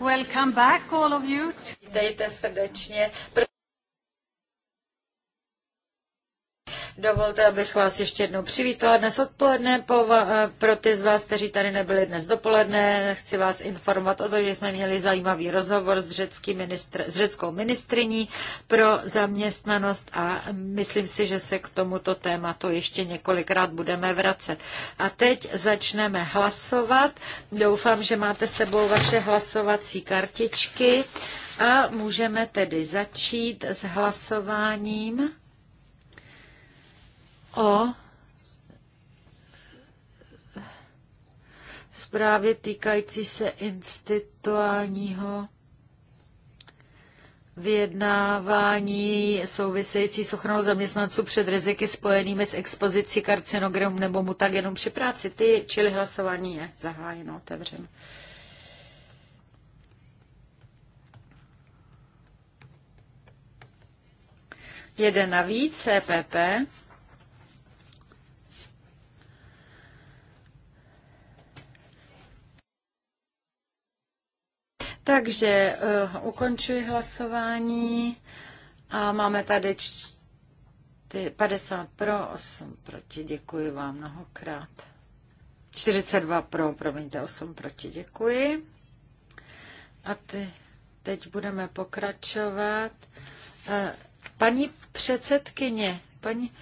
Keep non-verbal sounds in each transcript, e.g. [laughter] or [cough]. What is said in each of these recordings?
Welcome back all of you. Vítejte srdečně. Dovolte, abych vás ještě jednou přivítala dnes odpoledne. Po, eh, pro ty z vás, kteří tady nebyli dnes dopoledne, chci vás informovat o to, že jsme měli zajímavý rozhovor s, řecký ministr, s řeckou ministriní pro zaměstnanost a myslím si, že se k tomuto tématu ještě několikrát budeme vracet. A teď začneme hlasovat. Doufám, že máte sebou vaše hlasovací kartičky a můžeme tedy začít s hlasováním o zprávě týkající se instituálního vyjednávání související s ochranou zaměstnanců před riziky spojenými s expozicí karcinogram nebo mu jenom při práci. Ty, čili hlasování je zahájeno, otevřeno. Jeden navíc, CPP. Takže uh, ukončuji hlasování a máme tady 50 pro, 8 proti. Děkuji vám mnohokrát. 42 pro, promiňte, 8 proti. Děkuji. A ty, teď budeme pokračovat. Eh, paní předsedkyně, paní,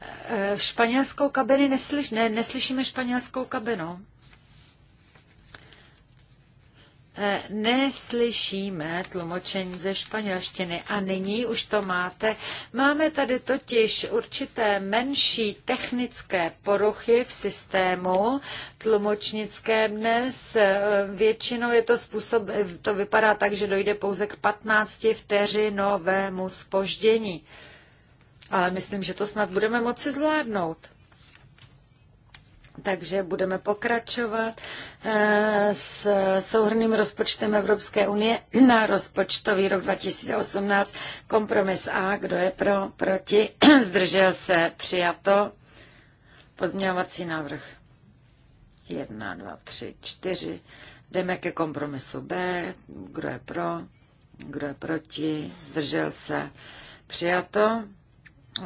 eh, španělskou kabiny neslyš, ne, neslyšíme španělskou kabinu. E, neslyšíme tlumočení ze španělštiny a nyní už to máte. Máme tady totiž určité menší technické poruchy v systému tlumočnickém dnes. E, většinou je to způsob, e, to vypadá tak, že dojde pouze k 15 vteřinovému spoždění. Ale myslím, že to snad budeme moci zvládnout. Takže budeme pokračovat eh, s souhrným rozpočtem Evropské unie na rozpočtový rok 2018. Kompromis A, kdo je pro, proti, [clears throat] zdržel se, přijato. Pozměňovací návrh 1, 2, 3, 4. Jdeme ke kompromisu B, kdo je pro, kdo je proti, zdržel se, přijato.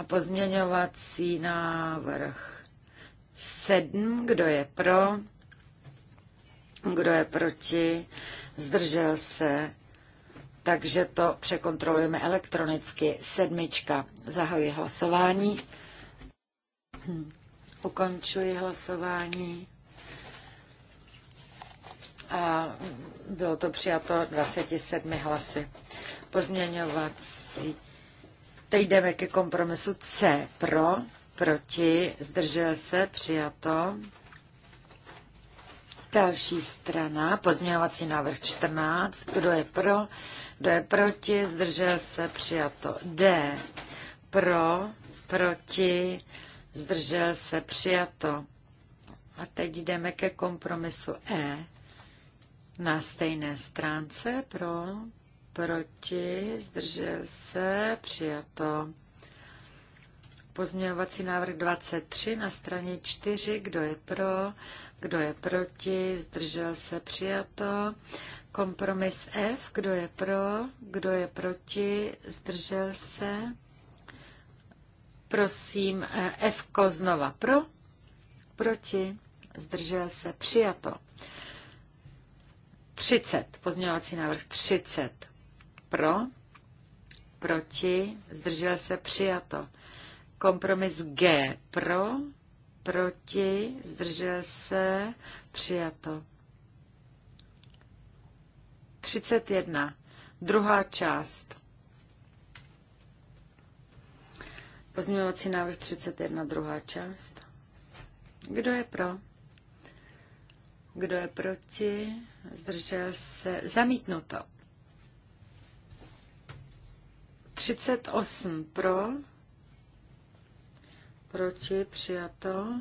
Pozměňovací návrh 7. Kdo je pro? Kdo je proti? Zdržel se? Takže to překontrolujeme elektronicky. Sedmička. Zahajuji hlasování. Ukončuji hlasování. A bylo to přijato 27 hlasy. Pozměňovací. Teď jdeme ke kompromisu C pro proti, zdržel se, přijato. Další strana, pozměňovací návrh 14, kdo je pro, kdo je proti, zdržel se, přijato. D, pro, proti, zdržel se, přijato. A teď jdeme ke kompromisu E na stejné stránce, pro, proti, zdržel se, přijato. Pozměňovací návrh 23 na straně 4. Kdo je pro? Kdo je proti? Zdržel se přijato. Kompromis F. Kdo je pro? Kdo je proti? Zdržel se. Prosím, eh, F -ko znova pro, proti, zdržel se, přijato. 30, pozměňovací návrh 30, pro, proti, zdržel se, přijato. Kompromis G pro, proti, zdržel se, přijato. 31. Druhá část. Pozměňovací návrh 31, druhá část. Kdo je pro? Kdo je proti? Zdržel se. Zamítnuto. 38 pro, proti, přijato.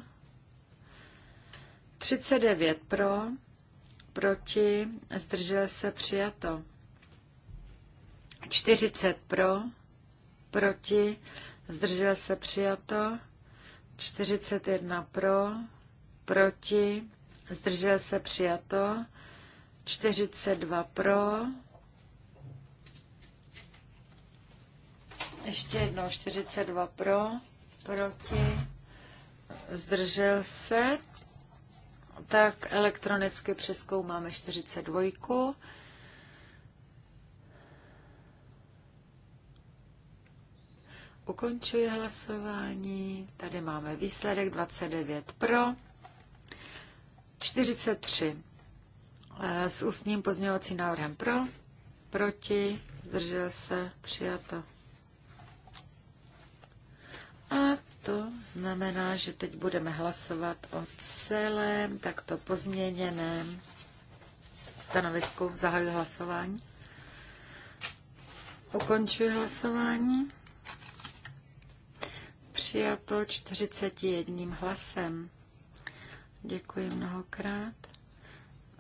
39 pro, proti, zdržel se, přijato. 40 pro, proti, zdržel se, přijato. 41 pro, proti, zdržel se, přijato. 42 pro, ještě jednou 42 pro, proti, zdržel se, tak elektronicky přeskoumáme 42. Ukončuji hlasování. Tady máme výsledek 29 pro, 43 eh, s ústním pozměňovacím návrhem pro, proti, zdržel se, přijato. znamená, že teď budeme hlasovat o celém takto pozměněném stanovisku. Zahajuji hlasování. Ukončuji hlasování. Přijato 41 hlasem. Děkuji mnohokrát.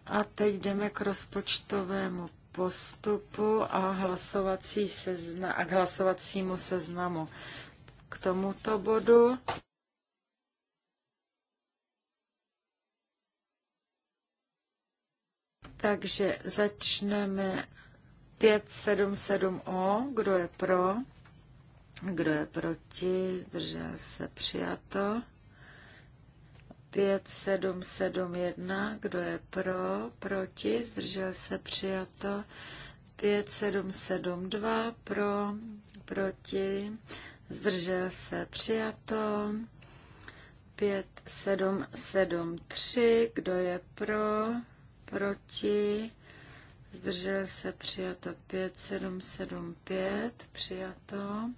A teď jdeme k rozpočtovému postupu a, hlasovací sezna- a k hlasovacímu seznamu. K tomuto bodu Takže začneme 577O. Kdo je pro? Kdo je proti? Zdržel se přijato. 5771. Kdo je pro? Proti? Zdržel se přijato. 5772. Pro? Proti? Zdržel se přijato. 5773. Kdo je pro? proti, zdržel se přijato 5775, přijato,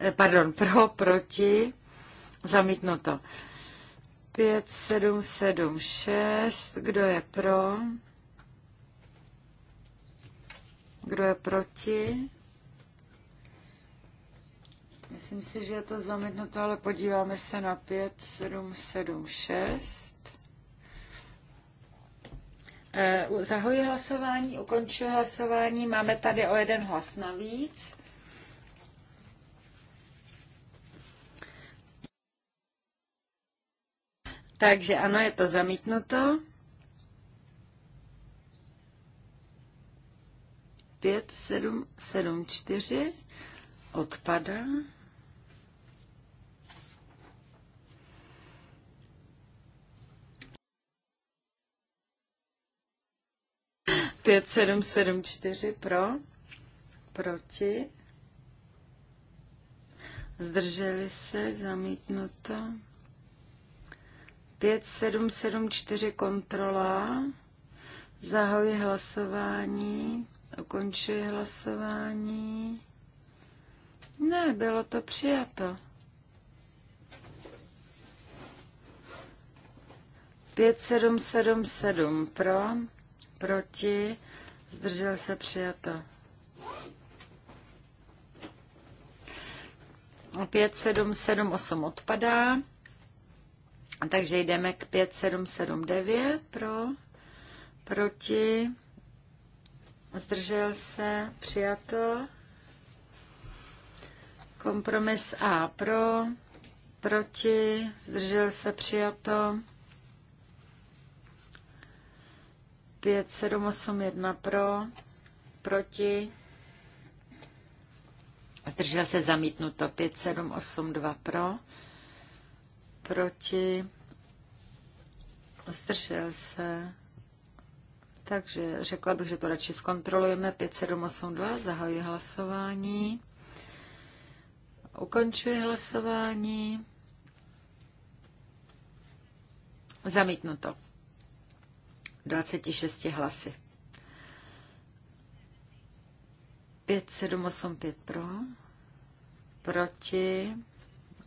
eh, pardon, pro, proti, zamítnuto. 5776, kdo je pro, kdo je proti, Myslím si, že je to zamítnuto, ale podíváme se na 5776. Eh, zahoji hlasování, ukončuji hlasování. Máme tady o jeden hlas navíc. Takže ano, je to zamítnuto. Pět, sedm, sedm, čtyři. Odpadá. 5774 pro, proti, zdrželi se, zamítnuto. 5774 kontrola, zahajuji hlasování, ukončuji hlasování. Ne, bylo to přijato. 5777 pro, proti, zdržel se přijato. 5, 7, 7, 8 odpadá, takže jdeme k 5, 7, 7, 9 pro, proti, zdržel se, přijato. Kompromis A pro, proti, zdržel se, přijato. 5781 pro, proti, zdržel se zamítnuto 5782 pro, proti, zdržel se, takže řekla bych, že to radši zkontrolujeme, 5782, zahajuji hlasování, ukončuji hlasování, zamítnuto. 26 hlasy. 5, 7, 8, 5 pro, proti,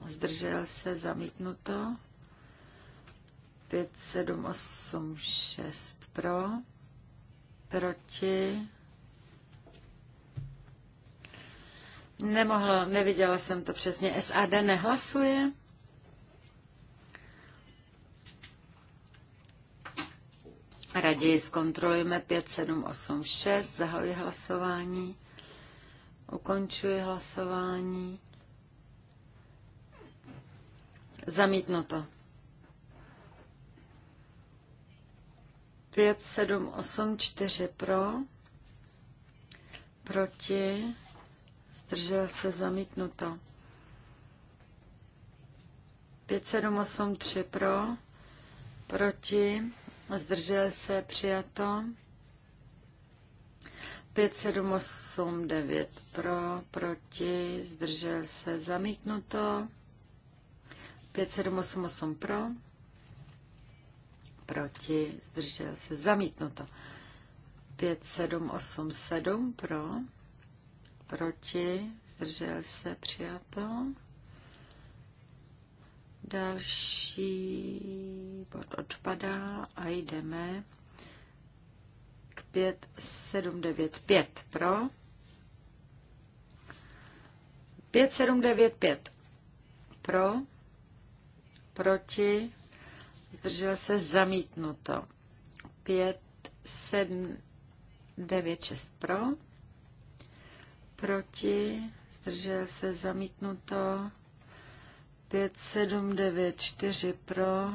zdržel se, zamítnuto, 5, 7, 8, 6 pro, proti, Nemohlo, neviděla jsem to přesně, SAD nehlasuje, Raději zkontrolujeme 5786, zahajuji hlasování, ukončuji hlasování. 8, 5784 pro, proti, zdržel se zamítnuto. 5783 pro, proti, zdržel se, přijato. 5, 7, 8, 9 pro, proti, zdržel se, zamítnuto. 5, 7, 8, 8 pro, proti, zdržel se, zamítnuto. 5, 7, 8, 7 pro, proti, zdržel se, přijato. Další bod odpadá a jdeme k 5 pro. 5 pro, proti, zdržel se zamítnuto. 6 pro, proti, zdržel se zamítnuto. 5794 pro,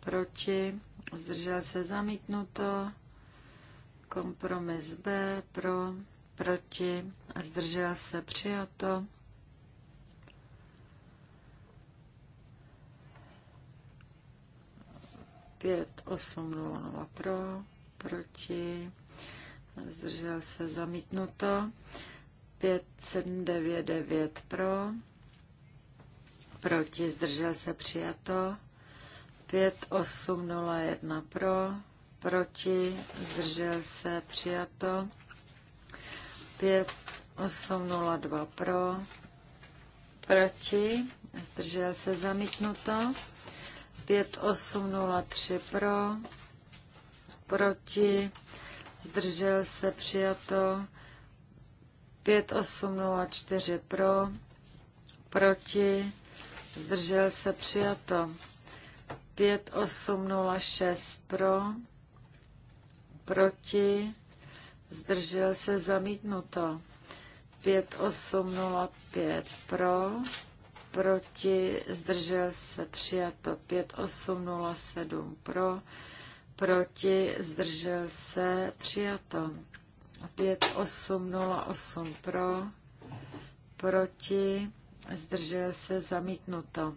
proti, zdržel se zamítnuto, kompromis B pro, proti, zdržel se přijato. Pět, osm, nula, nula pro, proti, zdržel se zamítnuto, pět, sedm, devět, devět pro, proti, zdržel se přijato. 5801 pro, proti, zdržel se přijato. 5802 pro, proti, zdržel se zamítnuto. 5803 pro, proti, zdržel se přijato. 5804 pro, proti, zdržel se přijato. 5806 pro, proti, zdržel se zamítnuto. 5805 pro, proti, zdržel se přijato. 5807 pro, proti, zdržel se přijato. 5808 pro, proti, zdržel se zamítnuto.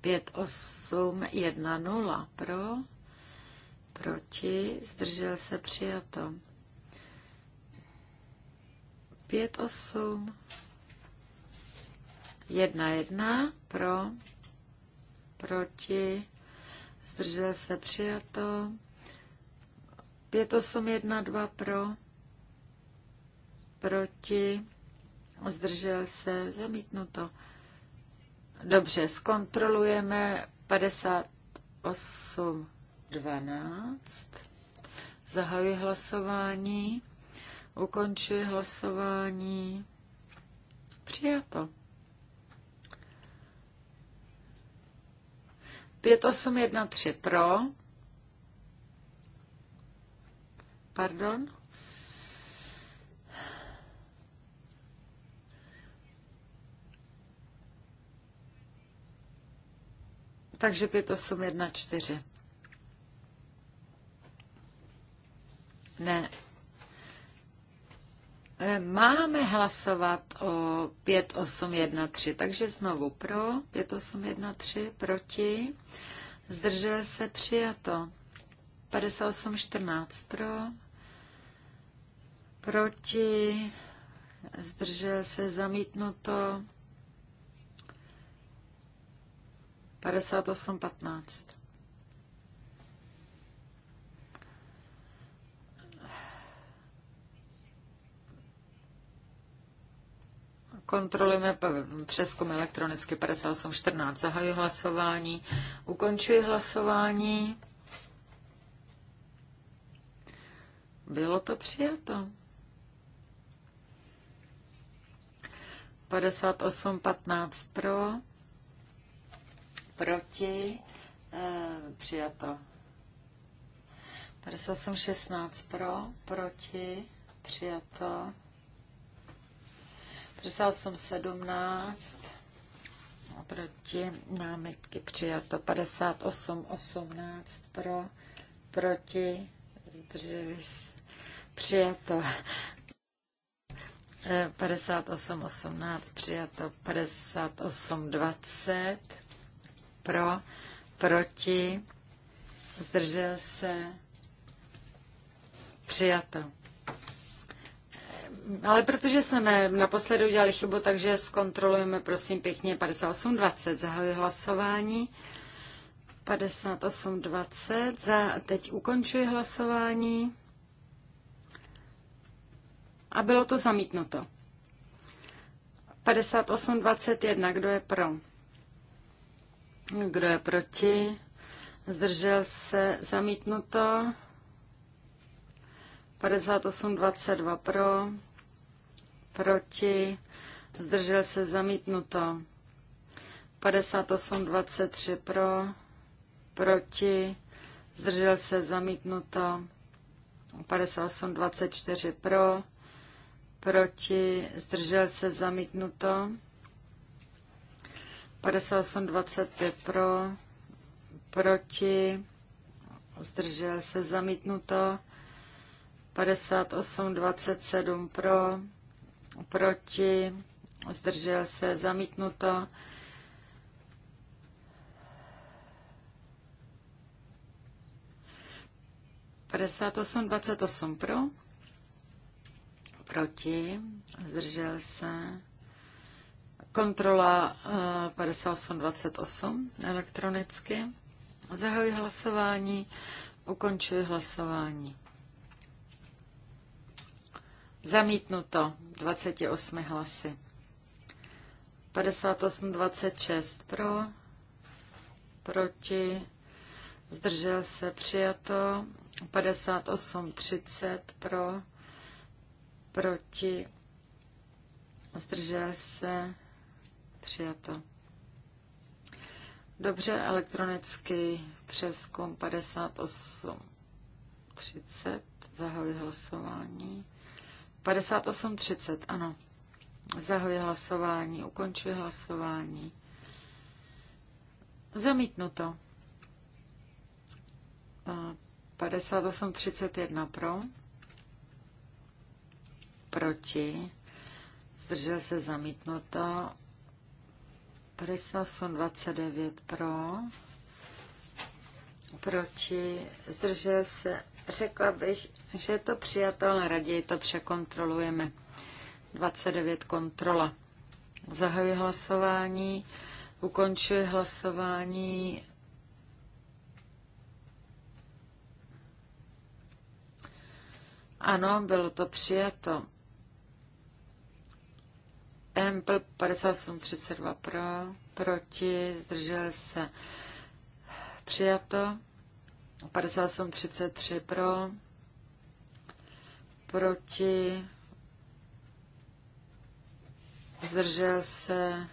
5810 pro, proti, zdržel se přijato. 5811 pro, proti, zdržel se přijato. 5812 pro, proti, zdržel se, zamítnuto. Dobře, zkontrolujeme 58, 12. Zahajuji hlasování, ukončuji hlasování. Přijato. 5813 pro. Pardon? Takže 4. Ne. E, máme hlasovat o 3. takže znovu pro, 3, proti, zdržel se přijato, 14 pro, proti, zdržel se zamítnuto, 58.15. Kontrolujeme přeskum elektronicky 58.14. Zahajuji hlasování. Ukončuji hlasování. Bylo to přijato. 58.15 pro proti, eh, přijato. 58, 16 pro, proti, přijato. 58, 17 proti, námitky přijato. 58, 18 pro, proti, zdrželi přijato. 58, eh, 18 přijato. 58, 20 pro, proti, zdržel se, přijato. Ale protože jsme naposledy udělali chybu, takže zkontrolujeme prosím pěkně 58.20. Zahajuji hlasování. 58.20. Za, teď ukončuji hlasování. A bylo to zamítnuto. 58.21. Kdo je pro? Kdo je proti? Zdržel se zamítnuto. 58.22 pro. Proti. Zdržel se zamítnuto. 58.23 pro. Proti. Zdržel se zamítnuto. 58.24 pro. Proti. Zdržel se zamítnuto. 58.25 pro, proti, zdržel se zamítnuto. 58.27 pro, proti, zdržel se zamítnuto. Padesát osm, dvacet osm pro, proti, zdržel se. Kontrola 5828 eh, elektronicky. Zahajuji hlasování, ukončuji hlasování. Zamítnuto 28 hlasy. 58-26 pro, proti, zdržel se přijato, 58-30 pro, proti, zdržel se Přijato. Dobře, elektronicky přes KOM 5830 zahajuji hlasování. 5830, ano. Zahajuji hlasování, ukončuji hlasování. Zamítnuto. 5831 pro. Proti. Zdržel se zamítnuto. 58, 29 pro, proti, zdržel se. Řekla bych, že je to přijatelné. raději to překontrolujeme. 29 kontrola. Zahajuji hlasování, ukončuji hlasování. Ano, bylo to přijato. Ample 5832 pro, proti, zdržel se přijato, 5833 pro, proti, zdržel se,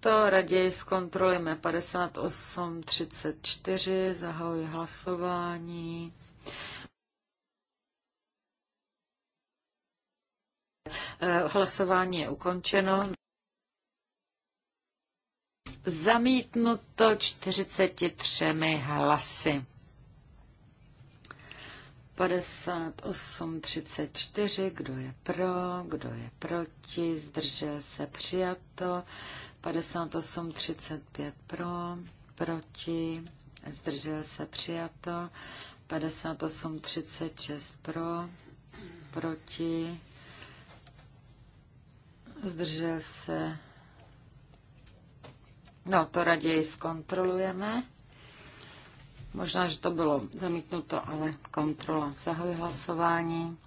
to raději zkontrolujeme 5834, zahajuji hlasování. Eh, hlasování je ukončeno. Zamítnuto 43 hlasy. 58, 34, kdo je pro, kdo je proti, zdržel se, přijato. 58, 35 pro, proti, zdržel se, přijato. 58, 36 pro, proti, Zdržel se. No, to raději zkontrolujeme. Možná, že to bylo zamítnuto, ale kontrola. Zahoj hlasování,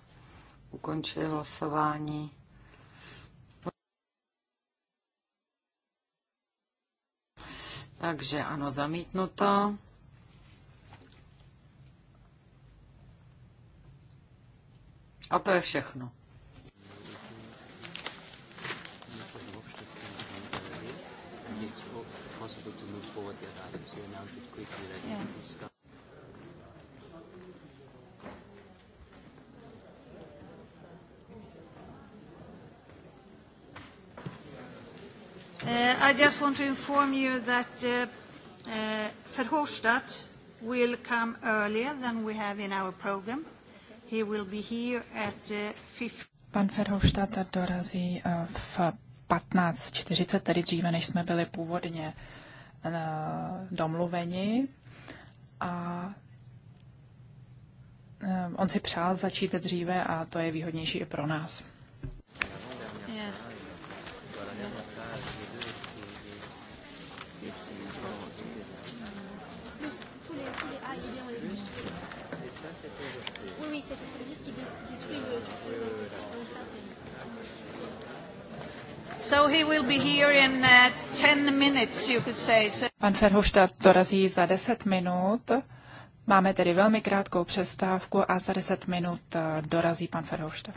ukončuje hlasování. Takže ano, zamítnuto. A to je všechno. possible to move forward the other items. You announce it quickly that yeah. you can start. Uh, I just want to inform you that uh, uh, Verhofstadt will come earlier than we have in our program. He will be here at 5:00 uh, Pan Verhofstadt dorazí uh, v 15.40, tedy dříve, než jsme byli původně eh, domluveni. A eh, on si přál začít dříve a to je výhodnější i pro nás. Oui, oui, c'est juste détruit le... Donc ça, c'est... Pan Ferhoštát dorazí za 10 minut. Máme tedy velmi krátkou přestávku a za 10 minut eh, dorazí pan Ferhoštát.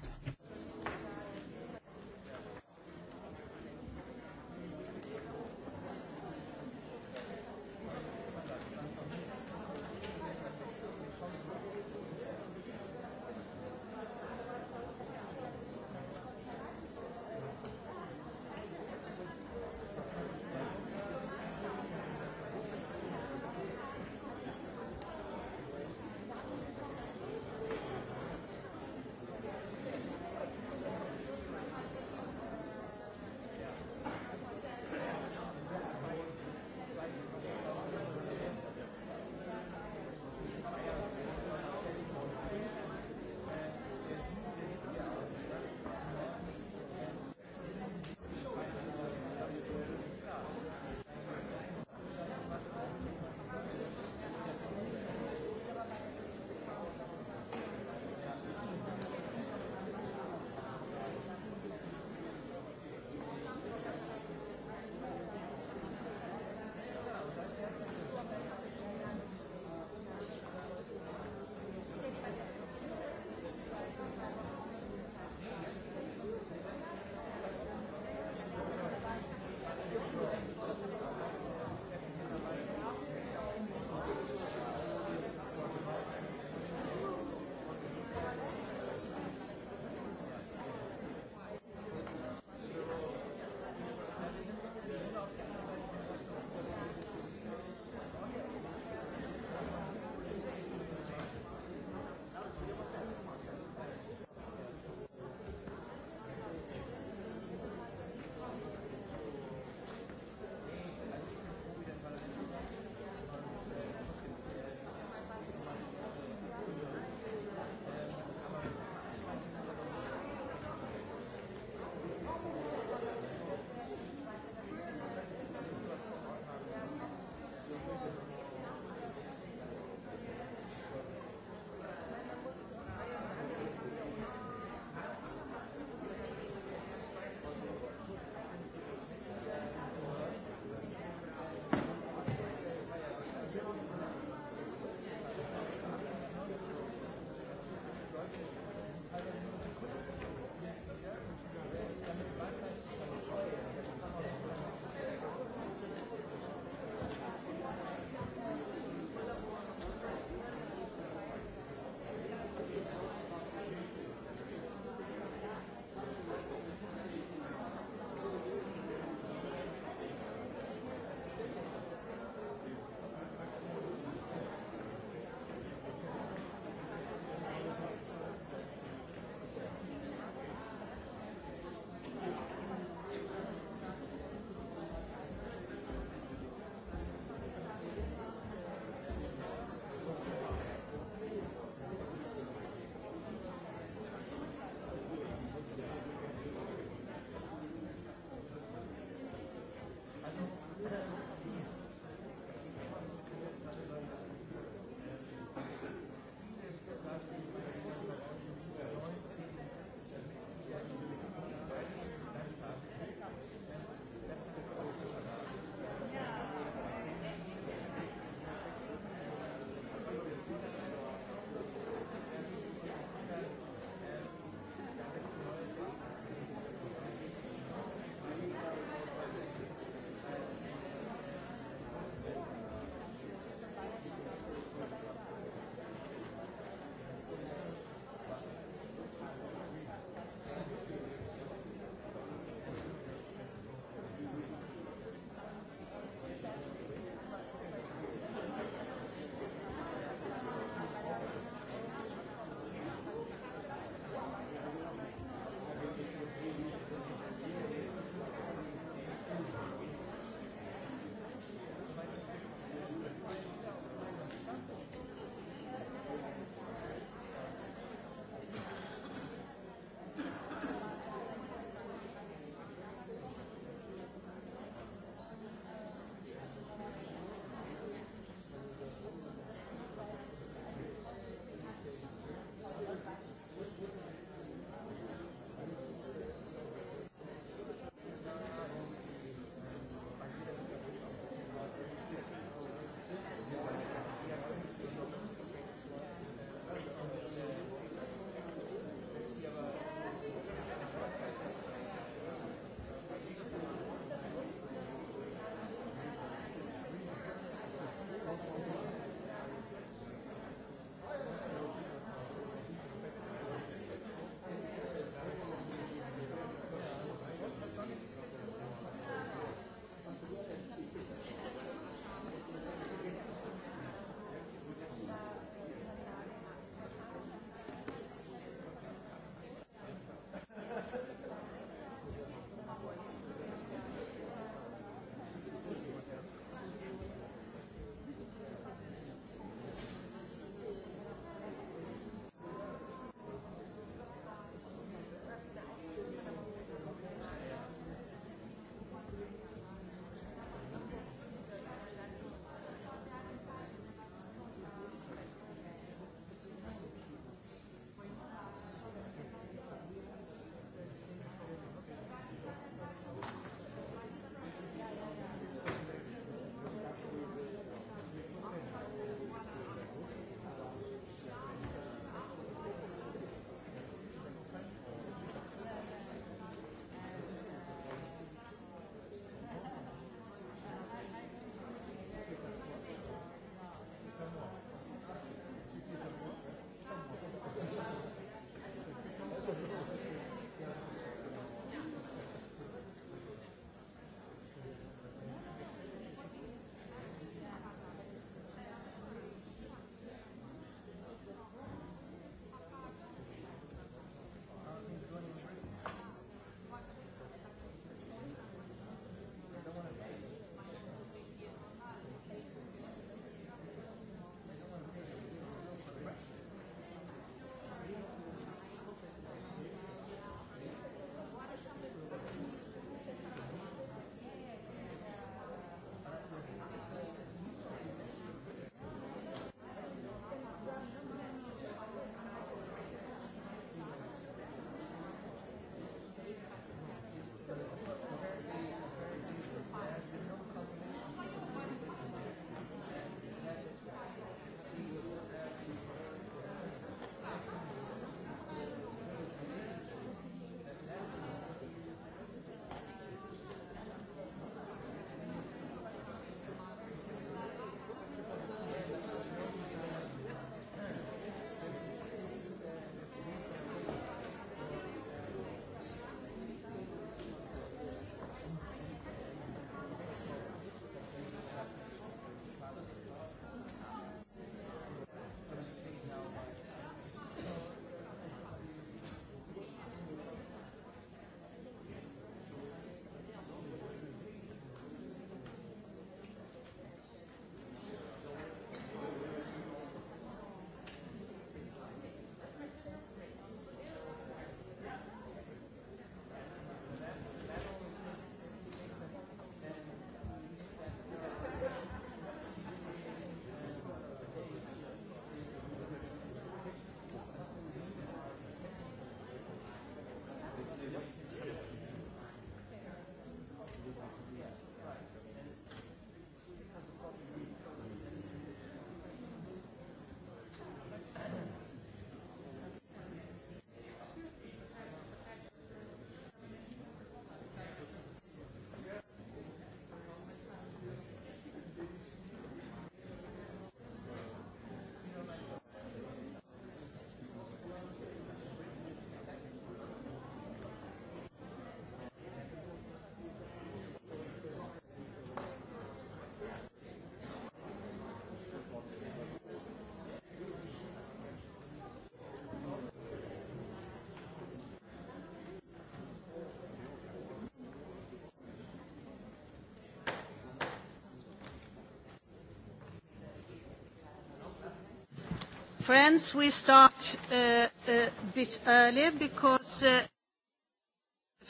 Friends, we start a uh, uh, bit earlier because uh,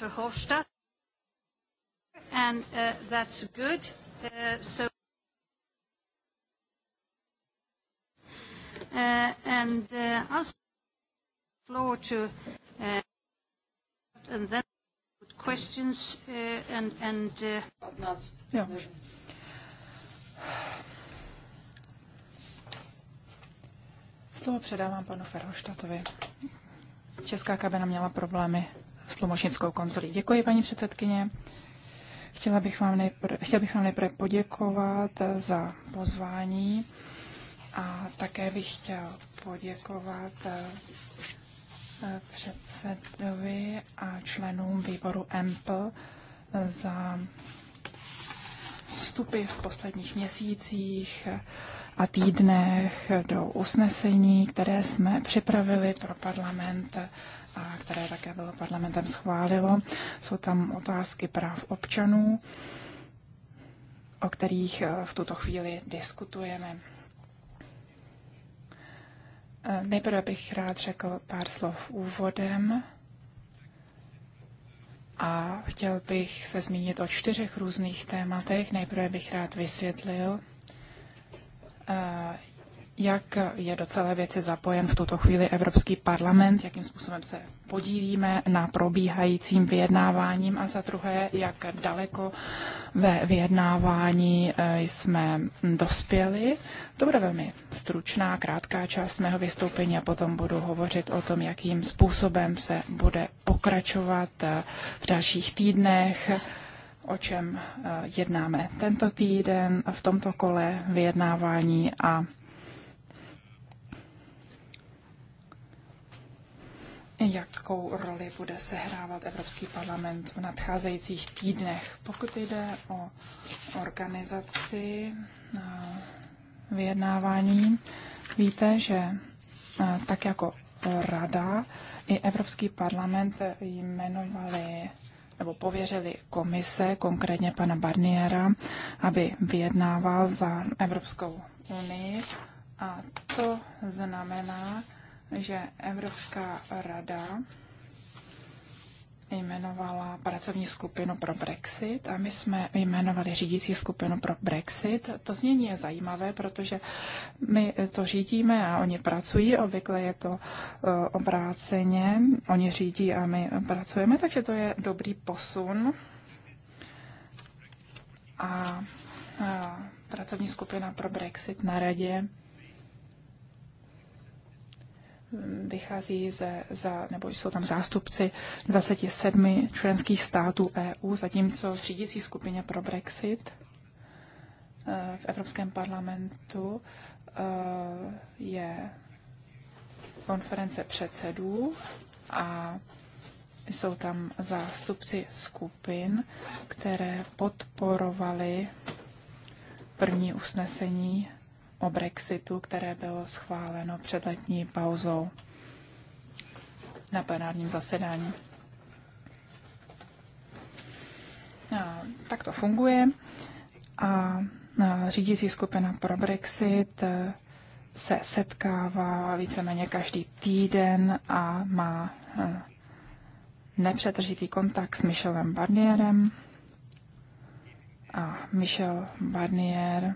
Verhofstadt, and that's good. So, and I'll floor to, and then questions, and. and. yeah. Slovo předávám panu Ferhoštatovi. Česká kabina měla problémy s tlumočnickou konzolí. Děkuji, paní předsedkyně. Chtěla bych vám nejprve, chtěla bych vám nejprve poděkovat za pozvání a také bych chtěl poděkovat eh, předsedovi a členům výboru EMPL za vstupy v posledních měsících, a týdnech do usnesení, které jsme připravili pro parlament a které také bylo parlamentem schválilo. Jsou tam otázky práv občanů, o kterých eh, v tuto chvíli diskutujeme. Eh, nejprve bych rád řekl pár slov úvodem a chtěl bych se zmínit o čtyřech různých tématech. Nejprve bych rád vysvětlil, Eh, jak je do celé věci zapojen v tuto chvíli Evropský parlament, jakým způsobem se podívíme na probíhajícím vyjednáváním a za druhé, jak daleko ve vyjednávání eh, jsme dospěli. To bude velmi stručná, krátká část mého vystoupení a potom budu hovořit o tom, jakým způsobem se bude pokračovat eh, v dalších týdnech o čem eh, jednáme tento týden v tomto kole vyjednávání a jakou roli bude sehrávat Evropský parlament v nadcházejících týdnech. Pokud jde o organizaci eh, vyjednávání, víte, že eh, tak jako Rada i Evropský parlament jmenovali nebo pověřili komise, konkrétně pana Barniera, aby vyjednával za Evropskou unii. A to znamená, že Evropská rada jmenovala pracovní skupinu pro Brexit a my jsme jmenovali řídící skupinu pro Brexit. To znění je zajímavé, protože my to řídíme a oni pracují, obvykle je to eh, obráceně, oni řídí a my pracujeme, takže to je dobrý posun. A, eh, pracovní skupina pro Brexit na radě vychází ze, za, nebo jsou tam zástupci 27 členských států EU, zatímco v řídící skupině pro Brexit eh, v Evropském parlamentu eh, je konference předsedů a jsou tam zástupci skupin, které podporovali první usnesení o Brexitu, které bylo schváleno před letní pauzou na plenárním zasedání. A, tak to funguje a, a řídící skupina pro Brexit e, se setkává víceméně každý týden a má e, nepřetržitý kontakt s Michelem Barnierem. A Michel Barnier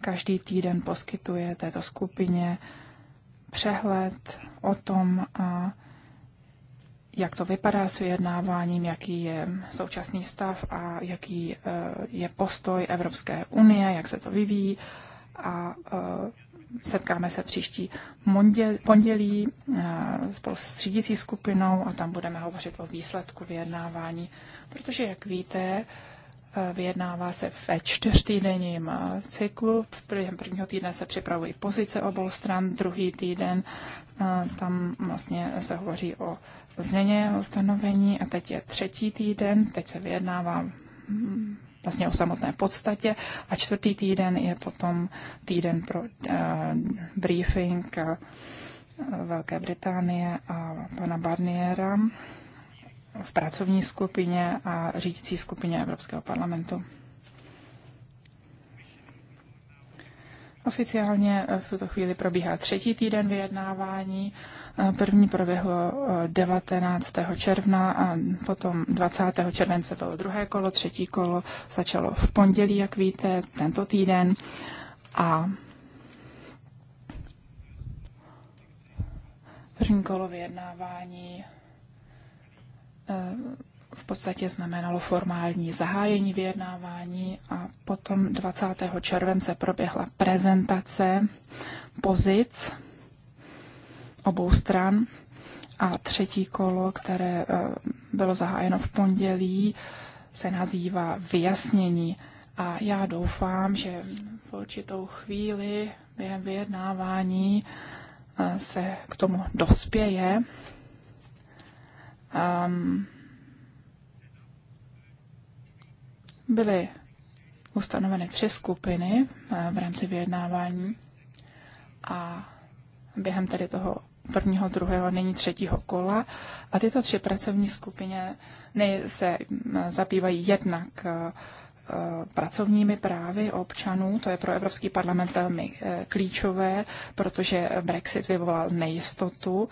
každý týden poskytuje této skupině přehled o tom, jak to vypadá s vyjednáváním, jaký je současný stav a jaký e, je postoj Evropské unie, jak se to vyvíjí. A e, setkáme se příští pondělí e, spolu s řídící skupinou a tam budeme hovořit o výsledku vyjednávání, protože, jak víte, Eh, vyjednává se ve čtyřtýdenním eh, cyklu. Během prvního týdne se připravují pozice obou stran, druhý týden eh, tam vlastně se hovoří o změně ustanovení a teď je třetí týden, teď se vyjednává mm, vlastně o samotné podstatě a čtvrtý týden je potom týden pro uh, briefing Velké Británie a pana Barniera v pracovní skupině a řídící skupině Evropského parlamentu. Oficiálně v tuto chvíli probíhá třetí týden vyjednávání. První proběhlo 19. Eh, června a potom 20. července bylo druhé kolo, třetí kolo začalo v pondělí, jak víte, tento týden. A první kolo vyjednávání Eh, v podstatě znamenalo formální zahájení vyjednávání a potom 20. července proběhla prezentace pozic obou stran a třetí kolo, které eh, bylo zahájeno v pondělí, se nazývá vyjasnění. A já doufám, že v určitou chvíli během vyjednávání eh, se k tomu dospěje um, byly ustanoveny tři skupiny eh, v rámci vyjednávání a během tedy toho prvního, druhého, není třetího kola. A tyto tři pracovní skupiny se mm, zabývají jednak eh, eh, pracovními právy občanů. To je pro Evropský parlament velmi klíčové, protože Brexit vyvolal nejistotu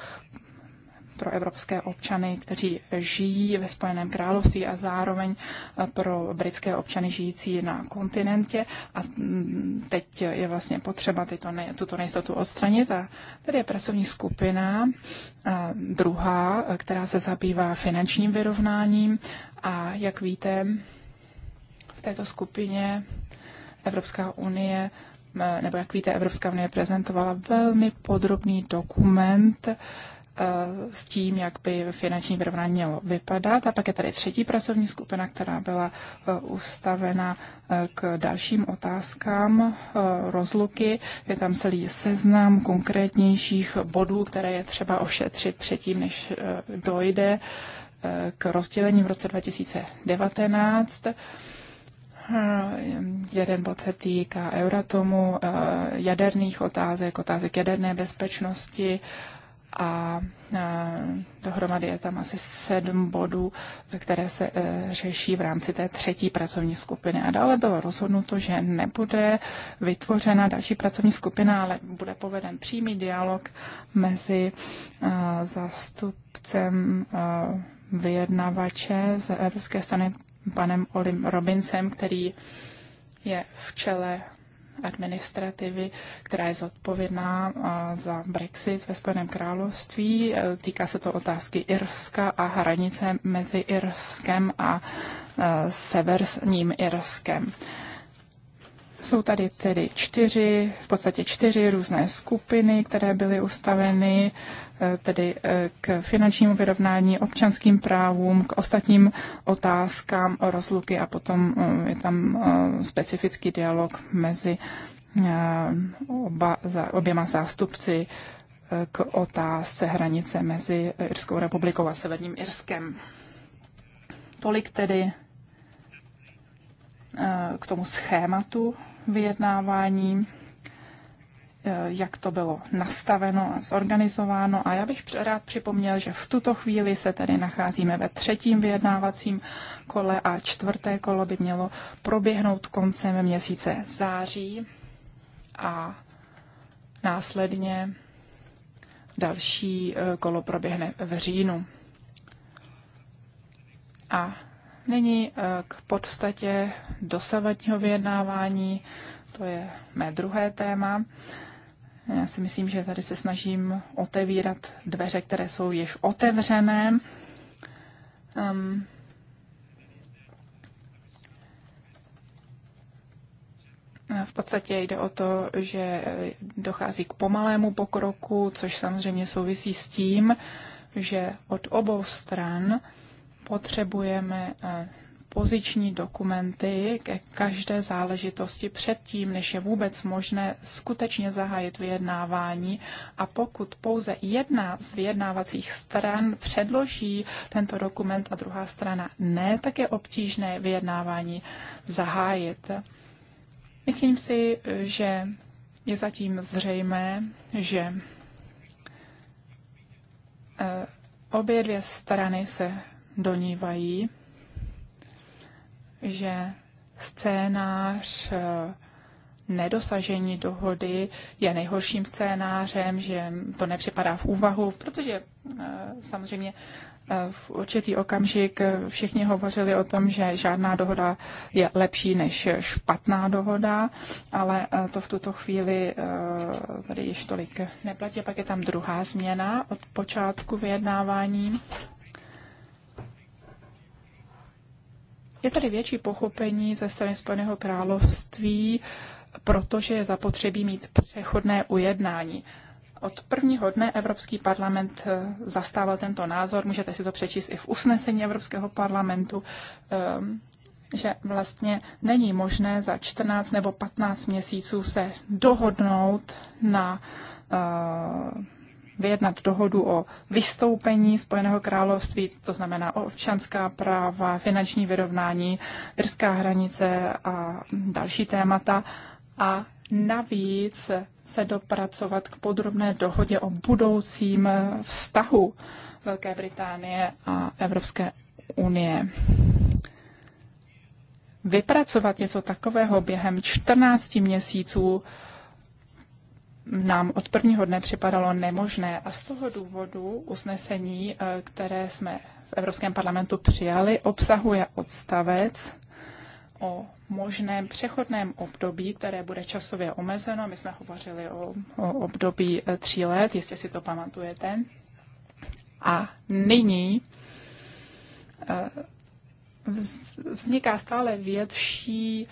pro evropské občany, kteří žijí ve Spojeném království a zároveň eh, pro britské občany žijící na kontinentě. A mm, teď je vlastně potřeba tyto ne, tuto nejistotu odstranit. A tady je pracovní skupina eh, druhá, eh, která se zabývá finančním vyrovnáním. A jak víte, v této skupině Evropská unie nebo jak víte, Evropská unie prezentovala velmi podrobný dokument, Eh, s tím, jak by finanční vyrovnání mělo vypadat. A pak je tady třetí pracovní skupina, která byla eh, ustavena eh, k dalším otázkám rozluky. Je tam celý seznam konkrétnějších bodů, které je třeba ošetřit předtím, než dojde k rozdělení v roce 2019. Jeden bod se týká Euratomu, jaderných otázek, otázek jaderné bezpečnosti a dohromady je tam asi sedm bodů, které se e, řeší v rámci té třetí pracovní skupiny. A dále bylo rozhodnuto, že nebude vytvořena další pracovní skupina, ale bude poveden přímý dialog mezi e, zástupcem e, vyjednavače z Evropské strany panem Olim Robincem, který je v čele administrativy, která je zodpovědná za Brexit ve Spojeném království. E, týká se to otázky Irska a hranice mezi Irskem a e, severním Irskem. Jsou tady tedy čtyři, v podstatě čtyři různé skupiny, které byly ustaveny eh, tedy eh, k finančnímu vyrovnání, občanským právům, k ostatním otázkám o rozluky a potom eh, je tam specifický dialog mezi oba, oběma zástupci k otázce hranice mezi Irskou republikou a Severním Irskem. Tolik tedy k tomu schématu vyjednávání, eh, jak to bylo nastaveno a zorganizováno. A já bych rád připomněl, že v tuto chvíli se tedy nacházíme ve třetím vyjednávacím kole a čtvrté kolo by mělo proběhnout koncem měsíce září a následně další eh, kolo proběhne v říjnu. A Nyní eh, k podstatě dosavadního vyjednávání, to je mé druhé téma. Já si myslím, že tady se snažím otevírat dveře, které jsou již otevřené. Um, V podstatě jde o to, že dochází k pomalému pokroku, což samozřejmě souvisí s tím, že od obou stran potřebujeme eh, poziční dokumenty ke každé záležitosti předtím, než je vůbec možné skutečně zahájit vyjednávání. A pokud pouze jedna z vyjednávacích stran předloží tento dokument a druhá strana ne, tak je obtížné vyjednávání zahájit. Myslím si, že je zatím zřejmé, že eh, obě dvě strany se donívají, že scénář eh, nedosažení dohody je nejhorším scénářem, že to nepřipadá v úvahu, protože eh, samozřejmě eh, v určitý okamžik všichni hovořili o tom, že žádná dohoda je lepší než špatná dohoda, ale to v tuto chvíli tady již tolik neplatí. Pak je tam druhá změna od počátku vyjednávání Je tady větší pochopení ze strany Spojeného království, protože je zapotřebí mít přechodné ujednání. Od prvního dne Evropský parlament eh, zastával tento názor, můžete si to přečíst i v usnesení Evropského parlamentu, ehm, že vlastně není možné za 14 nebo 15 měsíců se dohodnout na eh, vyjednat dohodu o vystoupení Spojeného království, to znamená občanská práva, finanční vyrovnání, irská hranice a další témata. A navíc se dopracovat k podrobné dohodě o budoucím vztahu Velké Británie a Evropské unie. Vypracovat něco takového během 14 měsíců nám od prvního dne připadalo nemožné a z toho důvodu usnesení, eh, které jsme v Evropském parlamentu přijali, obsahuje odstavec o možném přechodném období, které bude časově omezeno. My jsme hovořili o, o období eh, tří let, jestli si to pamatujete. A nyní eh, vzniká stále větší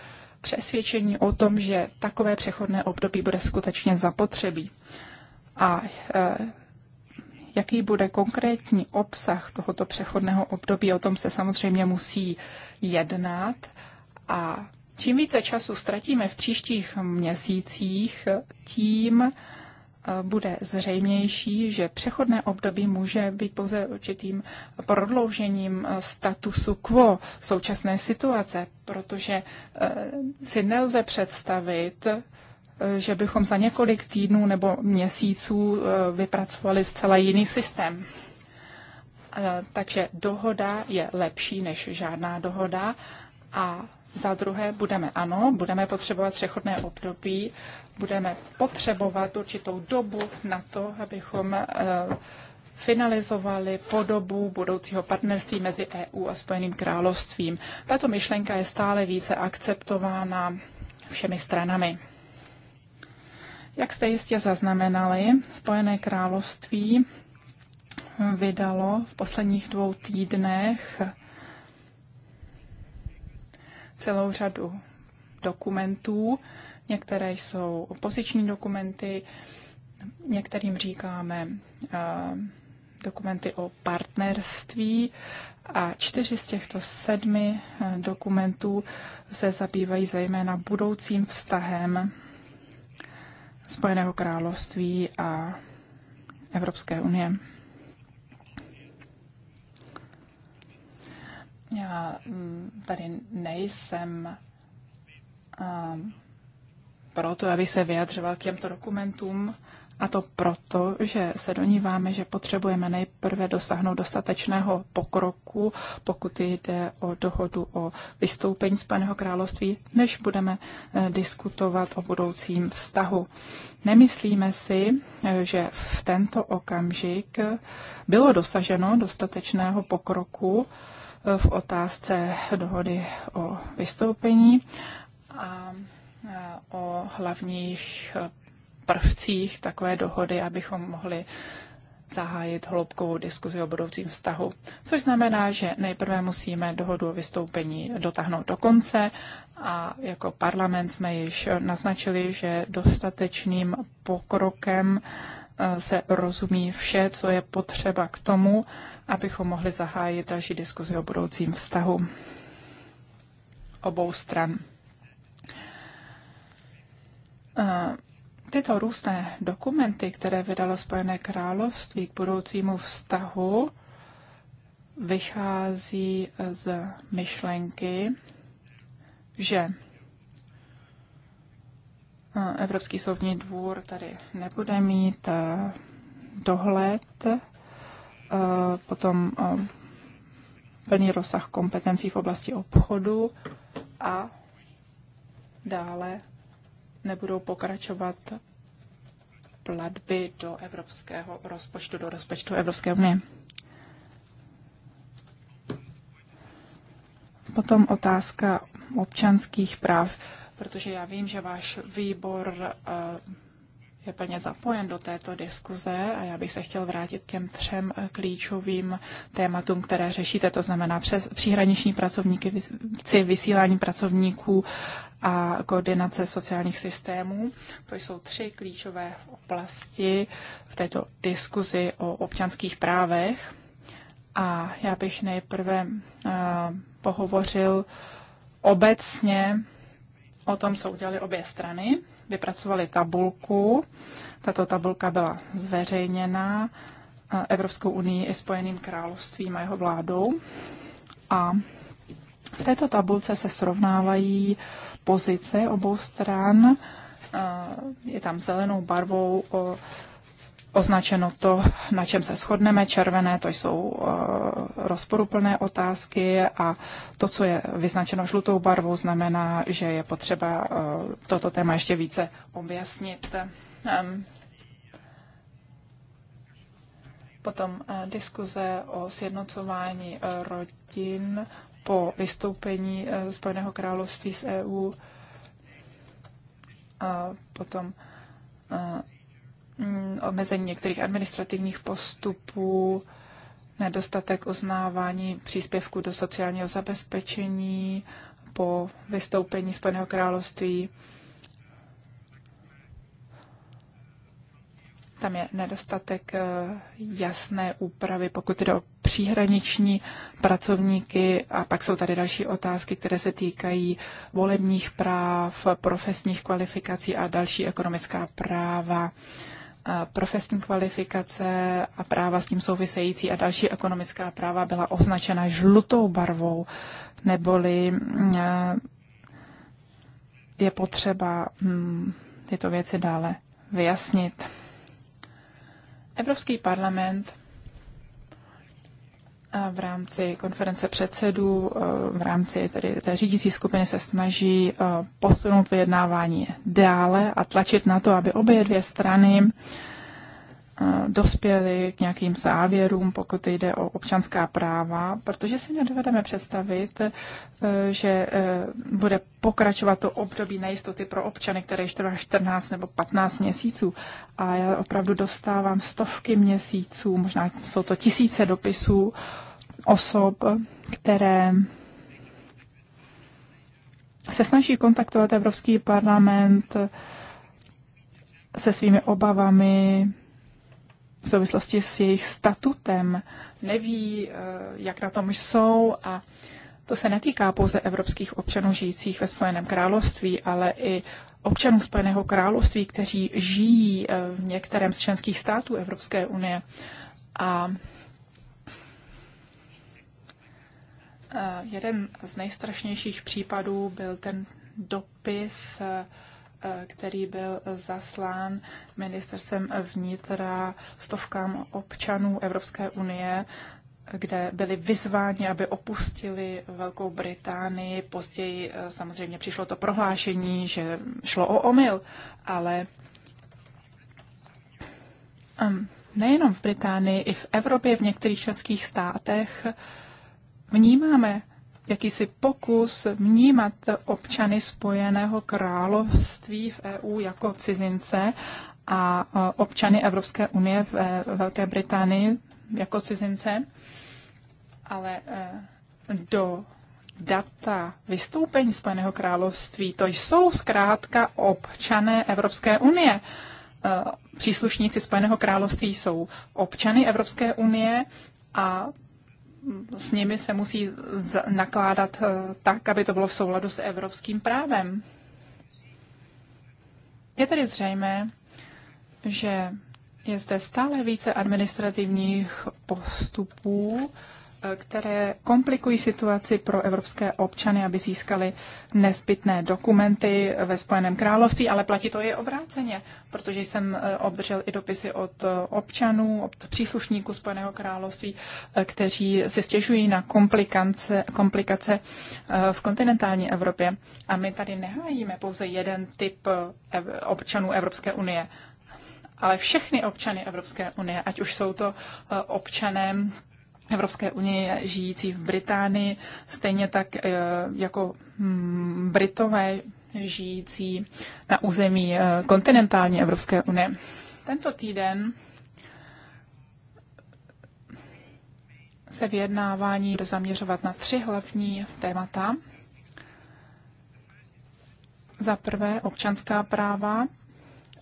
přesvědčení o tom, že takové přechodné období bude skutečně zapotřebí. A e, jaký bude konkrétní obsah tohoto přechodného období, o tom se samozřejmě musí jednat. A čím více času ztratíme v příštích měsících, tím bude zřejmější, že přechodné období může být pouze určitým prodloužením eh, statusu quo současné situace, protože eh, si nelze představit, eh, že bychom za několik týdnů nebo měsíců vypracovali zcela jiný systém. Takže dohoda je lepší než žádná dohoda a za druhé budeme, ano, budeme potřebovat přechodné období, budeme potřebovat určitou dobu na to, abychom eh, finalizovali podobu budoucího partnerství mezi EU a Spojeným královstvím. Tato myšlenka je stále více akceptována všemi stranami. Jak jste jistě zaznamenali, Spojené království vydalo v posledních dvou týdnech celou řadu dokumentů. Některé jsou opoziční dokumenty, některým říkáme eh, dokumenty o partnerství a čtyři z těchto sedmi eh, dokumentů se zabývají zejména budoucím vztahem Spojeného království a Evropské unie. Já mm, tady nejsem um, proto, aby se vyjadřoval k těmto dokumentům, a to proto, že se doníváme, že potřebujeme nejprve dosáhnout dostatečného pokroku, pokud jde o dohodu o vystoupení z Paného království, než budeme eh, diskutovat o budoucím vztahu. Nemyslíme si, eh, že v tento okamžik bylo dosaženo dostatečného pokroku, v otázce dohody o vystoupení a o hlavních prvcích takové dohody, abychom mohli zahájit hloubkovou diskuzi o budoucím vztahu. Což znamená, že nejprve musíme dohodu o vystoupení dotáhnout do konce a jako parlament jsme již naznačili, že dostatečným pokrokem Eh, se rozumí vše, co je potřeba k tomu, abychom mohli zahájit další diskuzi o budoucím vztahu obou stran. Eh, tyto různé dokumenty, které vydalo Spojené království k budoucímu vztahu, vychází z myšlenky, že Evropský soudní dvůr tady nebude mít eh, dohled, eh, potom eh, plný rozsah kompetencí v oblasti obchodu a dále nebudou pokračovat platby do evropského rozpočtu, do rozpočtu Evropské unie. Potom otázka občanských práv protože já vím, že váš výbor eh, je plně zapojen do této diskuze a já bych se chtěl vrátit k těm třem eh, klíčovým tématům, které řešíte, to znamená přes příhraniční pracovníky, vysílání pracovníků a koordinace sociálních systémů. To jsou tři klíčové oblasti v této diskuzi o občanských právech. A já bych nejprve eh, pohovořil obecně O tom se udělali obě strany, vypracovali tabulku. Tato tabulka byla zveřejněna eh, Evropskou unii i Spojeným královstvím a jeho vládou. A v této tabulce se srovnávají pozice obou stran. Eh, je tam zelenou barvou o označeno to, na čem se shodneme. Červené to jsou eh, rozporuplné otázky a to, co je vyznačeno žlutou barvou, znamená, že je potřeba eh, toto téma ještě více objasnit. Ehm, potom eh, diskuze o sjednocování rodin po vystoupení Spojeného království z EU. A potom Mm, omezení některých administrativních postupů, nedostatek uznávání příspěvku do sociálního zabezpečení po vystoupení Spojeného království. Tam je nedostatek eh, jasné úpravy, pokud jde o příhraniční pracovníky a pak jsou tady další otázky, které se týkají volebních práv, profesních kvalifikací a další ekonomická práva profesní kvalifikace a práva s tím související a další ekonomická práva byla označena žlutou barvou, neboli mm, e, je potřeba mm, tyto věci dále vyjasnit. Evropský parlament v rámci konference předsedů, eh, v rámci tedy té řídící skupiny se snaží eh, posunout vyjednávání dále a tlačit na to, aby obě dvě strany Eh, dospěli k nějakým závěrům, pokud jde o občanská práva, protože si nedovedeme představit, eh, že eh, bude pokračovat to období nejistoty pro občany, které trvá 14 nebo 15 měsíců. A já opravdu dostávám stovky měsíců, možná jsou to tisíce dopisů osob, které se snaží kontaktovat Evropský parlament se svými obavami, v souvislosti s jejich statutem, neví, eh, jak na tom jsou a to se netýká pouze evropských občanů žijících ve Spojeném království, ale i občanů Spojeného království, kteří žijí eh, v některém z členských států Evropské unie. A eh, jeden z nejstrašnějších případů byl ten dopis který byl zaslán ministerstvem vnitra stovkám občanů Evropské unie, kde byli vyzváni, aby opustili Velkou Británii. Později eh, samozřejmě přišlo to prohlášení, že šlo o omyl, ale ehm, nejenom v Británii, i v Evropě, v některých členských státech vnímáme jakýsi pokus vnímat občany Spojeného království v EU jako cizince a e, občany Evropské unie e, v Velké Británii jako cizince, ale e, do data vystoupení Spojeného království, to jsou zkrátka občané Evropské unie. Příslušníci Spojeného království jsou občany Evropské unie a s nimi se musí nakládat eh, tak, aby to bylo v souladu s evropským právem. Je tedy zřejmé, že je zde stále více administrativních postupů Eh, které komplikují situaci pro evropské občany, aby získali nezbytné dokumenty ve Spojeném království, ale platí to i obráceně, protože jsem eh, obdržel i dopisy od eh, občanů, od příslušníků Spojeného království, kteří se stěžují na komplikace, komplikace v kontinentální Evropě. A my tady nehájíme pouze jeden typ občanů Evropské unie ale všechny občany Evropské unie, ať už jsou to občané Evropské unie žijící v Británii, stejně tak eh, jako hm, Britové žijící na území eh, kontinentální Evropské unie. Tento týden se vyjednávání bude zaměřovat na tři hlavní témata. Za prvé občanská práva,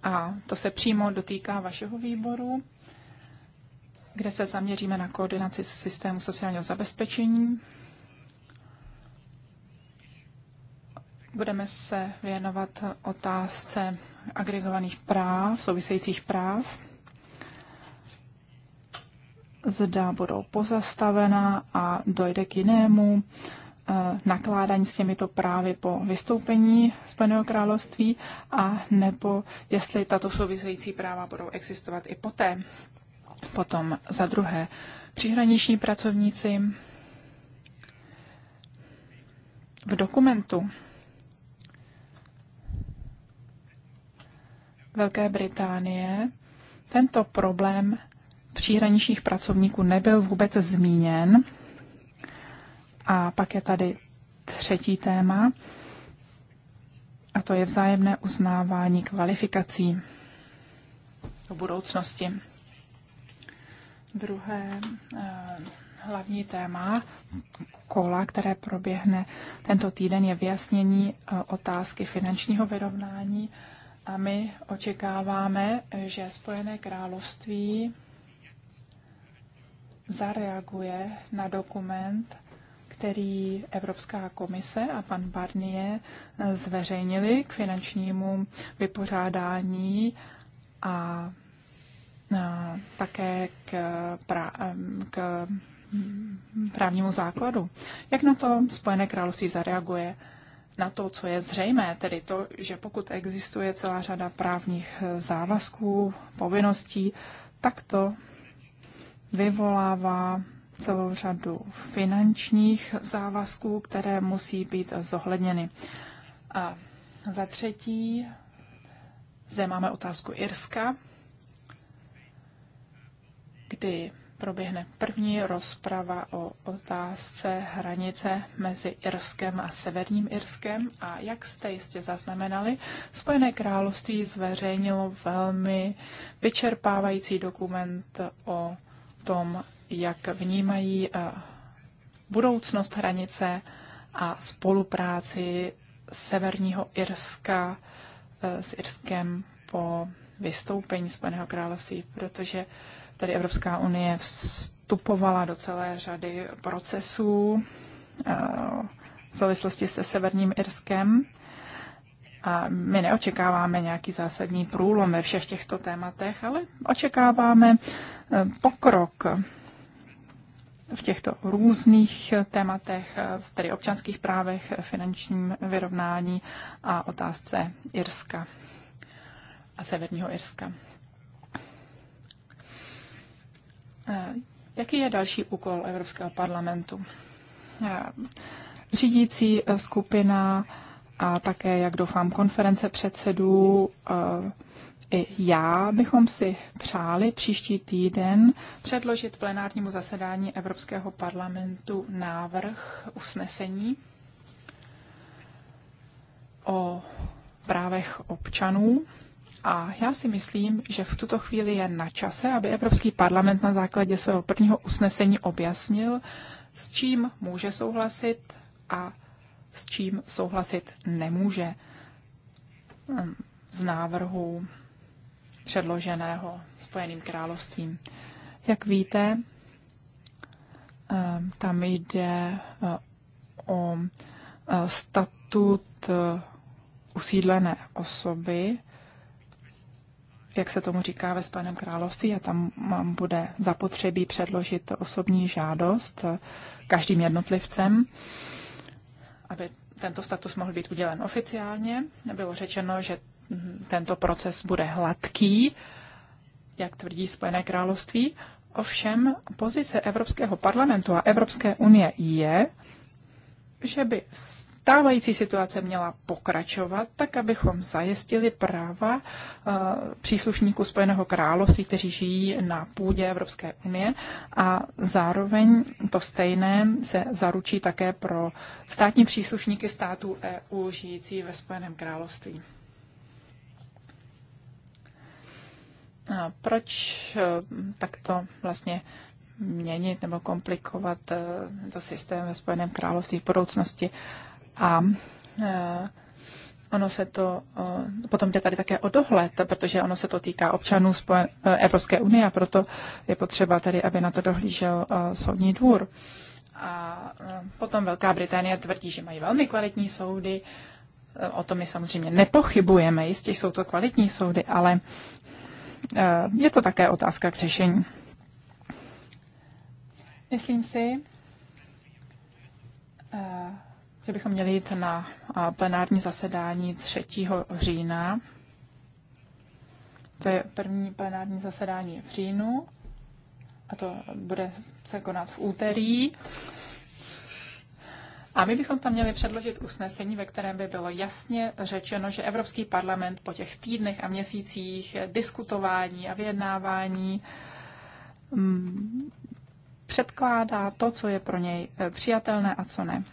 a to se přímo dotýká vašeho výboru kde se zaměříme na koordinaci systému sociálního zabezpečení. Budeme se věnovat otázce agregovaných práv, souvisejících práv. Zda budou pozastavena a dojde k jinému eh, nakládání s těmito právy po vystoupení Spojeného království a nebo jestli tato související práva budou existovat i poté. Potom za druhé přihraniční pracovníci. V dokumentu Velké Británie tento problém příhraničních pracovníků nebyl vůbec zmíněn. A pak je tady třetí téma, a to je vzájemné uznávání kvalifikací do budoucnosti druhé eh, hlavní téma kola, které proběhne tento týden, je vyjasnění eh, otázky finančního vyrovnání. A my očekáváme, že Spojené království zareaguje na dokument, který Evropská komise a pan Barnier eh, zveřejnili k finančnímu vypořádání a také k, pra, k právnímu základu. Jak na to Spojené království zareaguje? Na to, co je zřejmé, tedy to, že pokud existuje celá řada právních závazků, povinností, tak to vyvolává celou řadu finančních závazků, které musí být zohledněny. A za třetí, zde máme otázku Irska kdy proběhne první rozprava o otázce hranice mezi Irskem a Severním Irskem a jak jste jistě zaznamenali, Spojené království zveřejnilo velmi vyčerpávající dokument o tom, jak vnímají eh, budoucnost hranice a spolupráci Severního Irska eh, s Irskem po vystoupení Spojeného království, protože uh, Tady Evropská unie vstupovala do celé řady procesů eh, v souvislosti se Severním Irskem. A my neočekáváme nějaký zásadní průlom ve všech těchto tématech, ale očekáváme eh, pokrok v těchto různých tématech, eh, tedy občanských právech, finančním vyrovnání a otázce Irska a Severního Irska. Eh, jaký je další úkol Evropského parlamentu? Eh, řídící eh, skupina a také, jak doufám, konference předsedů i já bychom si přáli příští týden předložit plenárnímu zasedání Evropského parlamentu návrh usnesení o právech občanů a já si myslím, že v tuto chvíli je na čase, aby Evropský parlament na základě svého prvního usnesení objasnil, s čím může souhlasit a s čím souhlasit nemůže hm, z návrhu předloženého Spojeným královstvím. Jak víte, hm, tam jde hm, o statut usídlené osoby, jak se tomu říká ve Spojeném království, a tam bude zapotřebí předložit osobní žádost eh, každým jednotlivcem, aby tento status mohl být udělen oficiálně. Bylo řečeno, že mm, tento proces bude hladký, jak tvrdí Spojené království. Ovšem, pozice Evropského parlamentu a Evropské unie je, že by stávající situace měla pokračovat, tak abychom zajistili práva eh, příslušníků Spojeného království, kteří žijí na půdě Evropské unie a zároveň to stejné se zaručí také pro státní příslušníky států EU žijící ve Spojeném království. A proč eh, takto vlastně měnit nebo komplikovat eh, to systém ve Spojeném království v budoucnosti? A eh, ono se to, eh, potom jde tady také o dohled, protože ono se to týká občanů Spojen, eh, Evropské unie a proto je potřeba tady, aby na to dohlížel soudní dvůr. A potom Velká Británie tvrdí, že mají velmi kvalitní soudy, o tom my samozřejmě nepochybujeme, jistě jsou to kvalitní soudy, ale je to také otázka k řešení. Myslím si, že bychom měli jít na plenární zasedání 3. října. To je první plenární zasedání v říjnu a to bude se konat v úterý. A my bychom tam měli předložit usnesení, ve kterém by bylo jasně řečeno, že Evropský parlament po těch týdnech a měsících diskutování a vyjednávání mm, předkládá to, co je pro něj e, přijatelné a co ne.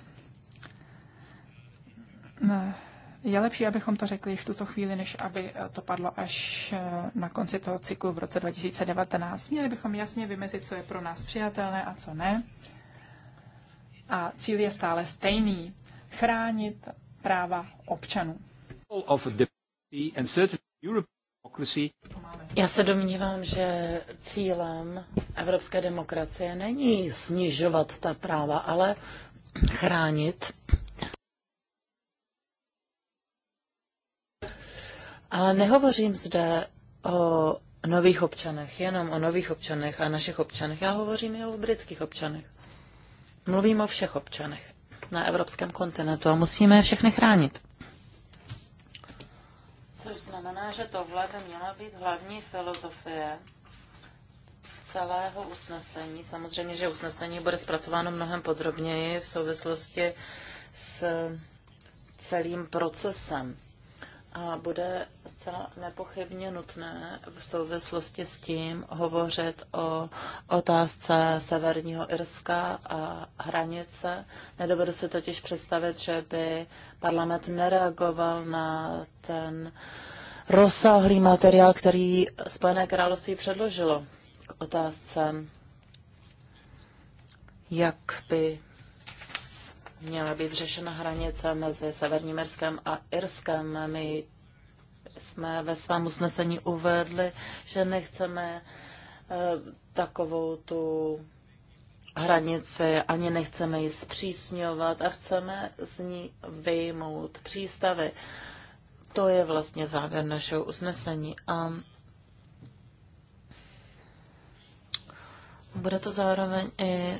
Je lepší, abychom to řekli v tuto chvíli, než aby eh, to padlo až eh, na konci toho cyklu v roce 2019. Měli bychom jasně vymezit, co je pro nás přijatelné a co ne. A cíl je stále stejný. Chránit práva občanů. Já se domnívám, že cílem evropské demokracie není snižovat ta práva, ale chránit Ale nehovořím zde o nových občanech, jenom o nových občanech a našich občanech. Já hovořím i o britských občanech. Mluvím o všech občanech na evropském kontinentu a musíme je všechny chránit. Což znamená, že tohle by měla být hlavní filozofie celého usnesení. Samozřejmě, že usnesení bude zpracováno mnohem podrobněji v souvislosti s celým procesem a bude zcela nepochybně nutné v souvislosti s tím hovořit o otázce Severního Irska a hranice. Nedovedu si totiž představit, že by parlament nereagoval na ten rozsáhlý materiál, který Spojené království předložilo k otázce, jak by měla být řešena hranice mezi Severním Irskem a Irskem. My jsme ve svém usnesení uvedli, že nechceme eh, takovou tu hranici, ani nechceme ji zpřísňovat a chceme z ní vyjmout přístavy. To je vlastně závěr našeho usnesení. A bude to zároveň i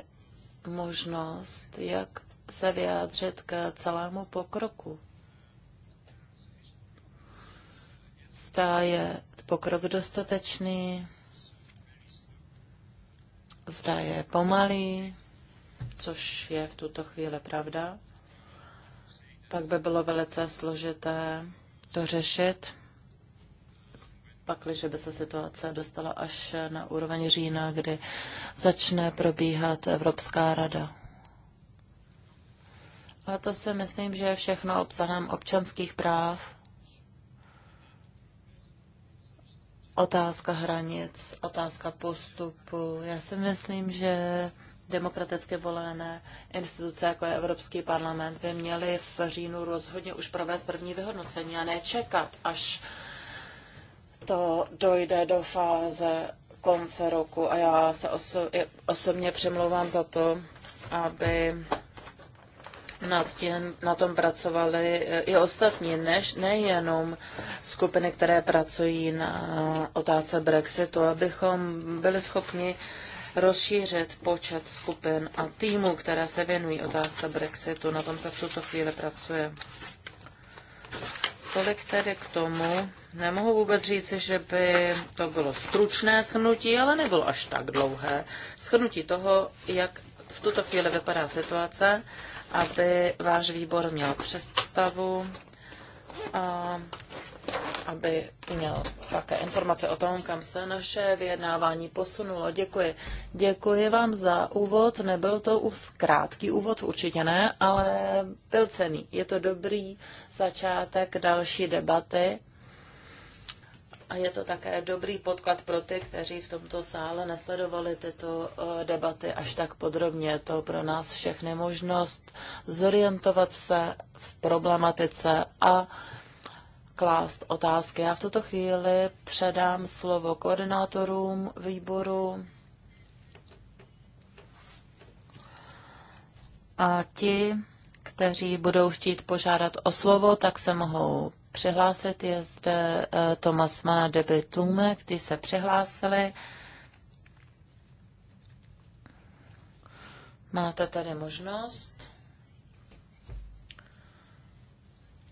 možnost, jak se vyjádřit k celému pokroku. Zda je pokrok dostatečný, zda je pomalý, což je v tuto chvíli pravda. Pak by bylo velice složité to řešit, pakliže by se situace dostala až na úroveň října, kdy začne probíhat Evropská rada. A to si myslím, že je všechno obsahem občanských práv, otázka hranic, otázka postupu. Já si myslím, že demokraticky volené instituce, jako je Evropský parlament, by měly v říjnu rozhodně už provést první vyhodnocení a nečekat, až to dojde do fáze konce roku. A já se oso- osobně přemlouvám za to, aby nad tím, na tom pracovali eh, i ostatní, než nejenom skupiny, které pracují na otázce Brexitu, abychom byli schopni rozšířit počet skupin a týmů, které se věnují otázce Brexitu. Na tom se v tuto chvíli pracuje. Tolik tedy k tomu. Nemohu vůbec říci, že by to bylo stručné shrnutí, ale nebylo až tak dlouhé. Shrnutí toho, jak v tuto chvíli vypadá situace aby váš výbor měl představu, aby měl také informace o tom, kam se naše vyjednávání posunulo. Děkuji. Děkuji vám za úvod. Nebyl to už krátký úvod, určitě ne, ale byl cený. Je to dobrý začátek další debaty a je to také dobrý podklad pro ty, kteří v tomto sále nesledovali tyto eh, debaty až tak podrobně. Je to pro nás všechny možnost zorientovat se v problematice a klást otázky. Já v tuto chvíli předám slovo koordinátorům výboru. A ti, kteří budou chtít požádat o slovo, tak se mohou přihlásit. Je zde eh, Tomas Má, a Tlume, se přihlásili. Máte tady možnost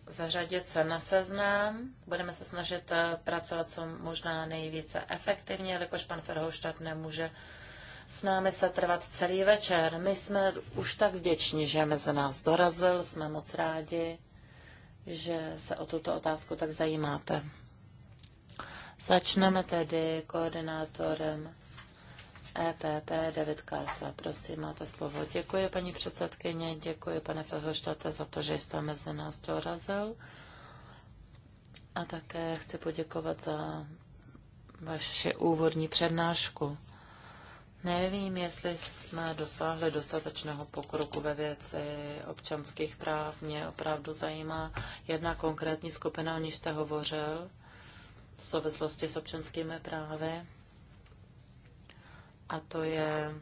zařadit se na seznam. Budeme se snažit eh, pracovat co možná nejvíce efektivně, jelikož pan Ferhoštad nemůže s námi se trvat celý večer. My jsme už tak vděční, že mezi nás dorazil, jsme moc rádi že se o tuto otázku tak zajímáte. Začneme tedy koordinátorem EPP David Karsa. Prosím, máte slovo. Děkuji, paní předsedkyně, děkuji, pane Fehoštate, za to, že jste mezi nás dorazil. A také chci poděkovat za vaši úvodní přednášku. Nevím, jestli jsme dosáhli dostatečného pokroku ve věci občanských práv. Mě opravdu zajímá jedna konkrétní skupina, o níž jste hovořil, v souvislosti s občanskými právy. A to je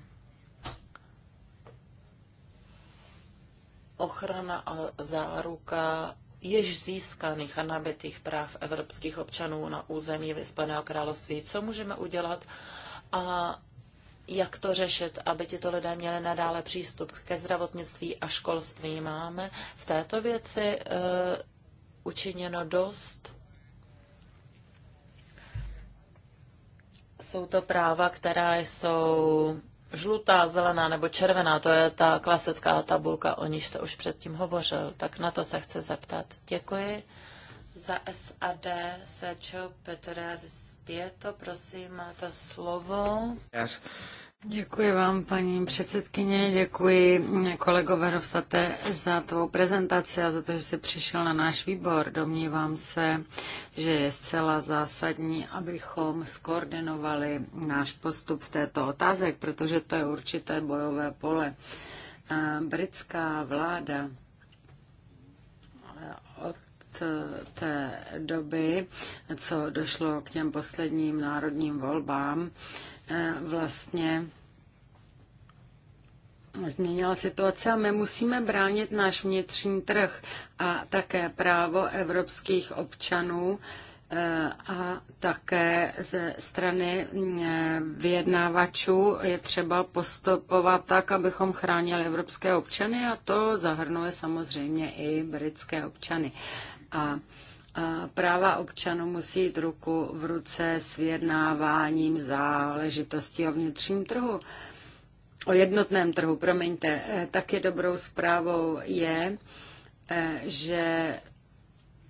ochrana a záruka již získaných a nabitých práv evropských občanů na území Vyspaného království. Co můžeme udělat? A jak to řešit, aby tito lidé měli nadále přístup ke zdravotnictví a školství. Máme v této věci uh, učiněno dost. Jsou to práva, která jsou žlutá, zelená nebo červená, to je ta klasická tabulka, o níž se už předtím hovořil, tak na to se chce zeptat. Děkuji. Za SAD Sečo Petráz Pěto, prosím, máte slovo. Yes. Děkuji vám, paní předsedkyně, děkuji eh, kolego Verhofstadte za tvou prezentaci a za to, že jsi přišel na náš výbor. Domnívám se, že je zcela zásadní, abychom skoordinovali náš postup v této otázek, protože to je určité bojové pole. Eh, britská vláda eh, od té doby, co došlo k těm posledním národním volbám, eh, vlastně změnila situace a my musíme bránit náš vnitřní trh a také právo evropských občanů eh, a také ze strany eh, vyjednávačů je třeba postupovat tak, abychom chránili evropské občany a to zahrnuje samozřejmě i britské občany a práva občanů musí jít ruku v ruce s vyjednáváním záležitostí o vnitřním trhu. O jednotném trhu, promiňte, eh, taky dobrou zprávou je, eh, že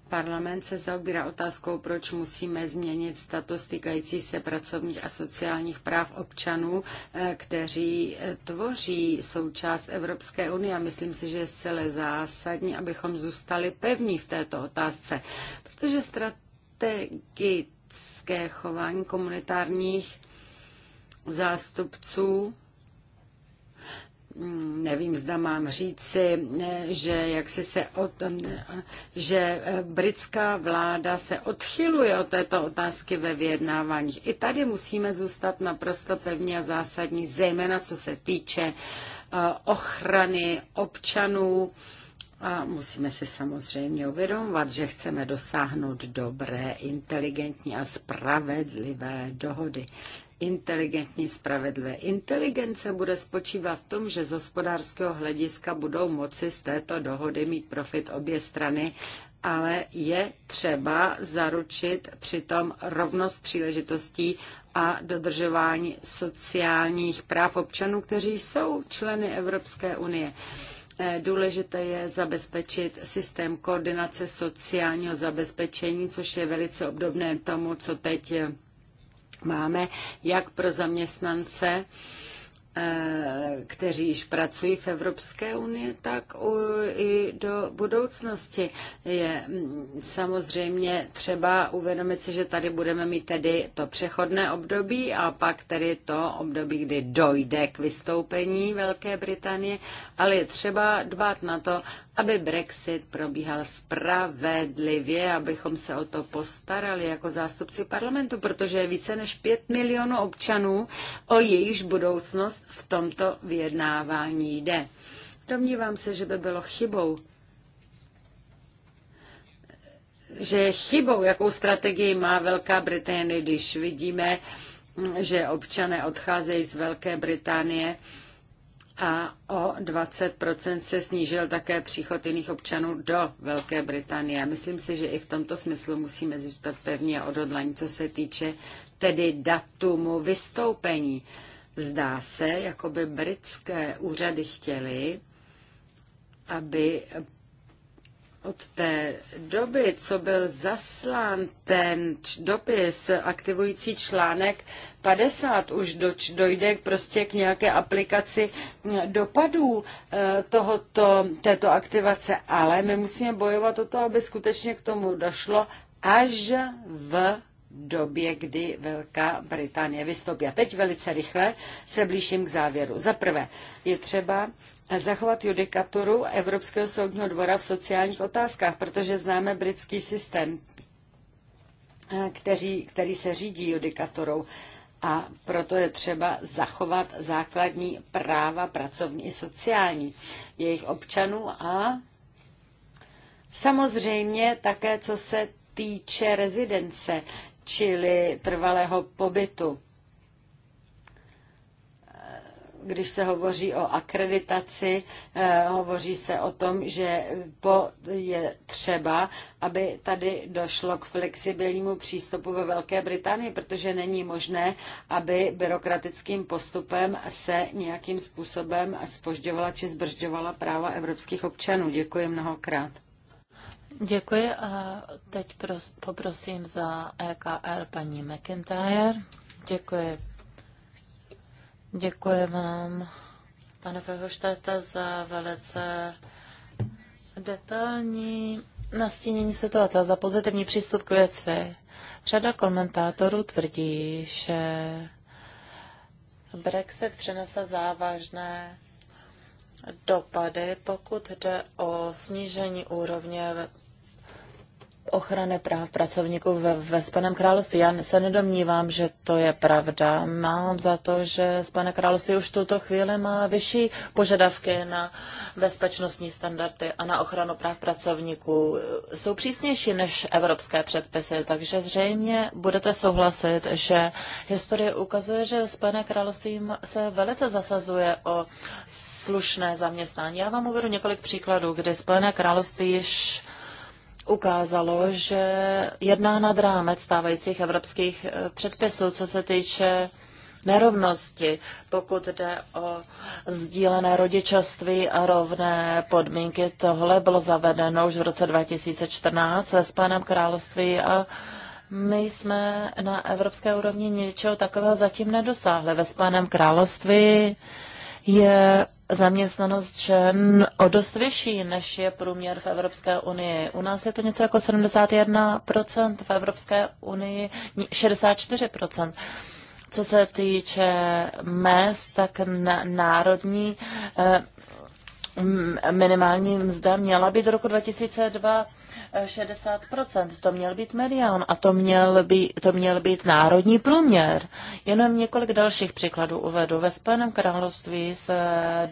Parlament se zaobírá otázkou, proč musíme změnit status týkající se pracovních a sociálních práv občanů, eh, kteří eh, tvoří součást Evropské unie. A myslím si, že je zcela zásadní, abychom zůstali pevní v této otázce, protože strategické chování komunitárních zástupců Mm, nevím, zda mám říci, eh, že jak si se od, eh, že eh, britská vláda se odchyluje od této otázky ve vyjednáváních. I tady musíme zůstat naprosto pevně a zásadní, zejména co se týče ochrany občanů. A musíme si samozřejmě uvědomovat, že chceme dosáhnout dobré, inteligentní a spravedlivé dohody inteligentní, spravedlivé. Inteligence bude spočívat v tom, že z hospodářského hlediska budou moci z této dohody mít profit obě strany, ale je třeba zaručit přitom rovnost příležitostí a dodržování sociálních práv občanů, kteří jsou členy Evropské unie. Eh, důležité je zabezpečit systém koordinace sociálního zabezpečení, což je velice obdobné tomu, co teď máme jak pro zaměstnance, eh, kteří již pracují v Evropské unii, tak i do budoucnosti. Je mm, samozřejmě třeba uvědomit si, že tady budeme mít tedy to přechodné období a pak tedy to období, kdy dojde k vystoupení Velké Británie, ale je třeba dbát na to, aby Brexit probíhal spravedlivě, abychom se o to postarali jako zástupci parlamentu, protože je více než 5 milionů občanů, o jejíž budoucnost v tomto vyjednávání jde. Domnívám se, že by bylo chybou že je chybou, jakou strategii má Velká Británie, když vidíme, že občané odcházejí z Velké Británie a o 20% se snížil také příchod jiných občanů do Velké Británie. Myslím si, že i v tomto smyslu musíme zůstat pevně odhodlaní, co se týče tedy datumu vystoupení. Zdá se, jako by britské úřady chtěly, aby od té doby, co byl zaslán ten dopis aktivující článek 50, už doč, dojde prostě k nějaké aplikaci dopadů e, tohoto, této aktivace, ale my musíme bojovat o to, aby skutečně k tomu došlo až v době, kdy Velká Británie vystoupí. A teď velice rychle se blížím k závěru. Za prvé je třeba zachovat judikaturu Evropského soudního dvora v sociálních otázkách, protože známe britský systém, eh, kteří, který se řídí judikaturou. A proto je třeba zachovat základní práva pracovní i sociální jejich občanů a samozřejmě také, co se týče rezidence, čili trvalého pobytu když se hovoří o akreditaci, eh, hovoří se o tom, že po je třeba, aby tady došlo k flexibilnímu přístupu ve Velké Británii, protože není možné, aby byrokratickým postupem se nějakým způsobem spožďovala či zbržďovala práva evropských občanů. Děkuji mnohokrát. Děkuji a teď poprosím za EKR paní McIntyre. Děkuji, Děkuji vám, pane Fehoštete, za velice detailní nastínění situace a za pozitivní přístup k věci. Řada komentátorů tvrdí, že Brexit přinese závažné dopady, pokud jde o snížení úrovně ochrany práv pracovníků ve, ve Spojeném království. Já se nedomnívám, že to je pravda. Mám za to, že Spojené království už tuto chvíli má vyšší požadavky na bezpečnostní standardy a na ochranu práv pracovníků. Jsou přísnější než evropské předpisy, takže zřejmě budete souhlasit, že historie ukazuje, že Spojené království se velice zasazuje o slušné zaměstnání. Já vám uvedu několik příkladů, kde Spojené království již ukázalo, že jedná nad rámec stávajících evropských eh, předpisů, co se týče nerovnosti, pokud jde o sdílené rodičovství a rovné podmínky. Tohle bylo zavedeno už v roce 2014 ve Spojeném království a my jsme na evropské úrovni něčeho takového zatím nedosáhli. Ve Spojeném království je zaměstnanost žen o dost vyšší, než je průměr v Evropské unii. U nás je to něco jako 71%, v Evropské unii 64%. Co se týče mest, tak na, národní eh, minimální mzda měla být do roku 2002 60%. To měl být medián a to měl být, to měl být národní průměr. Jenom několik dalších příkladů uvedu. Ve Spojeném království se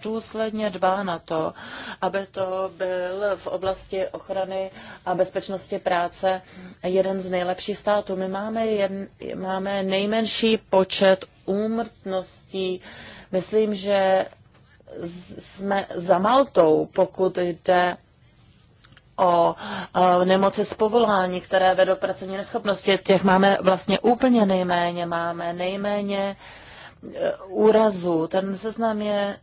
důsledně dbá na to, aby to byl v oblasti ochrany a bezpečnosti práce jeden z nejlepších států. My máme, jen, máme nejmenší počet úmrtností. Myslím, že jsme za Maltou, pokud jde o nemoci z povolání, které vedou k pracovní neschopnosti. Těch máme vlastně úplně nejméně. Máme nejméně e, úrazů. Ten seznam je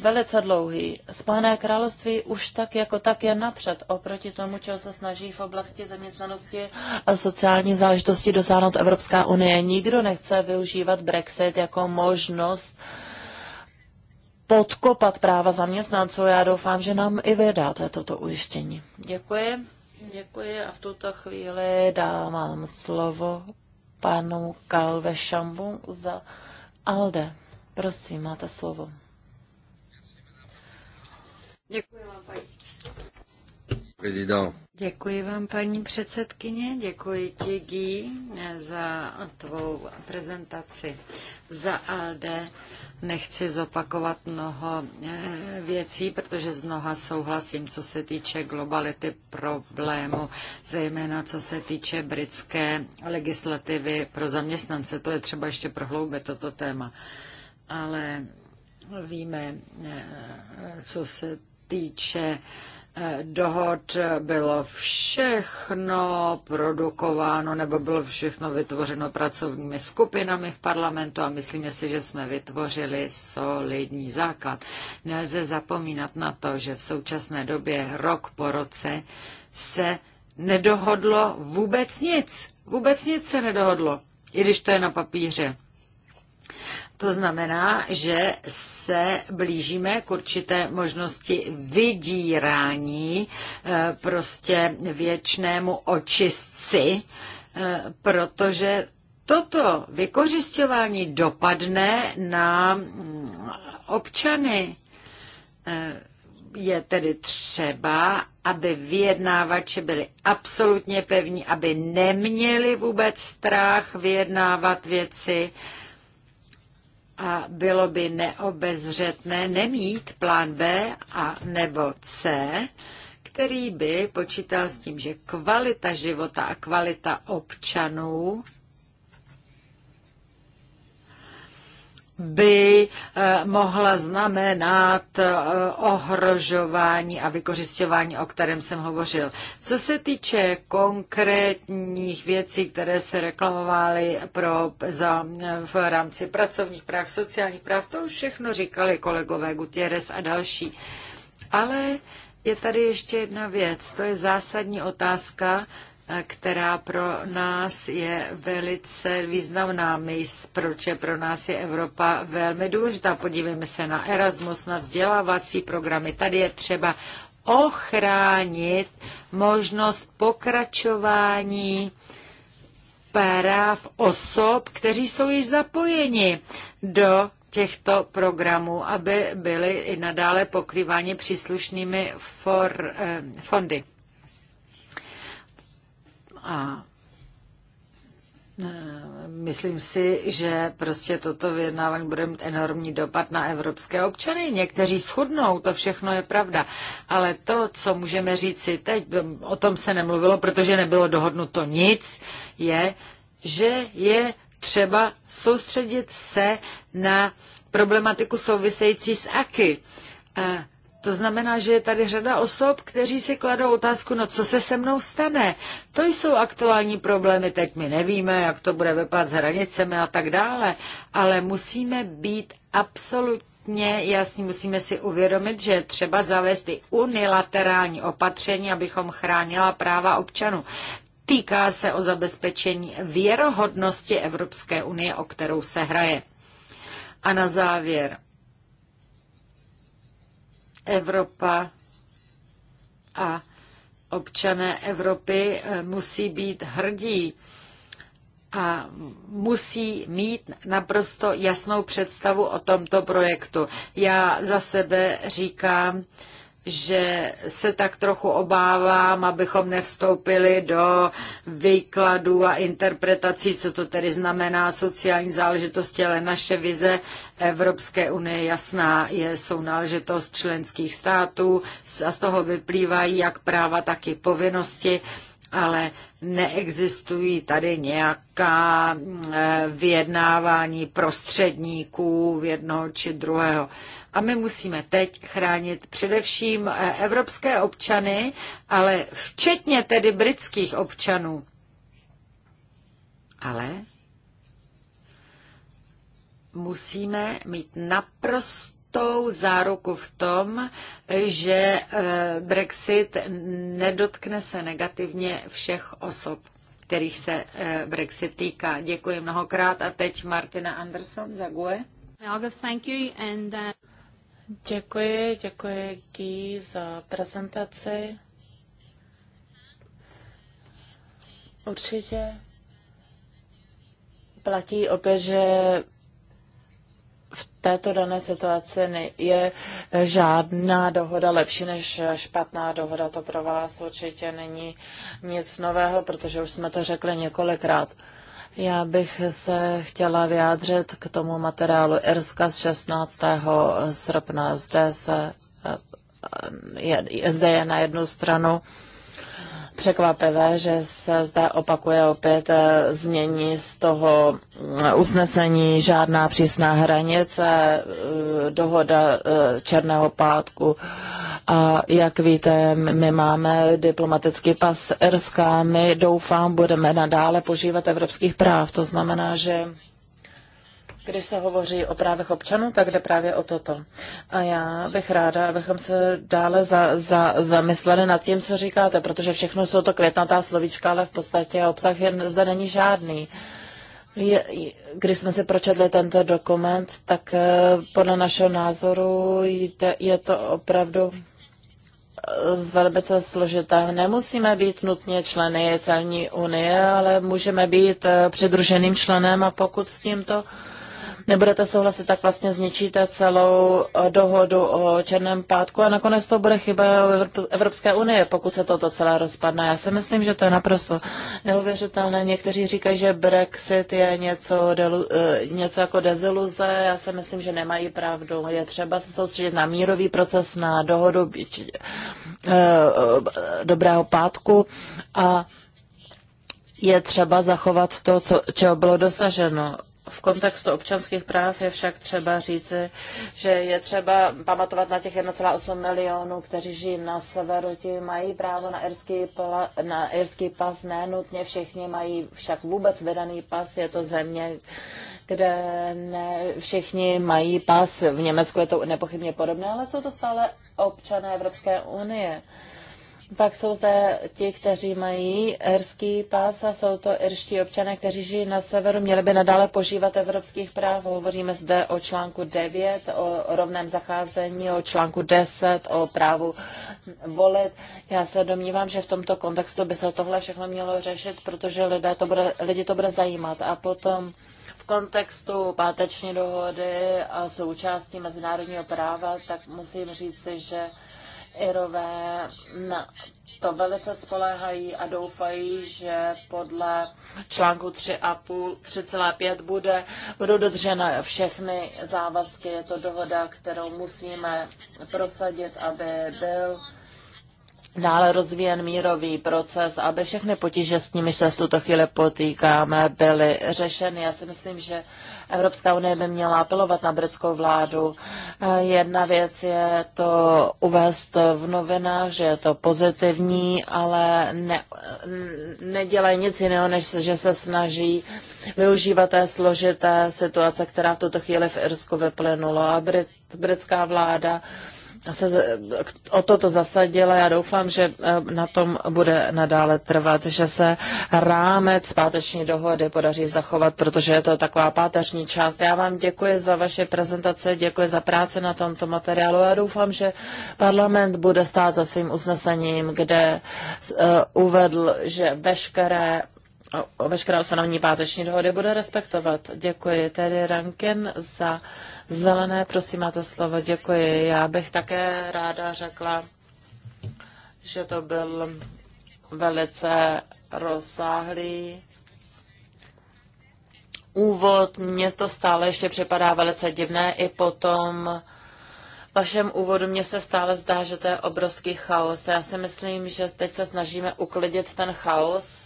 velice dlouhý. Spojené království už tak jako tak je napřed oproti tomu, čeho se snaží v oblasti zaměstnanosti a sociální záležitosti dosáhnout Evropská unie. Nikdo nechce využívat Brexit jako možnost uh, podkopat práva zaměstnanců. Já doufám, že nám i vydáte toto ujištění. Děkuji. Děkuji a v tuto chvíli dávám slovo panu Kalve Šambu za Alde. Prosím, máte slovo. Děkuji vám, paní. Děkuji vám, paní předsedkyně, děkuji ti, Gý, za tvou prezentaci. Za alde nechci zopakovat mnoho eh, věcí, protože z mnoha souhlasím, co se týče globality problému, zejména co se týče britské legislativy pro zaměstnance. To je třeba ještě prohloubit, toto téma. Ale víme, eh, co se týče dohod bylo všechno produkováno nebo bylo všechno vytvořeno pracovními skupinami v parlamentu a myslíme si, že jsme vytvořili solidní základ. Nelze zapomínat na to, že v současné době rok po roce se nedohodlo vůbec nic. Vůbec nic se nedohodlo, i když to je na papíře. To znamená, že se blížíme k určité možnosti vydírání eh, prostě věčnému očistci, eh, protože toto vykořišťování dopadne na mm, občany. Eh, je tedy třeba, aby vyjednávači byli absolutně pevní, aby neměli vůbec strach vyjednávat věci, a bylo by neobezřetné nemít plán B a nebo C, který by počítal s tím, že kvalita života a kvalita občanů by eh, mohla znamenat eh, ohrožování a vykořišťování, o kterém jsem hovořil. Co se týče konkrétních věcí, které se reklamovaly pro, za, v rámci pracovních práv, sociálních práv, to už všechno říkali kolegové Gutierrez a další. Ale je tady ještě jedna věc, to je zásadní otázka, která pro nás je velice významná. My, proč je pro nás je Evropa velmi důležitá. Podívejme se na Erasmus, na vzdělávací programy. Tady je třeba ochránit možnost pokračování práv osob, kteří jsou již zapojeni do těchto programů, aby byly i nadále pokrýváni příslušnými for, eh, fondy. A e, Myslím si, že prostě toto vyjednávání bude mít enormní dopad na evropské občany. Někteří schudnou, to všechno je pravda. Ale to, co můžeme říct si teď, o tom se nemluvilo, protože nebylo dohodnuto nic, je, že je třeba soustředit se na problematiku související s AKY. To znamená, že je tady řada osob, kteří si kladou otázku, no co se se mnou stane. To jsou aktuální problémy, teď my nevíme, jak to bude vypadat s hranicemi a tak dále, ale musíme být absolutně jasní, musíme si uvědomit, že třeba zavést i unilaterální opatření, abychom chránila práva občanů. Týká se o zabezpečení věrohodnosti Evropské unie, o kterou se hraje. A na závěr Evropa a občané Evropy eh, musí být hrdí a musí mít naprosto jasnou představu o tomto projektu. Já za sebe říkám, že se tak trochu obávám, abychom nevstoupili do výkladů a interpretací, co to tedy znamená sociální záležitosti, ale naše vize Evropské unie jasná, je sounáležitost členských států, a z toho vyplývají jak práva, tak i povinnosti ale neexistují tady nějaká eh, vyjednávání prostředníků v jednoho či druhého. A my musíme teď chránit především eh, evropské občany, ale včetně tedy britských občanů. Ale musíme mít naprosto jistou záruku v tom, že eh, Brexit nedotkne se negativně všech osob kterých se eh, Brexit týká. Děkuji mnohokrát a teď Martina Anderson za GUE. Uh, děkuji, děkuji Guy za prezentaci. Určitě platí opět, že v této dané situaci je žádná dohoda lepší než špatná dohoda. To pro vás určitě není nic nového, protože už jsme to řekli několikrát. Já bych se chtěla vyjádřit k tomu materiálu Irska z 16. srpna. Zde, se, eh, je, zde je na jednu stranu překvapivé, že se zde opakuje opět eh, změní z toho eh, usnesení žádná přísná hranice, eh, dohoda Černého pátku. A jak víte, my máme diplomatický pas Irska, my doufám, budeme nadále požívat evropských práv. To znamená, že když se hovoří o právech občanů, tak jde právě o toto. A já bych ráda, abychom se dále za, za, zamysleli nad tím, co říkáte, protože všechno jsou to květnatá slovíčka, ale v podstatě obsah je, zde není žádný. Je, když jsme si pročetli tento dokument, tak eh, podle našeho názoru jde, je to opravdu eh, z velice složité. Nemusíme být nutně členy celní unie, ale můžeme být eh, přidruženým členem a pokud s tímto nebudete souhlasit, tak vlastně zničíte celou eh, dohodu o Černém pátku a nakonec to bude chyba Evropské unie, pokud se toto celé rozpadne. Já si myslím, že to je naprosto neuvěřitelné. Někteří říkají, že Brexit je něco, delu, eh, něco jako deziluze. Já si myslím, že nemají pravdu. Je třeba se soustředit na mírový proces, na dohodu eh, dobrého pátku a je třeba zachovat to, co, čeho bylo dosaženo. V kontextu občanských práv je však třeba říci, že je třeba pamatovat na těch 1,8 milionů, kteří žijí na severu, ti mají právo na irský, pla, na irský pas, nenutně všichni mají však vůbec vydaný pas, je to země, kde ne všichni mají pas, v Německu je to nepochybně podobné, ale jsou to stále občané Evropské unie. Uh, pak jsou zde ti, kteří mají irský pás a jsou to irští občané, kteří žijí na severu, měli by nadále požívat evropských práv. Hovoříme zde o článku 9, o rovném zacházení, o článku 10, o právu volit. Já se domnívám, že v tomto kontextu by se tohle všechno mělo řešit, protože lidé to bude, lidi to bude zajímat. A potom v kontextu páteční dohody a součástí mezinárodního práva, tak musím říci, že Irové na to velice spoléhají a doufají, že podle článku 3,5 bude, budou dodržena všechny závazky. Je to dohoda, kterou musíme prosadit, aby byl dále rozvíjen mírový proces, aby všechny potíže, s nimi se v tuto chvíli potýkáme, byly řešeny. Já si myslím, že Evropská unie by měla apelovat na britskou vládu. Eh, jedna věc je to uvést v novinách, že je to pozitivní, ale ne, nedělají nic jiného, než že se snaží využívat té složité situace, která v tuto chvíli v Irsku vyplynula. A Brit, britská vláda se o toto zasadila. Já doufám, že eh, na tom bude nadále trvat, že se rámec páteční dohody podaří zachovat, protože je to taková páteřní část. Já vám děkuji za vaše prezentace, děkuji za práci na tomto materiálu a doufám, že parlament bude stát za svým usnesením, kde eh, uvedl, že veškeré o veškerá ustanovení páteční dohody bude respektovat. Děkuji. Tedy Ranken za zelené, prosím, máte slovo. Děkuji. Já bych také ráda řekla, že to byl velice rozsáhlý úvod. Mně to stále ještě připadá velice divné i potom vašem úvodu mě se stále zdá, že to je obrovský chaos. Já si myslím, že teď se snažíme uklidit ten chaos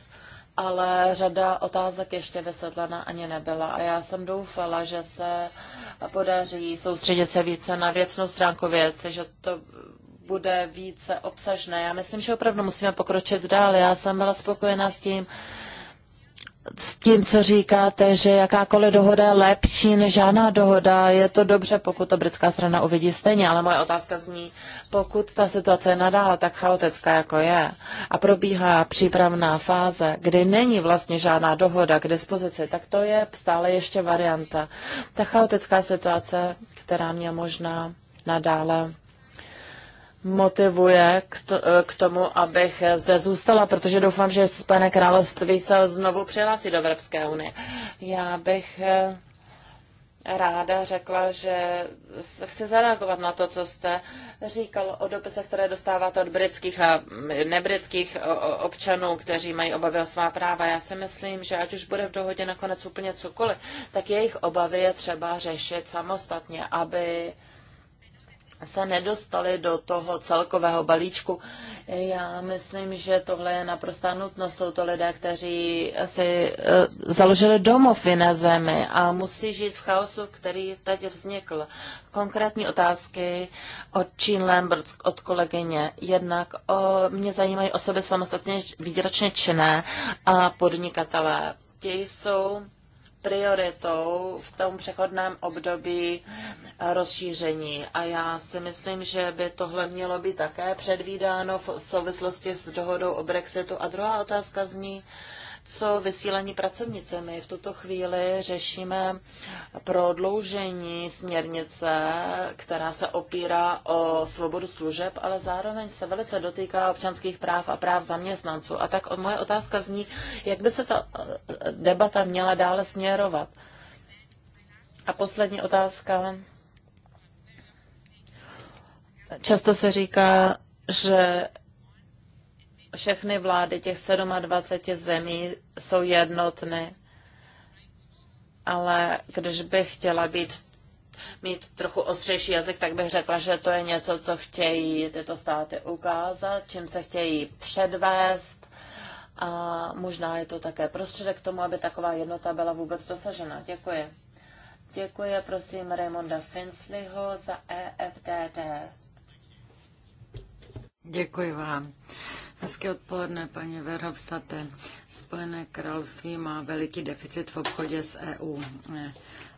ale řada otázek ještě vysvětlena ani nebyla a já jsem doufala, že se podaří soustředit se více na věcnou stránku věci, že to bude více obsažné. Já myslím, že opravdu musíme pokročit dál. Já jsem byla spokojená s tím, s tím, co říkáte, že jakákoliv dohoda je lepší než žádná dohoda. Je to dobře, pokud to britská strana uvidí stejně, ale moje otázka zní, pokud ta situace je nadále tak chaotická, jako je, a probíhá přípravná fáze, kdy není vlastně žádná dohoda k dispozici, tak to je stále ještě varianta. Ta chaotická situace, která mě možná nadále motivuje k, to, eh, k tomu, abych zde zůstala, protože doufám, že Spojené království se znovu přihlásí do Evropské unie. Já bych eh, ráda řekla, že chci zareagovat na to, co jste říkal o dopise, které dostáváte od britských a nebritských eh, občanů, kteří mají obavy o svá práva. Já si myslím, že ať už bude v dohodě nakonec úplně cokoliv, tak jejich obavy je třeba řešit samostatně, aby se nedostali do toho celkového balíčku. Já myslím, že tohle je naprostá nutnost. Jsou to lidé, kteří si e, založili domov v jiné zemi a musí žít v chaosu, který teď vznikl. Konkrétní otázky od Jean Lambert, od kolegyně. Jednak o, mě zajímají osoby samostatně výdělečně činné a podnikatelé. Ti jsou prioritou v tom přechodném období eh, rozšíření. A já si myslím, že by tohle mělo být také předvídáno v souvislosti s dohodou o Brexitu. A druhá otázka zní, co vysílení pracovnice. My v tuto chvíli řešíme prodloužení směrnice, která se opírá o svobodu služeb, ale zároveň se velice dotýká občanských práv a práv zaměstnanců. A tak moje otázka zní, jak by se ta eh, debata měla dále směrovat. A poslední otázka. Často se říká, že všechny vlády těch 27 zemí jsou jednotné. Ale když bych chtěla být mít trochu ostřejší jazyk, tak bych řekla, že to je něco, co chtějí tyto státy ukázat, čím se chtějí předvést. A možná je to také prostředek k tomu, aby taková jednota byla vůbec dosažena. Děkuji. Děkuji, prosím, Raymonda Finsleyho za EFDD. Děkuji vám. Hezké odpoledne, paní Verhofstadte. Spojené království má veliký deficit v obchodě s EU. E,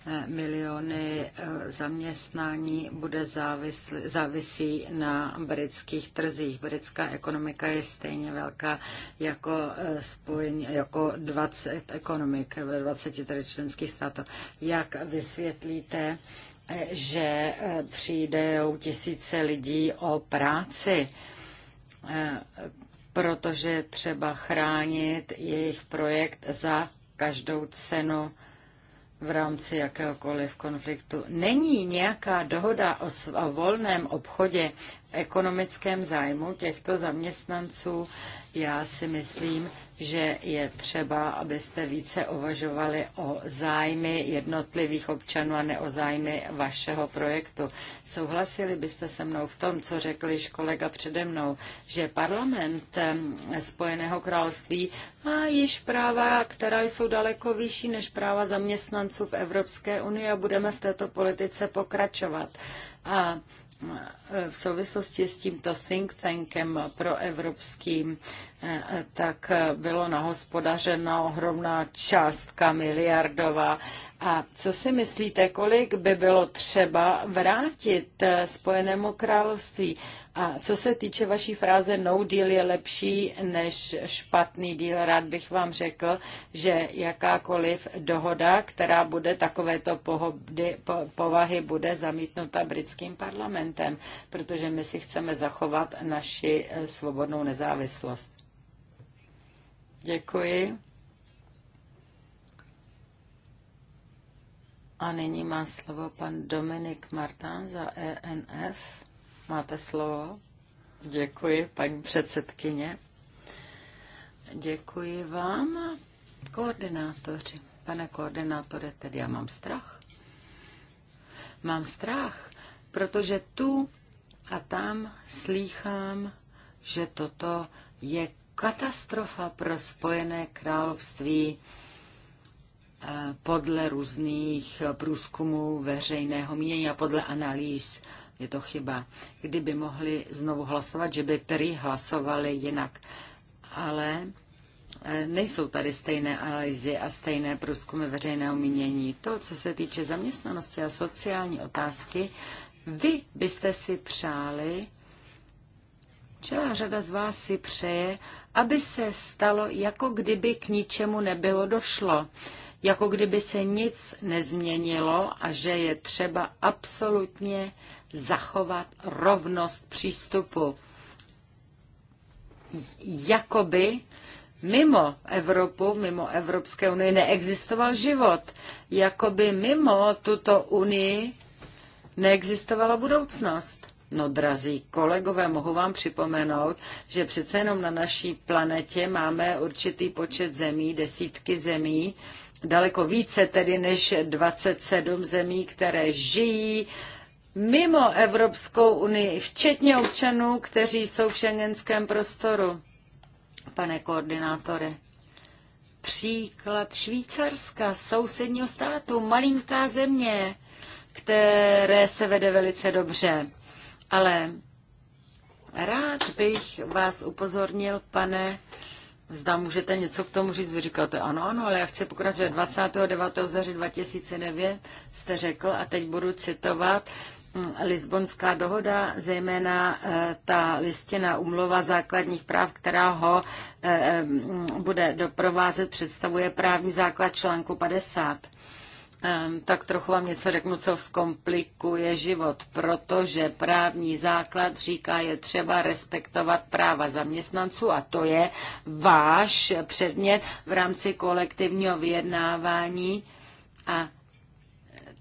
e, miliony e, zaměstnání bude závisl, závisí na britských trzích. Britská ekonomika je stejně velká jako, spojení, jako 20 ekonomik ve tedy členských států. Jak vysvětlíte, že přijdou tisíce lidí o práci? protože třeba chránit jejich projekt za každou cenu v rámci jakéhokoliv konfliktu. Není nějaká dohoda o, o volném obchodě ekonomickém zájmu těchto zaměstnanců, já si myslím, že je třeba, abyste více uvažovali o zájmy jednotlivých občanů a ne o zájmy vašeho projektu. Souhlasili byste se mnou v tom, co řekl již kolega přede mnou, že parlament Spojeného království má již práva, která jsou daleko vyšší než práva zaměstnanců v Evropské unii a budeme v této politice pokračovat. A v souvislosti s tímto think tankem pro evropským, eh, tak bylo nahospodařeno ohromná částka miliardová. A co si myslíte, kolik by bylo třeba vrátit eh, Spojenému království? A co se týče vaší fráze no deal je lepší než špatný deal, rád bych vám řekl, že jakákoliv dohoda, která bude takovéto pohody, po, povahy, bude zamítnuta britským parlamentem, protože my si chceme zachovat naši eh, svobodnou nezávislost. Děkuji. A nyní má slovo pan Dominik Martán za ENF. Máte slovo. Děkuji, paní předsedkyně. Děkuji vám, koordinátoři. Pane koordinátore, tedy já mám strach. Mám strach, protože tu a tam slýchám, že toto je katastrofa pro Spojené království eh, podle různých průzkumů veřejného mínění a podle analýz je to chyba. Kdyby mohli znovu hlasovat, že by prý hlasovali jinak. Ale e, nejsou tady stejné analýzy a stejné průzkumy veřejného mínění. To, co se týče zaměstnanosti a sociální otázky, vy byste si přáli, celá řada z vás si přeje, aby se stalo, jako kdyby k ničemu nebylo došlo jako kdyby se nic nezměnilo a že je třeba absolutně zachovat rovnost přístupu. Jakoby mimo Evropu, mimo Evropské unii neexistoval život. Jakoby mimo tuto unii neexistovala budoucnost. No, drazí kolegové, mohu vám připomenout, že přece jenom na naší planetě máme určitý počet zemí, desítky zemí, daleko více tedy než 27 zemí, které žijí mimo Evropskou unii, včetně občanů, kteří jsou v šengenském prostoru. Pane koordinátore, příklad Švýcarska, sousedního státu, malinká země, které se vede velice dobře. Ale rád bych vás upozornil, pane Zda můžete něco k tomu říct, vy říkáte ano, ano, ale já chci pokračovat. 29. září 2009 jste řekl, a teď budu citovat, mm, Lisbonská dohoda, zejména eh, ta listina umlova základních práv, která ho eh, eh, mm, bude doprovázet, představuje právní základ článku 50 tak trochu vám něco řeknu, co zkomplikuje život, protože právní základ říká, je třeba respektovat práva zaměstnanců a to je váš předmět v rámci kolektivního vyjednávání a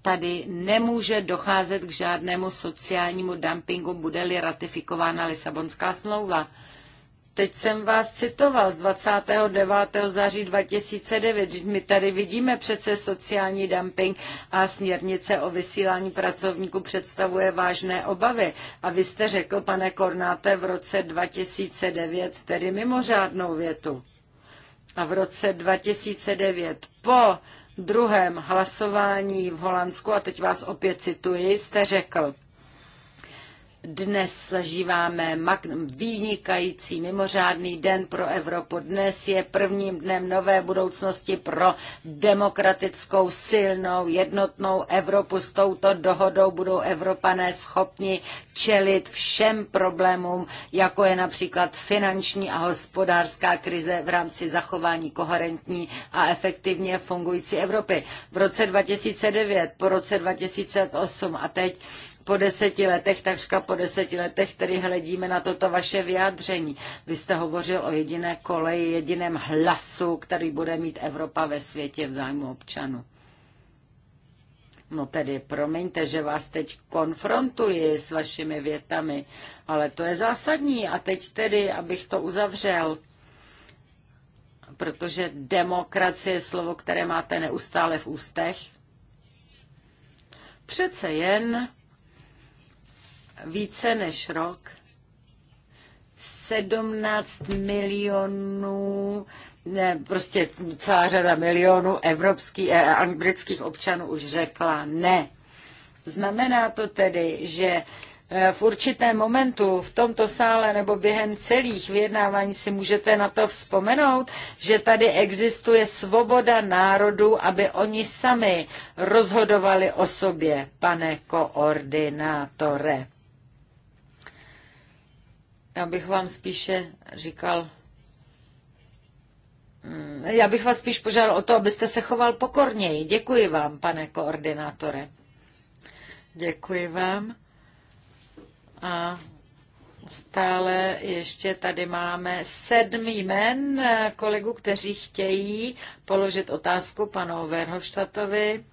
tady nemůže docházet k žádnému sociálnímu dumpingu, bude-li ratifikována Lisabonská smlouva. Teď jsem vás citoval z 29. září 2009. My tady vidíme přece sociální dumping a směrnice o vysílání pracovníků představuje vážné obavy. A vy jste řekl, pane Kornáte, v roce 2009 tedy mimořádnou větu. A v roce 2009 po druhém hlasování v Holandsku, a teď vás opět cituji, jste řekl, dnes zažíváme vynikající mimořádný den pro Evropu. Dnes je prvním dnem nové budoucnosti pro demokratickou, silnou, jednotnou Evropu. S touto dohodou budou Evropané schopni čelit všem problémům, jako je například finanční a hospodářská krize v rámci zachování koherentní a efektivně fungující Evropy. V roce 2009, po roce 2008 a teď po deseti letech, takřka po deseti letech, tedy hledíme na toto vaše vyjádření. Vy jste hovořil o jediné koleji, jediném hlasu, který bude mít Evropa ve světě v zájmu občanů. No tedy, promiňte, že vás teď konfrontuji s vašimi větami, ale to je zásadní. A teď tedy, abych to uzavřel, protože demokracie je slovo, které máte neustále v ústech, přece jen více než rok 17 milionů, ne, prostě celá řada milionů evropských a eh, anglických občanů už řekla ne. Znamená to tedy, že eh, v určitém momentu v tomto sále nebo během celých vyjednávání si můžete na to vzpomenout, že tady existuje svoboda národů, aby oni sami rozhodovali o sobě, pane koordinátore. Já bych vám spíše říkal, mm, já bych vás spíš požádal o to, abyste se choval pokorněji. Děkuji vám, pane koordinátore. Děkuji vám. A Stále ještě tady máme sedm jmen kolegů, kteří chtějí položit otázku panu Verhofstadtovi.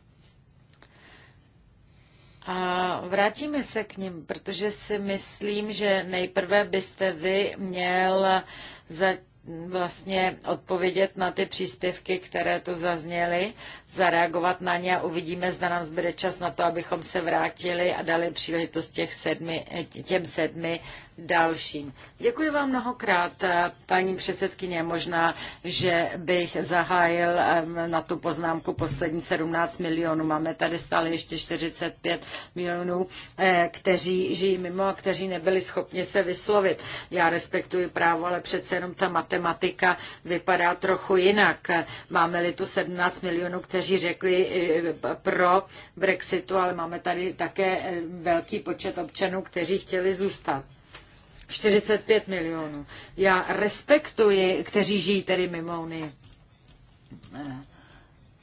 A vrátíme se k ním, protože si myslím, že nejprve byste vy měl za, vlastně odpovědět na ty příspěvky, které tu zazněly, zareagovat na ně a uvidíme, zda nám zbyde čas na to, abychom se vrátili a dali příležitost těch sedmi, těm sedmi dalším. Děkuji vám mnohokrát, eh, paní předsedkyně. Možná, že bych zahájil eh, na tu poznámku poslední 17 milionů. Máme tady stále ještě 45 milionů, eh, kteří žijí mimo a kteří nebyli schopni se vyslovit. Já respektuji právo, ale přece jenom ta matematika vypadá trochu jinak. Máme-li tu 17 milionů, kteří řekli pro Brexitu, ale máme tady také velký počet občanů, kteří chtěli zůstat. 45 milionů. Já respektuji, kteří žijí tedy mimo Unii.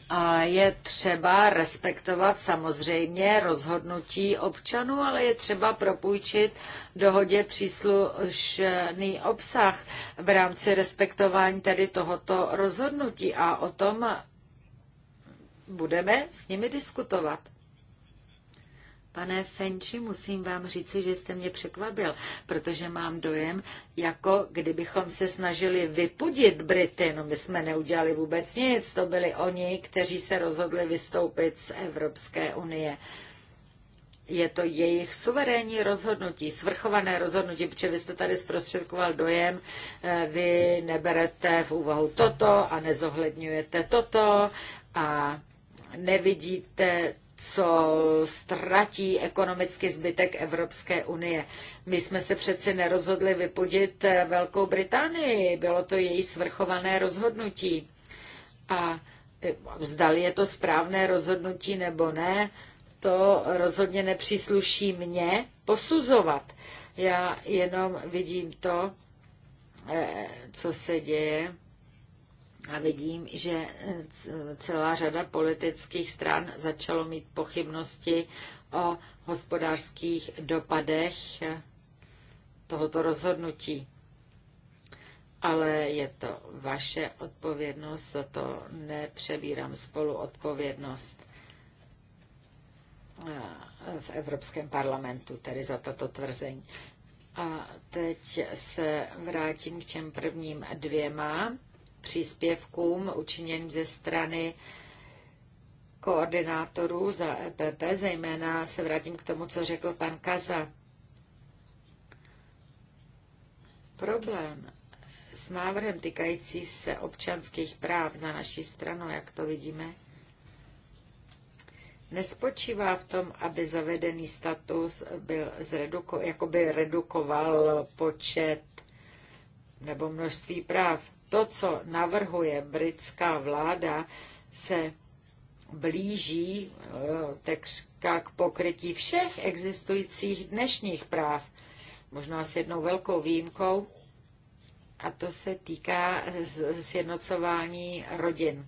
A je třeba respektovat samozřejmě rozhodnutí občanů, ale je třeba propůjčit dohodě příslušný obsah v rámci respektování tedy tohoto rozhodnutí. A o tom budeme s nimi diskutovat. Pane Fenči, musím vám říci, že jste mě překvapil, protože mám dojem, jako kdybychom se snažili vypudit Brity. No my jsme neudělali vůbec nic, to byli oni, kteří se rozhodli vystoupit z Evropské unie. Je to jejich suverénní rozhodnutí, svrchované rozhodnutí, protože vy jste tady zprostředkoval dojem, eh, vy neberete v úvahu toto a nezohledňujete toto a nevidíte co ztratí ekonomicky zbytek Evropské unie. My jsme se přeci nerozhodli vypudit eh, Velkou Británii, bylo to její svrchované rozhodnutí. A vzdali eh, je to správné rozhodnutí nebo ne, to rozhodně nepřísluší mně posuzovat. Já jenom vidím to, eh, co se děje a vidím, že eh, celá řada politických stran začalo mít pochybnosti o hospodářských dopadech eh, tohoto rozhodnutí. Ale je to vaše odpovědnost, za to nepřebírám spolu odpovědnost eh, v Evropském parlamentu, tedy za tato tvrzení. A teď se vrátím k těm prvním dvěma příspěvkům učiněným ze strany koordinátorů za EPP, zejména se vrátím k tomu, co řekl pan Kaza. Problém s návrhem týkající se občanských práv za naší stranu, jak to vidíme, nespočívá v tom, aby zavedený status byl zreduko, jakoby redukoval počet nebo množství práv to, co navrhuje britská vláda, se blíží eh, takřka k pokrytí všech existujících dnešních práv, možná s jednou velkou výjimkou, a to se týká eh, sjednocování rodin.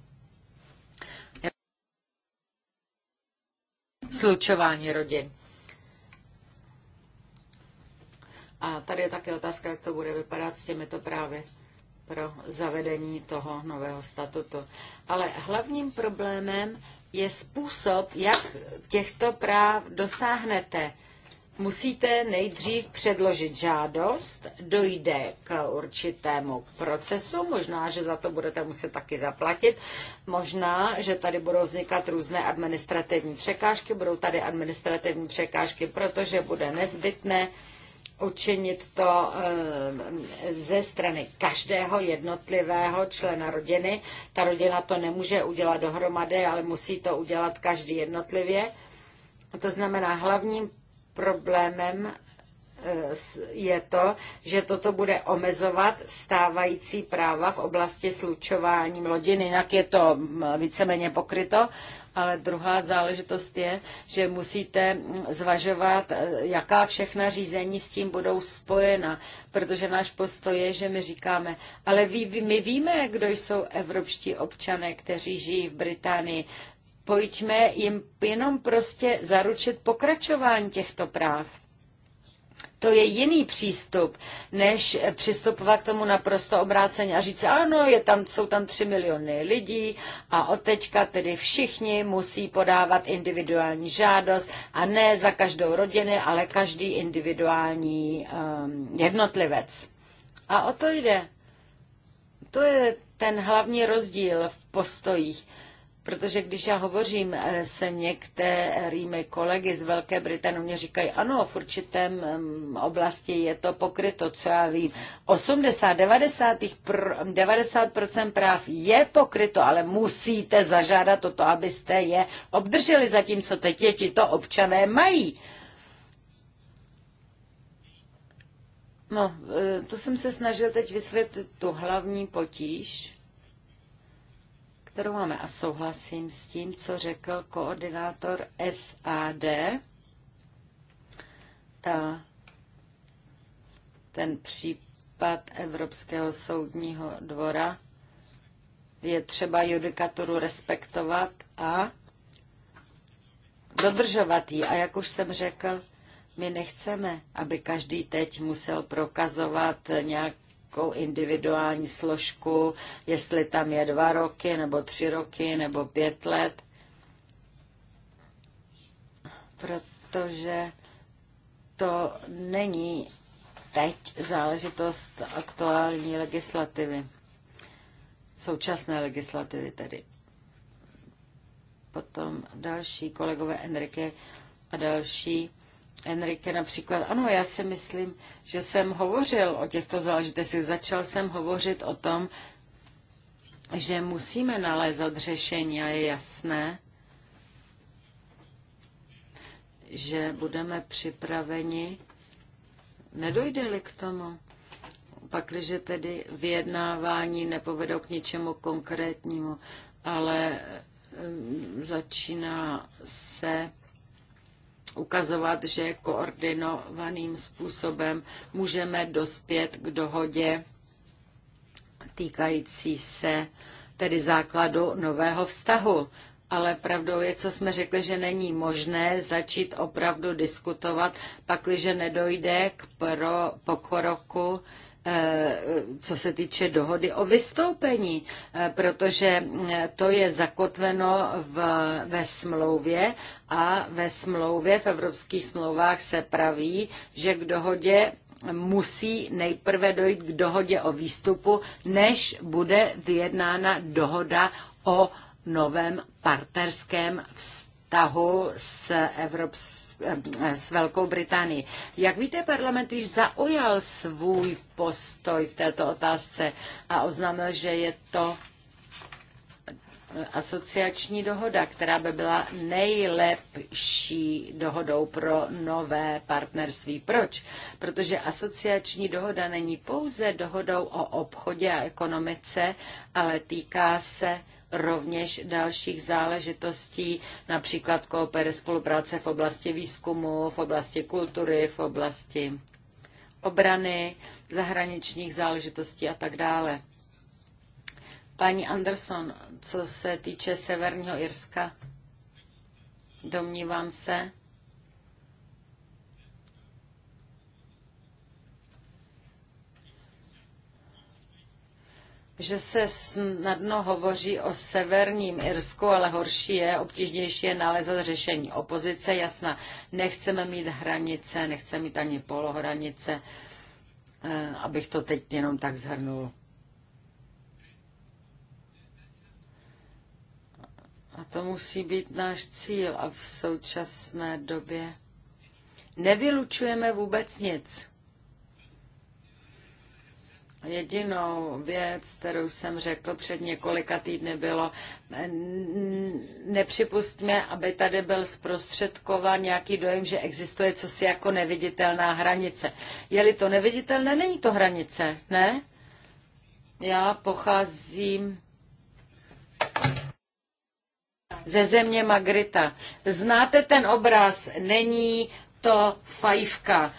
Slučování rodin. A tady je také otázka, jak to bude vypadat s těmito právy pro zavedení toho nového statutu. Ale hlavním problémem je způsob, jak těchto práv dosáhnete. Musíte nejdřív předložit žádost, dojde k určitému procesu, možná, že za to budete muset taky zaplatit, možná, že tady budou vznikat různé administrativní překážky, budou tady administrativní překážky, protože bude nezbytné učinit to eh, ze strany každého jednotlivého člena rodiny. Ta rodina to nemůže udělat dohromady, ale musí to udělat každý jednotlivě. To znamená, hlavním problémem eh, je to, že toto bude omezovat stávající práva v oblasti slučování rodin, jinak je to hm, víceméně pokryto, ale druhá záležitost je, že musíte zvažovat, eh, jaká všechna řízení s tím budou spojena, protože náš postoj je, že my říkáme, ale my víme, kdo jsou evropští občané, kteří žijí v Británii, pojďme jim jenom prostě zaručit pokračování těchto práv to je jiný přístup, než přistupovat k tomu naprosto obráceně a říct, ano, je tam, jsou tam tři miliony lidí a od teďka tedy všichni musí podávat individuální žádost a ne za každou rodinu, ale každý individuální um, jednotlivec. A o to jde. To je ten hlavní rozdíl v postojích. Uh, Protože když já hovořím eh, se některými kolegy z Velké Británie, mě říkají, ano, v určitém mm, oblasti je to pokryto, co já vím. 80, 90, 90% práv je pokryto, ale musíte zažádat o to, abyste je obdrželi, zatímco teď děti to občané mají. No, eh, to jsem se snažil teď vysvětlit tu hlavní potíž kterou máme. A souhlasím s tím, co řekl koordinátor SAD. Ta, ten případ Evropského soudního dvora je třeba judikaturu respektovat a dodržovat ji. A jak už jsem řekl, my nechceme, aby každý teď musel prokazovat nějak nějakou individuální složku, jestli tam je dva roky, nebo tři roky, nebo pět let. Protože to není teď záležitost aktuální legislativy, současné legislativy tedy. Potom další kolegové Enrique a další Enrique například, ano, já si myslím, že jsem hovořil o těchto záležitostech. Začal jsem hovořit o tom, že musíme nalézat řešení a je jasné, že budeme připraveni, nedojde-li k tomu. Pakliže tedy vyjednávání nepovedou k ničemu konkrétnímu, ale eh, začíná se ukazovat, že koordinovaným způsobem můžeme dospět k dohodě týkající se tedy základu nového vztahu. Ale pravdou je, co jsme řekli, že není možné začít opravdu diskutovat, pakliže nedojde k pro, pokroku co se týče dohody o vystoupení, eh, protože eh, to je zakotveno v, ve smlouvě a ve smlouvě, v evropských smlouvách se praví, že k dohodě musí nejprve dojít k dohodě o výstupu, než bude vyjednána dohoda o novém partnerském vztahu s Evropskou Eh, s Velkou Británií. Jak víte, parlament již zaujal svůj postoj v této otázce a oznámil, že je to asociační dohoda, která by byla nejlepší dohodou pro nové partnerství. Proč? Protože asociační dohoda není pouze dohodou o obchodě a ekonomice, ale týká se rovněž dalších záležitostí, například koopere spolupráce v oblasti výzkumu, v oblasti kultury, v oblasti obrany, zahraničních záležitostí a tak dále. Paní Anderson, co se týče Severního Irska, domnívám se, že se snadno hovoří o severním Irsku, ale horší je, obtížnější je nalezat řešení. Opozice, jasná, nechceme mít hranice, nechceme mít ani polohranice, eh, abych to teď jenom tak zhrnul. A to musí být náš cíl a v současné době nevylučujeme vůbec nic. Jedinou věc, kterou jsem řekl před několika týdny, bylo, nepřipustme, aby tady byl zprostředkován nějaký dojem, že existuje cosi jako neviditelná hranice. Je-li to neviditelné, není to hranice, ne? Já pocházím ze země Magrita. Znáte ten obraz, není to fajfka.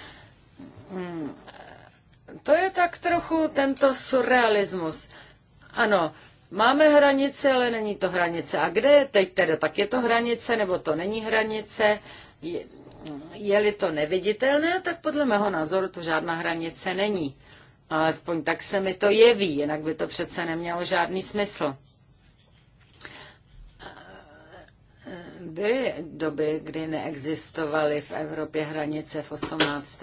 Hmm to je tak trochu tento surrealismus. Ano, máme hranice, ale není to hranice. A kde je teď teda? Tak je to hranice, nebo to není hranice? Je, je-li to neviditelné, tak podle mého názoru to žádná hranice není. Alespoň tak se mi to jeví, jinak by to přece nemělo žádný smysl. Byly doby, kdy neexistovaly v Evropě hranice v 18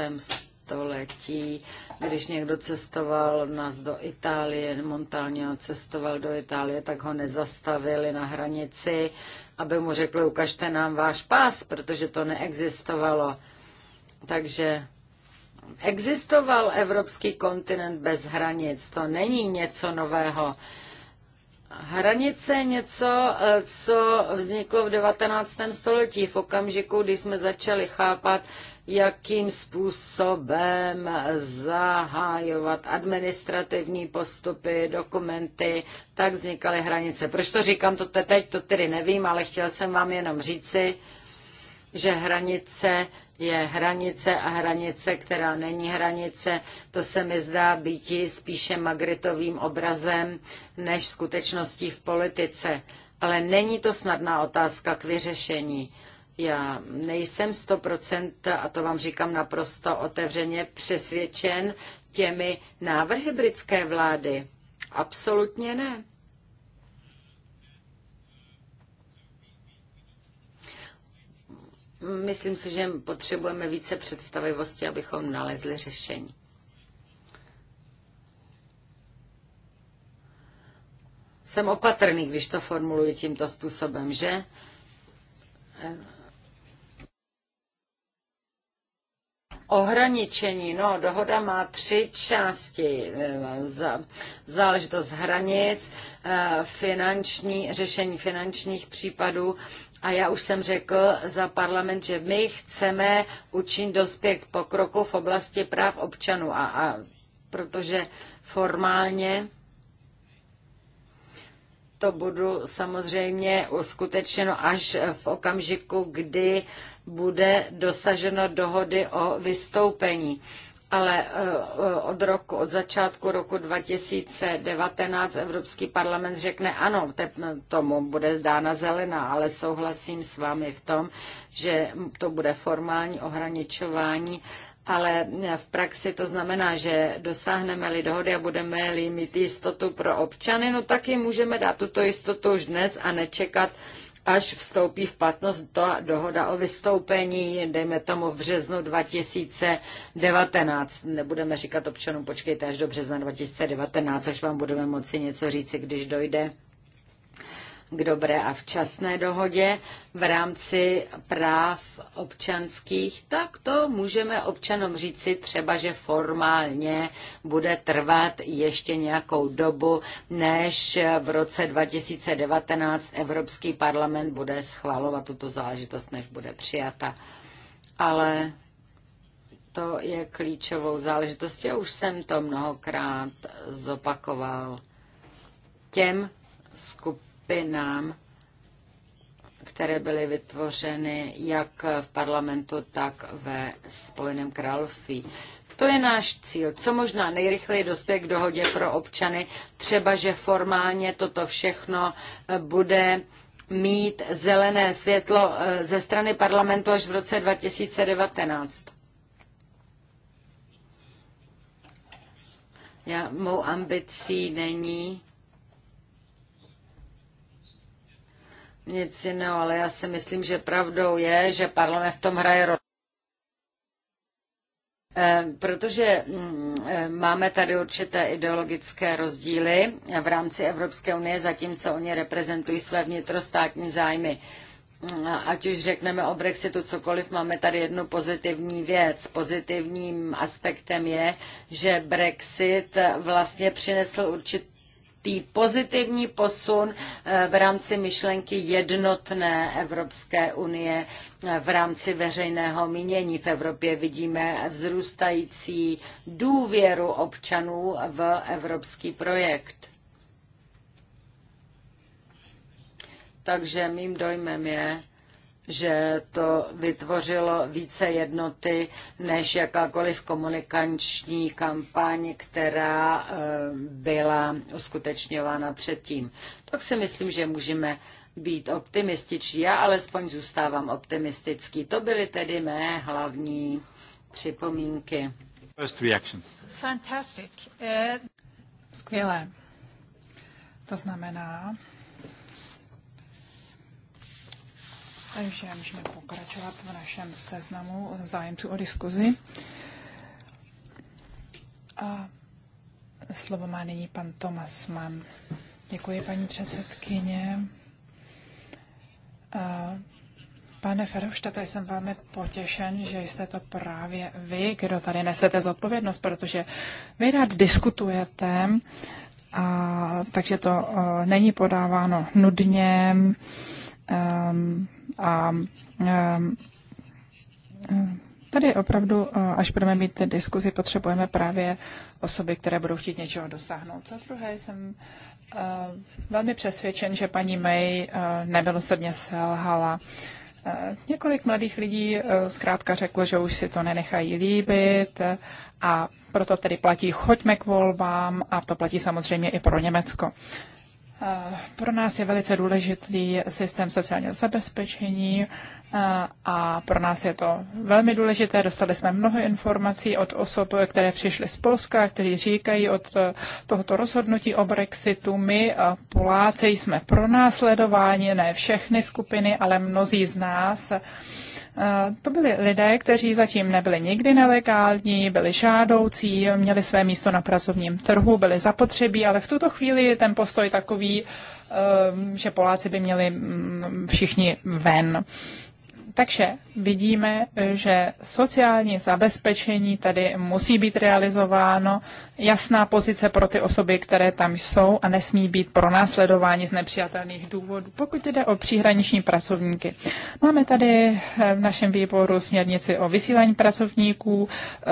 století, když někdo cestoval nás do Itálie, Montalňo cestoval do Itálie, tak ho nezastavili na hranici, aby mu řekli, ukažte nám váš pás, protože to neexistovalo. Takže existoval evropský kontinent bez hranic, to není něco nového. Hranice něco, eh, co vzniklo v 19. století, v okamžiku, kdy jsme začali chápat, jakým způsobem zahájovat administrativní postupy, dokumenty, tak vznikaly hranice. Proč to říkám to teď, to tedy nevím, ale chtěl jsem vám jenom říci, že hranice je hranice a hranice, která není hranice, to se mi zdá být spíše magritovým obrazem než skutečností v politice. Ale není to snadná otázka k vyřešení. Já nejsem 100%, a to vám říkám naprosto otevřeně, přesvědčen těmi návrhy britské vlády. Absolutně ne. Myslím si, že potřebujeme více představivosti, abychom nalezli řešení. Jsem opatrný, když to formuluji tímto způsobem, že? Ohraničení, no, dohoda má tři části. Eh, záležitost hranic, eh, finanční, řešení finančních případů a já už jsem řekl za parlament, že my chceme učinit dospět pokroku v oblasti práv občanů, a, a protože formálně to budu samozřejmě uskutečněno až v okamžiku, kdy bude dosaženo dohody o vystoupení ale eh, od roku, od začátku roku 2019 Evropský parlament řekne ano, tomu bude dána zelená, ale souhlasím s vámi v tom, že to bude formální ohraničování, ale eh, v praxi to znamená, že dosáhneme-li dohody a budeme-li mít jistotu pro občany, no taky můžeme dát tuto jistotu už dnes a nečekat až vstoupí v platnost do, dohoda o vystoupení, dejme tomu v březnu 2019. Nebudeme říkat občanům, počkejte až do března 2019, až vám budeme moci něco říci, když dojde k dobré a včasné dohodě v rámci práv občanských, tak to můžeme občanům říci třeba, že formálně bude trvat ještě nějakou dobu, než v roce 2019 Evropský parlament bude schvalovat tuto záležitost, než bude přijata. Ale to je klíčovou záležitostí. Já už jsem to mnohokrát zopakoval těm skupinám, skupinám, které byly vytvořeny jak v parlamentu, tak ve Spojeném království. To je náš cíl, co možná nejrychleji dospět k dohodě pro občany, třeba že formálně toto všechno eh, bude mít zelené světlo eh, ze strany parlamentu až v roce 2019. Já, mou ambicí není nic jiného, ale já si myslím, že pravdou je, že parlament v tom hraje roli. Eh, protože mm, eh, máme tady určité ideologické rozdíly v rámci Evropské unie, zatímco oni reprezentují své vnitrostátní zájmy. Mm, ať už řekneme o Brexitu cokoliv, máme tady jednu pozitivní věc. Pozitivním aspektem je, že Brexit vlastně přinesl určitý tý pozitivní posun eh, v rámci myšlenky jednotné Evropské unie eh, v rámci veřejného mínění v Evropě. Vidíme vzrůstající důvěru občanů v evropský projekt. Takže mým dojmem je, že to vytvořilo více jednoty než jakákoliv komunikační kampaň, která eh, byla uskutečňována předtím. Tak si myslím, že můžeme být optimističtí. Já alespoň zůstávám optimistický. To byly tedy mé hlavní připomínky. First reactions. Fantastic. Eh, Skvělé. To znamená, Takže můžeme pokračovat v našem seznamu zájemců o diskuzi. A slovo má nyní pan Tomas Mann. Děkuji, paní předsedkyně. A pane Ferhoštata, jsem velmi potěšen, že jste to právě vy, kdo tady nesete zodpovědnost, protože vy rád diskutujete, a, takže to a, není podáváno nudně. Ehm, a ehm, Tady opravdu, eh, až budeme mít ty diskuzi, potřebujeme právě osoby, které budou chtít něčeho dosáhnout. Za druhé jsem eh, velmi přesvědčen, že paní May eh, nemilosrdně selhala. Několik mladých lidí zkrátka řeklo, že už si to nenechají líbit a proto tedy platí choďme k volbám a to platí samozřejmě i pro Německo. Pro nás je velice důležitý systém sociálního zabezpečení a pro nás je to velmi důležité. Dostali jsme mnoho informací od osob, které přišly z Polska, kteří říkají od e, tohoto rozhodnutí o Brexitu. My, e, Poláci, jsme pro následování, ne všechny skupiny, ale mnozí z nás Eh, to byli lidé, kteří zatím nebyli nikdy nelegální, byli žádoucí, měli své místo na pracovním trhu, byli zapotřebí, ale v tuto chvíli je ten postoj takový, eh, že Poláci by měli mm, všichni ven. Takže vidíme, že sociální zabezpečení tady musí být realizováno, jasná pozice pro ty osoby, které tam jsou a nesmí být následování z nepřijatelných důvodů, pokud jde o příhraniční pracovníky. Máme tady eh, v našem výboru směrnici o vysílání pracovníků,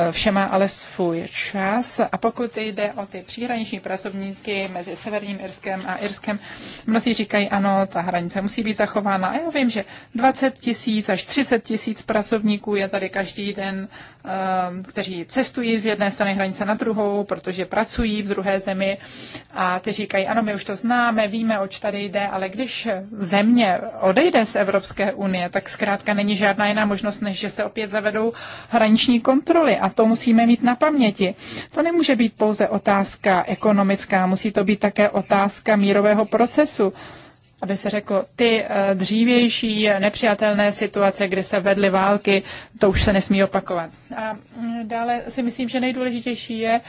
eh, vše má ale svůj čas a pokud jde o ty příhraniční pracovníky mezi Severním Irskem a Irskem, mnozí říkají ano, ta hranice musí být zachována a já vím, že 20 tisíc až až 30 tisíc pracovníků je tady každý den, ehm, kteří cestují z jedné strany hranice na druhou, protože pracují v druhé zemi a ty říkají, ano, my už to známe, víme, oč tady jde, ale když země odejde z Evropské unie, tak zkrátka není žádná jiná možnost, než že se opět zavedou hraniční kontroly a to musíme mít na paměti. To nemůže být pouze otázka ekonomická, musí to být také otázka mírového procesu aby se řeklo, ty eh, dřívější nepřijatelné situace, kdy se vedly války, to už se nesmí opakovat. A mm, dále si myslím, že nejdůležitější je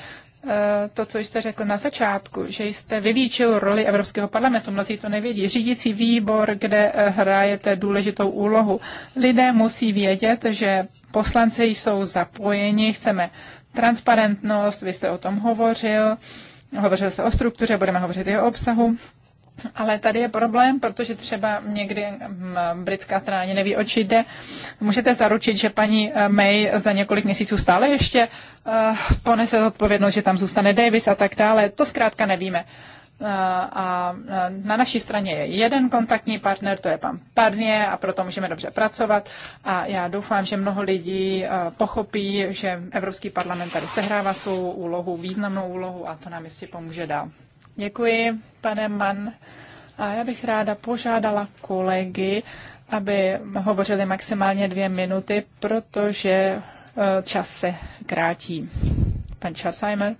eh, to, co jste řekl na začátku, že jste vylíčil roli Evropského parlamentu, mnozí to nevědí, řídící výbor, kde eh, hrajete důležitou úlohu. Lidé musí vědět, že poslanci jsou zapojeni, chceme transparentnost, vy jste o tom hovořil, hovořil jste o struktuře, budeme hovořit i o obsahu. Ale tady je problém, protože třeba někdy mm, britská strana ani neví, oč jde. Můžete zaručit, že paní eh, May za několik měsíců stále ještě uh, ponese odpovědnost, že tam zůstane Davis a tak dále. To zkrátka nevíme. Uh, a na naší straně je jeden kontaktní partner, to je pan Parnie a proto můžeme dobře pracovat. A já doufám, že mnoho lidí uh, pochopí, že Evropský parlament tady sehrává svou úlohu, významnou úlohu a to nám jistě pomůže dál. Děkuji, pane Mann. A já bych ráda požádala kolegy, aby hovořili maximálně dvě minuty, protože eh, čas se krátí. Pan Charsheimer.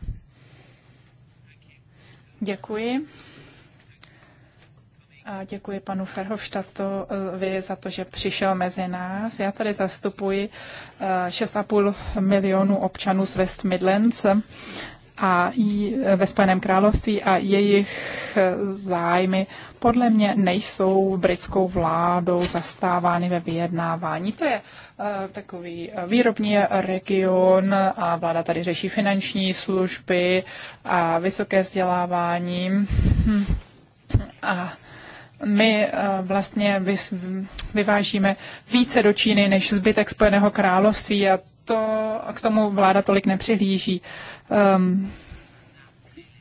Děkuji. A děkuji panu Ferhofštatovi za to, že přišel mezi nás. Já tady zastupuji 6,5 eh, milionů občanů z West Midlands a ve Spojeném království a jejich zájmy podle mě nejsou britskou vládou zastávány ve vyjednávání. To je eh, takový eh, výrobní region a vláda tady řeší finanční služby a vysoké vzdělávání. A my eh, vlastně vyvážíme více do Číny než zbytek Spojeného království a to, k tomu vláda tolik nepřihlíží. Um,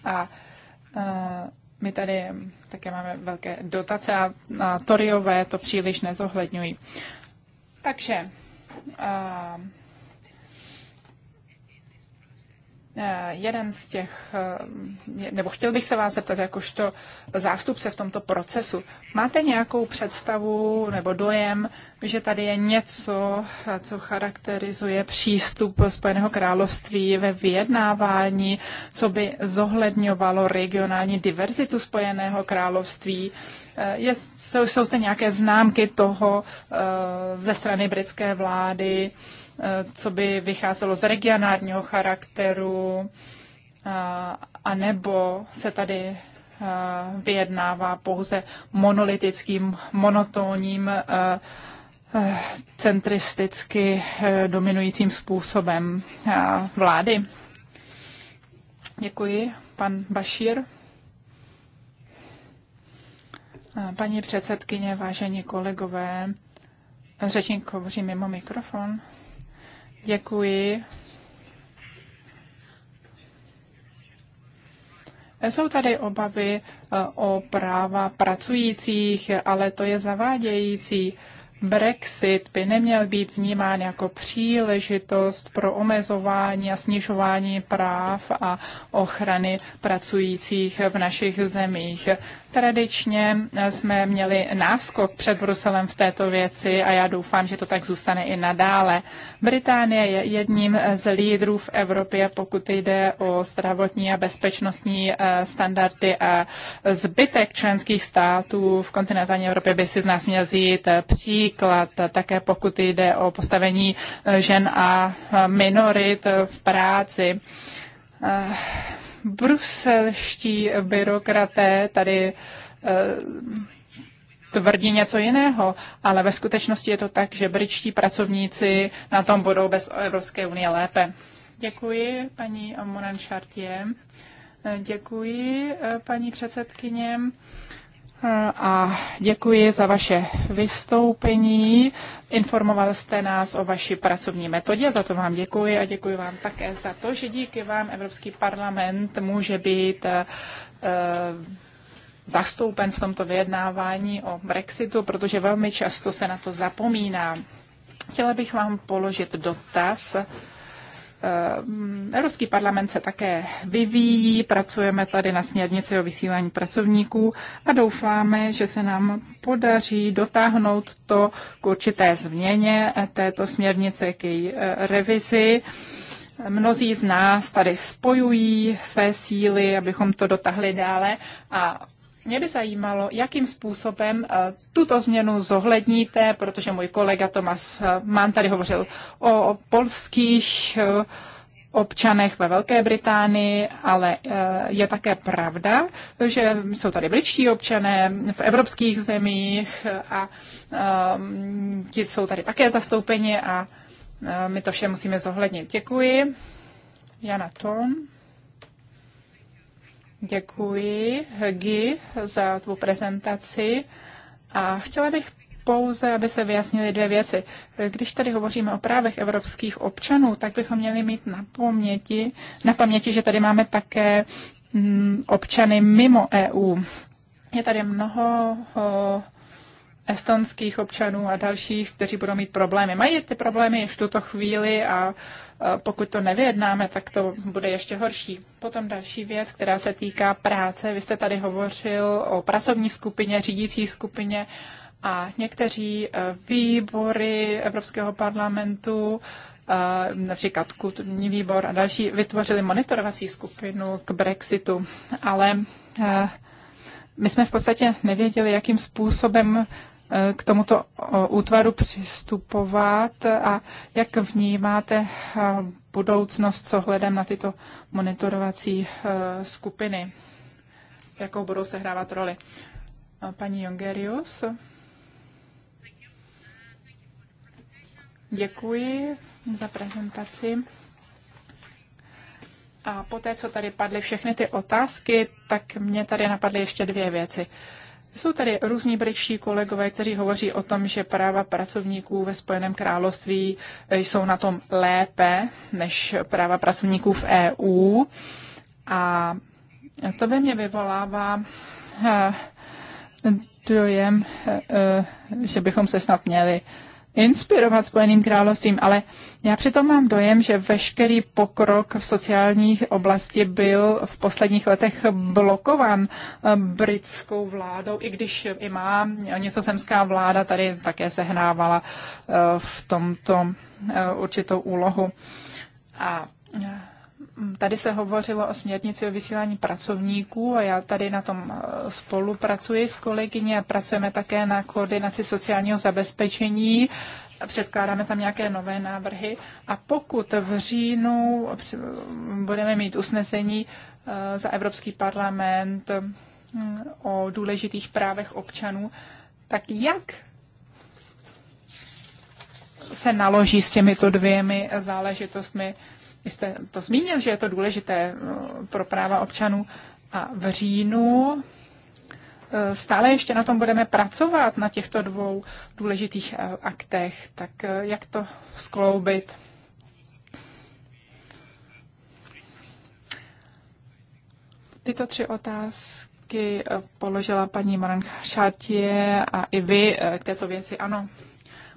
a uh, my tady také máme velké dotace a, a Toriové to příliš nezohledňují. Takže uh, Eh, jeden z těch, eh, nebo chtěl bych se vás zeptat jakožto zástupce v tomto procesu. Máte nějakou představu nebo dojem, že tady je něco, eh, co charakterizuje přístup Spojeného království ve vyjednávání, co by zohledňovalo regionální diverzitu Spojeného království? Je, jsou, jsou zde nějaké známky toho ze strany britské vlády? Eh, co by vycházelo z regionálního charakteru, eh, a nebo se tady eh, vyjednává pouze monolitickým, monotónním, centristicky dominujícím způsobem vlády. Děkuji. Pan Bašír. Paní předsedkyně, vážení kolegové, řečník hovoří mimo mikrofon. Děkuji. Jsou tady obavy eh, o práva pracujících, ale to je zavádějící. Brexit by neměl být vnímán jako příležitost pro omezování a snižování práv a ochrany pracujících v našich zemích. Tradičně eh, jsme měli náskok před Bruselem v této věci a já doufám, že to tak zůstane i nadále. Británie je jedním eh, z lídrů v Evropě, pokud jde o zdravotní a bezpečnostní eh, standardy a zbytek členských států v kontinentální Evropě by si z nás měl zjít příklad, také pokud jde o postavení žen a minorit v práci bruselští byrokraté tady eh, tvrdí něco jiného, ale ve skutečnosti je to tak, že britští pracovníci na tom budou bez Evropské unie lépe. Děkuji, paní Monan Chartier. Eh, děkuji, eh, paní předsedkyně a děkuji za vaše vystoupení. Informoval jste nás o vaší pracovní metodě, za to vám děkuji a děkuji vám také za to, že díky vám Evropský parlament může být e, zastoupen v tomto vyjednávání o Brexitu, protože velmi často se na to zapomíná. Chtěla bych vám položit dotaz Eh, Evropský parlament se také vyvíjí, pracujeme tady na směrnici o vysílání pracovníků a doufáme, že se nám podaří dotáhnout to k určité změně této směrnice, k její eh, revizi. Mnozí z nás tady spojují své síly, abychom to dotahli dále a mě by zajímalo, jakým způsobem eh, tuto změnu zohledníte, protože můj kolega Tomas eh, Mann tady hovořil o polských eh, občanech ve Velké Británii, ale je také pravda, že jsou tady britští občané v evropských zemích a ti jsou tady také zastoupeni a my to vše musíme zohlednit. Děkuji. Jana Tom. Děkuji Hegi za tvou prezentaci a chtěla bych pouze, aby se vyjasnily dvě věci. Když tady hovoříme o právech evropských občanů, tak bychom měli mít na paměti, na paměti že tady máme také mm, občany mimo EU. Je tady mnoho estonských občanů a dalších, kteří budou mít problémy. Mají ty problémy v tuto chvíli a Eh, pokud to nevyjednáme, tak to bude ještě horší. Potom další věc, která se týká práce. Vy jste tady hovořil o pracovní skupině, řídící skupině a někteří eh, výbory Evropského parlamentu eh, například kulturní výbor a další, vytvořili monitorovací skupinu k Brexitu, ale my jsme v podstatě nevěděli, jakým způsobem k tomuto útvaru přistupovat a jak vnímáte budoucnost s ohledem na tyto monitorovací e, skupiny? Jakou budou sehrávat roli? Paní Jongerius? Děkuji za prezentaci. A poté, co tady padly všechny ty otázky, tak mě tady napadly ještě dvě věci. Uh, jsou tady různí britští kolegové, kteří hovoří o tom, že práva pracovníků ve Spojeném království eh, jsou na tom lépe než práva pracovníků v EU. A to ve mně vyvolává eh, dojem, eh, že bychom se snad měli inspirovat Spojeným královstvím, ale já přitom mám dojem, že veškerý pokrok v sociálních oblasti byl v posledních letech blokovan eh, britskou vládou, i když i má nizozemská vláda tady také sehnávala eh, v tomto eh, určitou úlohu. A Mm, tady se hovořilo o směrnici o vysílání pracovníků a já tady na tom eh, spolupracuji s kolegyně a pracujeme také na koordinaci sociálního zabezpečení. Předkládáme tam nějaké nové návrhy a pokud v říjnu budeme mít usnesení eh, za Evropský parlament mm, o důležitých právech občanů, tak jak se naloží s těmito dvěmi záležitostmi? jste to zmínil, že je to důležité eh, pro práva občanů a v říjnu eh, stále ještě na tom budeme pracovat, na těchto dvou důležitých eh, aktech, tak jak to skloubit? Tyto tři otázky položila paní Maran Šatě a i vy k této věci. Ano,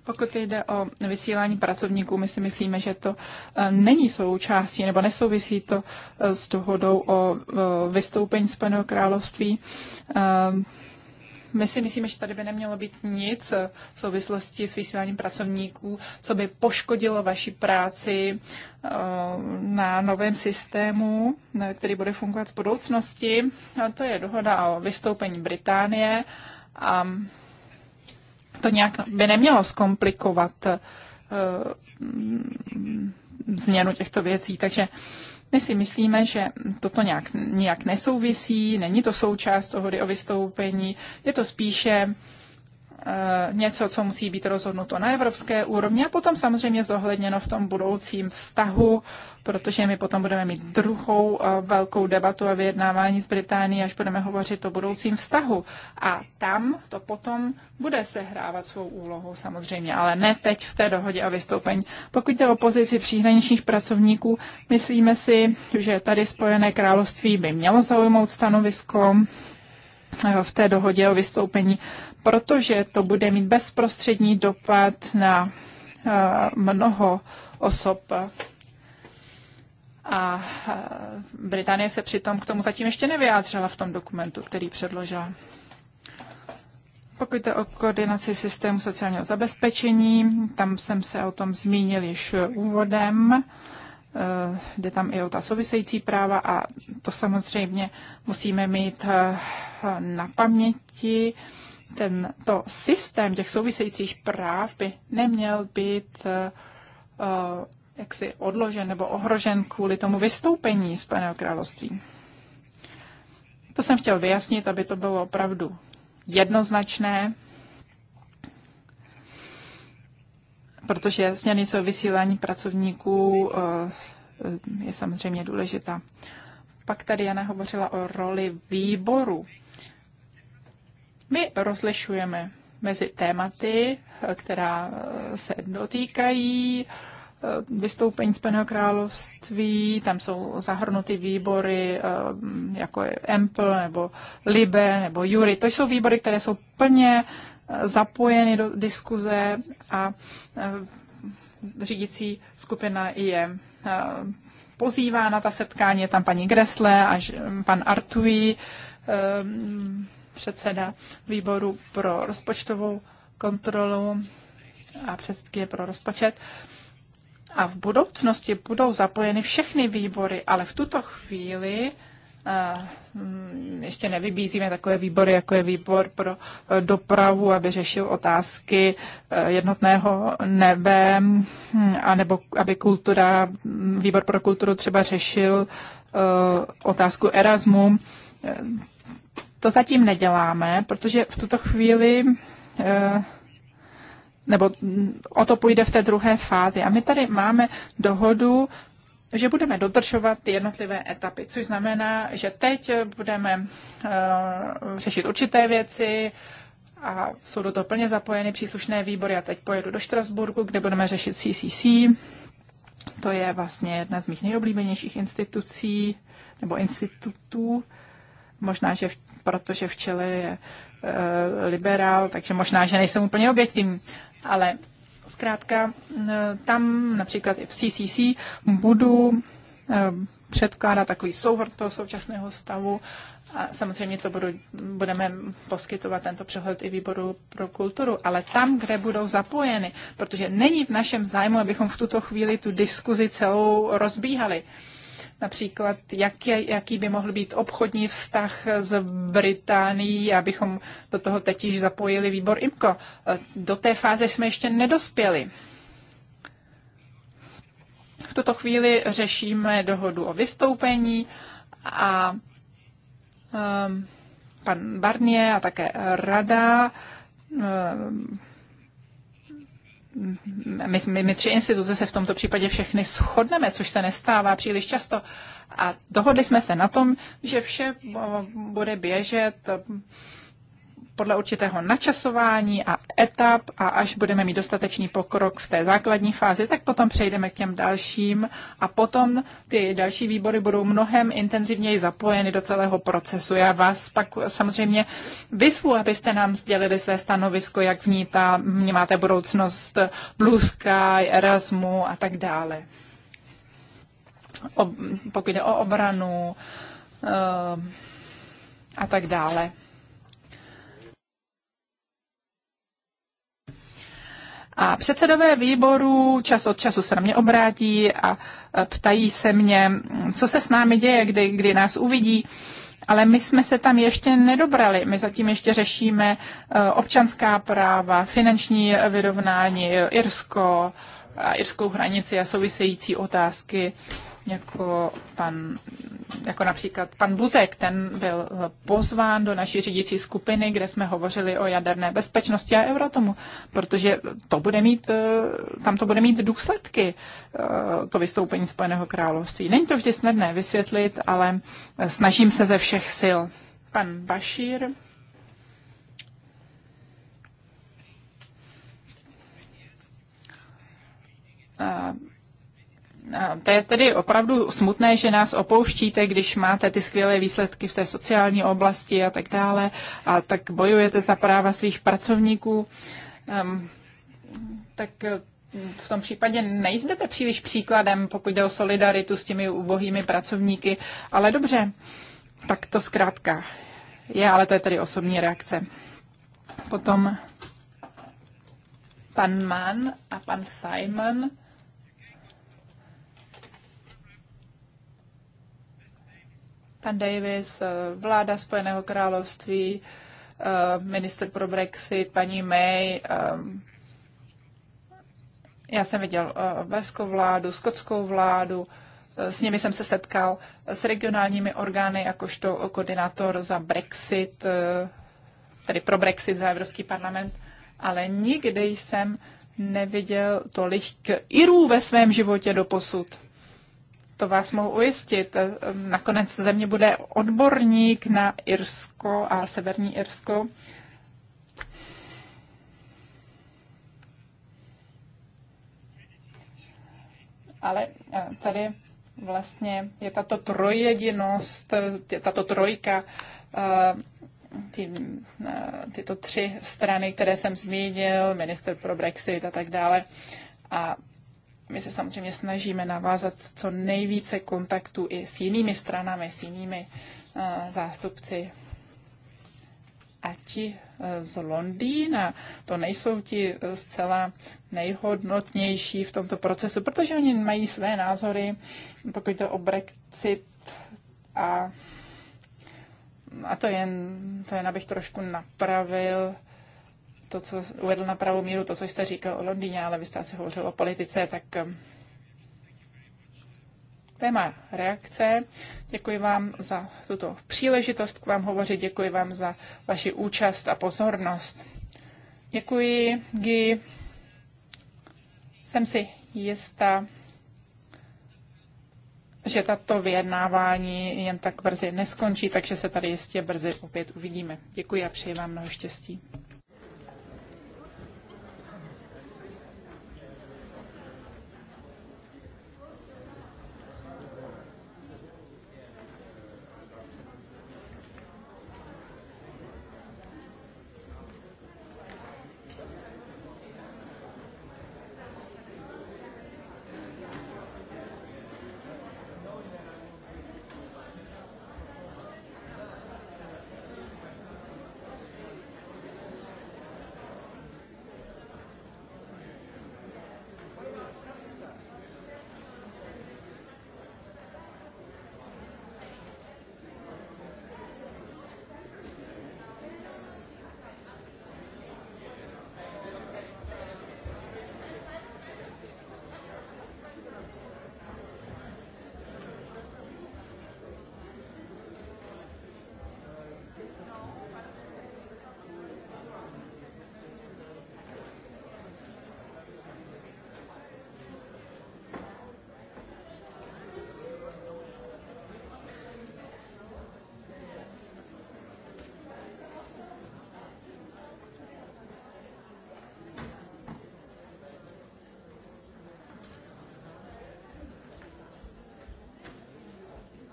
pokud jde o vysílání pracovníků, my si myslíme, že to eh, není součástí nebo nesouvisí to eh, s dohodou o eh, vystoupení Spojeného království. My si myslíme, že tady by nemělo být nic v souvislosti s vysíláním pracovníků, co by poškodilo vaši práci na novém systému, který bude fungovat v budoucnosti. A to je dohoda o vystoupení Británie. A to nějak by nemělo zkomplikovat eh, mm, změnu těchto věcí. Takže my si myslíme, že toto nějak, nějak nesouvisí, není to součást dohody o vystoupení, je to spíše Eh, něco, co musí být rozhodnuto na evropské úrovni a potom samozřejmě zohledněno v tom budoucím vztahu, protože my potom budeme mít druhou eh, velkou debatu a vyjednávání s Británií, až budeme hovořit o budoucím vztahu. A tam to potom bude sehrávat svou úlohu samozřejmě, ale ne teď v té dohodě a vystoupení. Pokud jde o pozici příhraničních pracovníků, myslíme si, že tady Spojené království by mělo zaujmout stanovisko, v té dohodě o vystoupení, protože to bude mít bezprostřední dopad na eh, mnoho osob. A eh, Británie se přitom k tomu zatím ještě nevyjádřila v tom dokumentu, který předložila. Pokud jde o koordinaci systému sociálního zabezpečení, tam jsem se o tom zmínil již úvodem. Eh, jde tam i o ta související práva a to samozřejmě musíme mít eh, na paměti. ten to systém těch souvisejících práv by neměl být eh, jaksi odložen nebo ohrožen kvůli tomu vystoupení z Spojeného království. To jsem chtěl vyjasnit, aby to bylo opravdu jednoznačné protože směrnice o vysílání pracovníků eh, je samozřejmě důležitá. Pak tady Jana hovořila o roli výboru. My rozlišujeme mezi tématy, eh, která eh, se dotýkají vystoupení z království, tam jsou zahrnuty výbory jako je Empl nebo Libe nebo Jury. To jsou výbory, které jsou plně zapojeny do diskuze a e, řídící skupina je e, pozývá na ta setkání, je tam paní Gresle a pan Artui, e, předseda výboru pro rozpočtovou kontrolu a předsedkyně pro rozpočet. A v budoucnosti budou zapojeny všechny výbory, ale v tuto chvíli Hmm, ještě nevybízíme takové výbory, jako je výbor pro eh, dopravu, aby řešil otázky eh, jednotného nebe, hm, anebo aby kultura, výbor pro kulturu třeba řešil eh, otázku Erasmu. To zatím neděláme, protože v tuto chvíli nebo hm, o to půjde v té druhé fázi. A my tady máme dohodu že budeme dodržovat ty jednotlivé etapy, což znamená, že teď budeme uh, řešit určité věci a jsou do toho plně zapojeny příslušné výbory. Já teď pojedu do Štrasburku, kde budeme řešit CCC. To je vlastně jedna z mých nejoblíbenějších institucí nebo institutů. Možná, že v, protože v čele je uh, liberál, takže možná, že nejsem úplně objektivní. Ale Zkrátka, tam například i v CCC budu e, předkládat takový souhrn toho současného stavu a samozřejmě to budu, budeme poskytovat tento přehled i výboru pro kulturu, ale tam, kde budou zapojeny, protože není v našem zájmu, abychom v tuto chvíli tu diskuzi celou rozbíhali. Uh, například jak je, jaký by mohl být obchodní vztah s Británií, abychom do toho teď již zapojili výbor IMCO. Do té fáze jsme ještě nedospěli. V tuto chvíli řešíme dohodu o vystoupení a um, pan Barnier a také rada um, my, my, my tři instituce se v tomto případě všechny shodneme, což se nestává příliš často. A dohodli jsme se na tom, že vše eh, bude běžet eh, podle určitého načasování a etap a až budeme mít dostatečný pokrok v té základní fázi, tak potom přejdeme k těm dalším a potom ty další výbory budou mnohem intenzivněji zapojeny do celého procesu. Já vás pak samozřejmě vyzvu, abyste nám sdělili své stanovisko, jak máte budoucnost Blue Sky, Erasmu a tak dále. O, pokud jde o obranu, eh, a tak dále. A předsedové výborů čas od času se na mě obrátí a ptají se mě, co se s námi děje, kdy, kdy nás uvidí. Ale my jsme se tam ještě nedobrali. My zatím ještě řešíme e, občanská práva, finanční vyrovnání, Irsko, a irskou hranici a související otázky jako, pan, jako například pan Buzek, ten byl pozván do naší řídící skupiny, kde jsme hovořili o jaderné bezpečnosti a Euratomu, protože to bude mít, eh, tam to bude mít důsledky, eh, to vystoupení Spojeného království. Není to vždy snadné vysvětlit, ale snažím se ze všech sil. Pan Bašír. Uh, to je tedy opravdu smutné, že nás opouštíte, když máte ty skvělé výsledky v té sociální oblasti a tak dále, a tak bojujete za práva svých pracovníků. Um, tak eh, v tom případě nejsme příliš příkladem, pokud jde o solidaritu s těmi ubohými pracovníky, ale dobře, tak to zkrátka je, ale to je tedy osobní reakce. Potom pan Mann a pan Simon pan Davis, eh, vláda Spojeného království, eh, minister pro Brexit, paní May. Eh, já jsem viděl velšskou vládu, skotskou vládu, s nimi jsem se setkal, s regionálními orgány, jakožto koordinátor za Brexit, tedy pro Brexit za Evropský parlament, ale nikdy jsem neviděl tolik Irů ve svém životě do posud to vás mohu ujistit. Nakonec země bude odborník na Irsko a Severní Irsko. Ale eh, tady vlastně je tato trojjedinost, tato trojka, eh, ty, eh, tyto tři strany, které jsem zmínil, minister pro Brexit a tak dále. A my se samozřejmě snažíme navázat co nejvíce kontaktů i s jinými stranami, s jinými eh, zástupci a ti eh, z Londýna, to nejsou ti eh, zcela nejhodnotnější v tomto procesu, protože oni mají své názory, pokud jde o Brexit a, a to jen, to jen abych trošku napravil to, co uvedl na pravou míru, to, co jste říkal o Londýně, ale vy jste asi hovořil o politice, tak eh, téma reakce. Děkuji vám za tuto příležitost k vám hovořit, děkuji vám za vaši účast a pozornost. Děkuji, Gy. Jsem si jistá, že tato vyjednávání jen tak brzy neskončí, takže se tady jistě brzy opět uvidíme. Děkuji a přeji vám mnoho štěstí.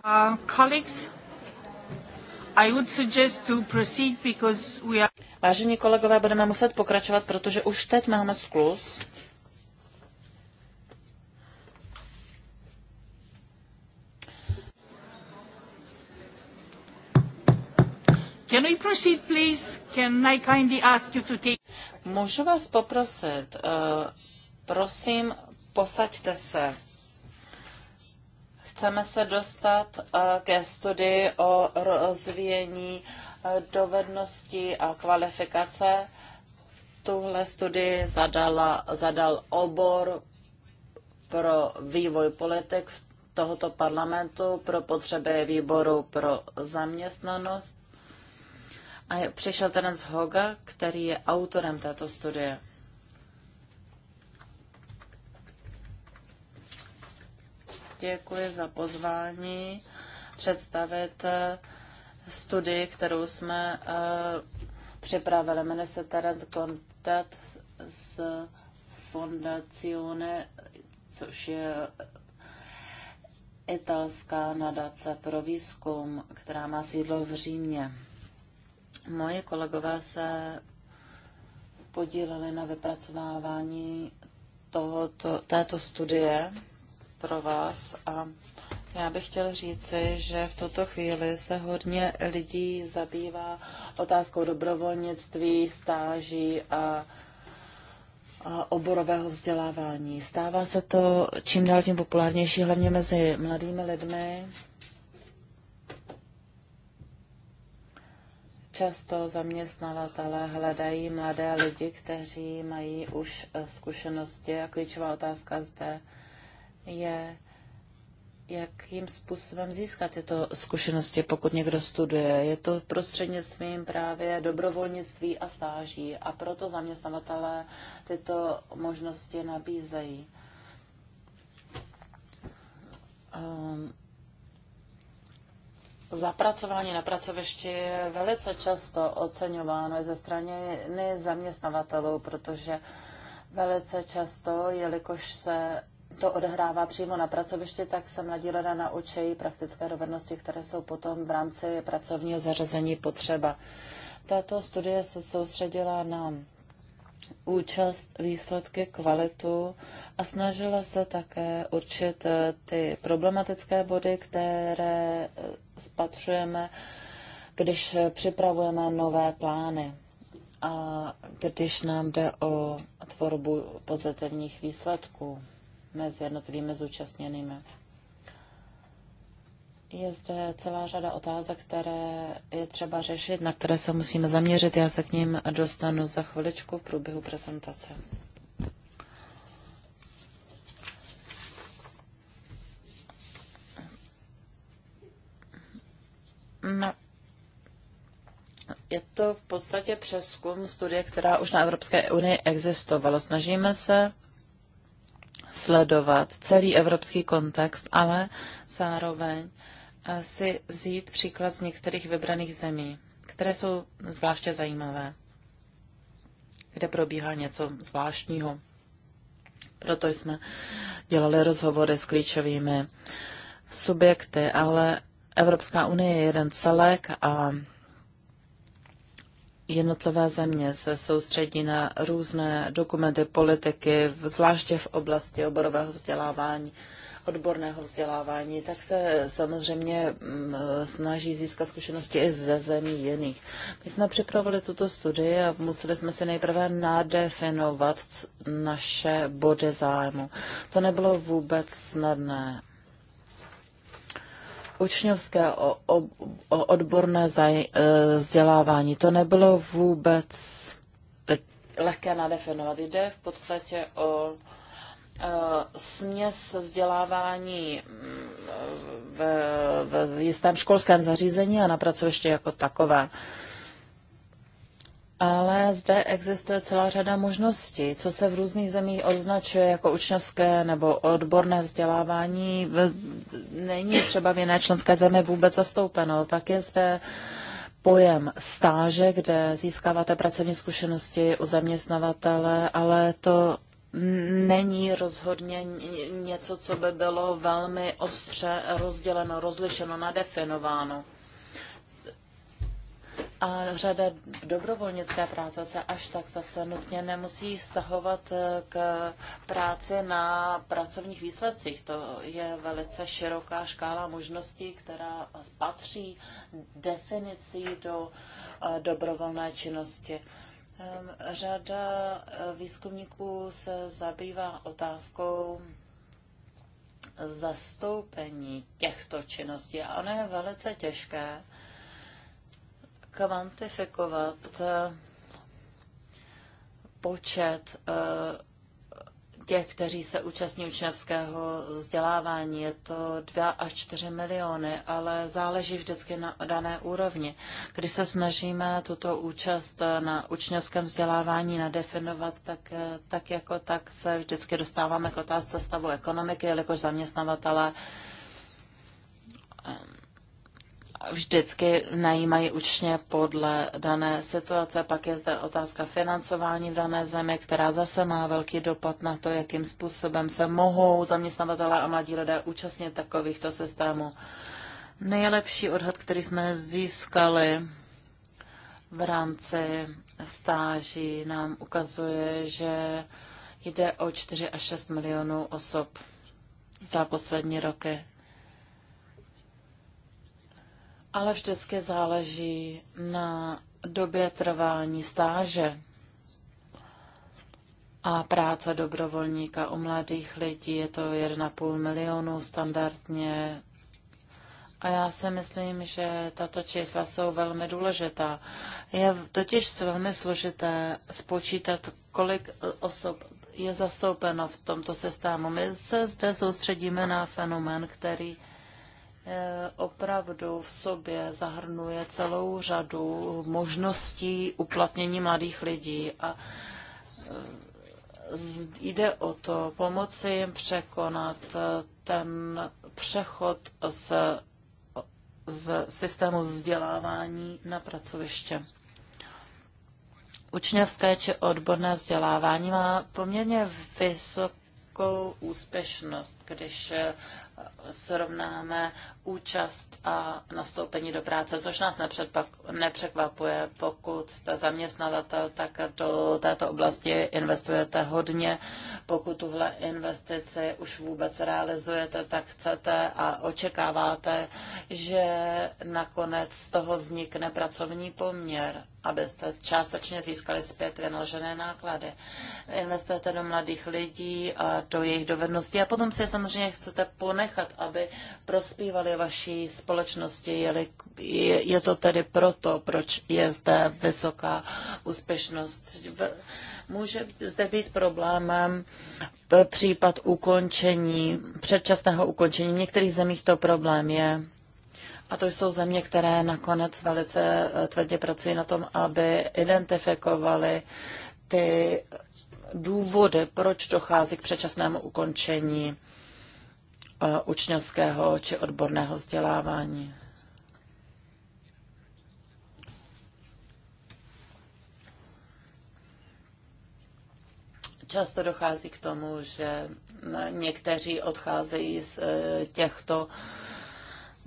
Uh, Vážení kolegové, budeme muset pokračovat, protože už teď máme sklus. Can we proceed, please? Can I kindly ask you to take... Můžu vás poprosit, uh, prosím, posaďte se. Chceme se dostat eh, ke studii o rozvíjení eh, dovedností a kvalifikace. Tuhle studii zadala, zadal obor pro vývoj politik tohoto parlamentu pro potřeby výboru pro zaměstnanost. A přišel ten z Hoga, který je autorem této studie. děkuji za pozvání představit eh, studii, kterou jsme eh, připravili. Jmenuje se Terence Contat z Fondazione, což je italská nadace pro výzkum, která má sídlo v Římě. Moji kolegové se podíleli na vypracovávání tohoto, této studie pro vás a já bych chtěl říci, že v tuto chvíli se hodně lidí zabývá otázkou dobrovolnictví, stáží a oborového vzdělávání. Stává se to čím dál tím populárnější, hlavně mezi mladými lidmi. Často zaměstnavatele hledají mladé lidi, kteří mají už eh, zkušenosti a klíčová otázka zde je, jakým způsobem získat tyto zkušenosti, pokud někdo studuje. Je to prostřednictvím právě dobrovolnictví a stáží a proto zaměstnavatelé tyto možnosti nabízejí. Um, Zapracování na pracovišti je velice často oceňováno ze strany zaměstnavatelů, protože velice často, jelikož se to odehrává přímo na pracovišti, tak se mladí lidé naučí praktické dovednosti, které jsou potom v rámci pracovního zařazení potřeba. Tato studie se soustředila na účast, výsledky, kvalitu a snažila se také určit eh, ty problematické body, které eh, spatřujeme, když připravujeme nové plány a když nám jde o tvorbu pozitivních výsledků mezi jednotlivými zúčastněnými. Je zde celá řada otázek, které je třeba řešit, na které se musíme zaměřit. Já se k ním dostanu za chviličku v průběhu prezentace. No. Je to v podstatě přeskum studie, která už na Evropské unii existovala. Snažíme se sledovat celý evropský kontext, ale zároveň eh, si vzít příklad z některých vybraných zemí, které jsou zvláště zajímavé, kde probíhá něco zvláštního. Proto jsme dělali rozhovory s klíčovými subjekty, ale Evropská unie je jeden celek a jednotlivé země se soustředí na různé dokumenty politiky, zvláště v oblasti oborového vzdělávání, odborného vzdělávání, tak se samozřejmě mm, snaží získat zkušenosti i ze zemí jiných. My jsme připravili tuto studii a museli jsme si nejprve nadefinovat naše body zájmu. To nebylo vůbec snadné učňovské o, o, o odborné zaj, e, vzdělávání. To nebylo vůbec lehké nadefinovat. Jde v podstatě o e, směs vzdělávání v, mm, e, v jistém školském zařízení a na pracovišti jako takové. E, ale zde existuje celá řada možností, co se v různých zemích označuje jako učňovské nebo odborné vzdělávání. Není třeba v jiné členské zemi vůbec zastoupeno. Pak je zde pojem stáže, kde získáváte pracovní zkušenosti u zaměstnavatele, ale to není rozhodně něco, co by bylo velmi ostře rozděleno, rozlišeno, nadefinováno a řada dobrovolnické práce se až tak zase nutně nemusí vztahovat eh, k práci na pracovních výsledcích. To je velice široká škála možností, která patří definicí do eh, dobrovolné činnosti. Ehm, řada eh, výzkumníků se zabývá otázkou zastoupení těchto činností a ono je velice těžké kvantifikovat eh, počet eh, těch, kteří se účastní učňovského vzdělávání. Je to 2 až 4 miliony, ale záleží vždycky na dané úrovni. Když se snažíme tuto účast eh, na učňovském vzdělávání nadefinovat, tak, tak jako tak se vždycky dostáváme k otázce stavu ekonomiky, jelikož zaměstnavatele vždycky najímají učně podle dané situace. Pak je zde otázka financování v dané zemi, která zase má velký dopad na to, jakým způsobem se mohou zaměstnavatele a mladí lidé účastnit takovýchto systémů. Nejlepší odhad, který jsme získali v rámci stáží, nám ukazuje, že jde o 4 až 6 milionů osob za poslední roky ale vždycky záleží na době trvání stáže. A práce dobrovolníka u mladých lidí je to 1,5 milionu standardně. A já si myslím, že tato čísla jsou velmi důležitá. Je totiž velmi složité spočítat, kolik osob je zastoupeno v tomto systému. My se zde soustředíme na fenomén, který Eh, opravdu v sobě zahrnuje celou řadu možností uplatnění mladých lidí a eh, jde o to pomoci jim překonat eh, ten přechod z, z systému vzdělávání na pracoviště. Učňovské či odborné vzdělávání má poměrně vysokou úspěšnost, když srovnáme účast a nastoupení do práce, což nás nepřekvapuje. Pokud jste zaměstnavatel, tak do této oblasti investujete hodně. Pokud tuhle investici už vůbec realizujete, tak chcete a očekáváte, že nakonec z toho vznikne pracovní poměr abyste částečně získali zpět vynaložené náklady. Investujete do mladých lidí a do jejich dovedností a potom si samozřejmě chcete ponechat nechat, aby prospívali vaší společnosti. Je, je to tedy proto, proč je zde vysoká úspěšnost. Může zde být problémem případ ukončení, předčasného ukončení. V některých zemích to problém je. A to jsou země, které nakonec velice eh, tvrdě pracují na tom, aby identifikovali ty důvody, proč dochází k předčasnému ukončení Eh, učňovského či odborného vzdělávání. Často dochází k tomu, že někteří odcházejí z eh, těchto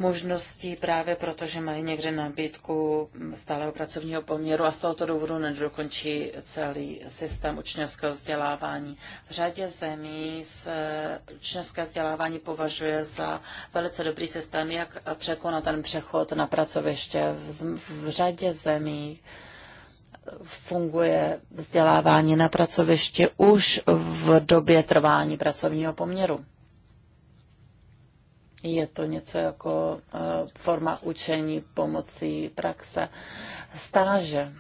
možností právě proto, že mají někde nabídku stáleho pracovního poměru a z tohoto důvodu nedokončí celý systém učňovského vzdělávání. V řadě zemí se učňovské vzdělávání považuje za velice dobrý systém, jak překonat ten přechod na pracoviště. v řadě zemí funguje vzdělávání na pracovišti už v době trvání pracovního poměru. Je to něco jako eh, forma učení pomocí praxe. Stáže.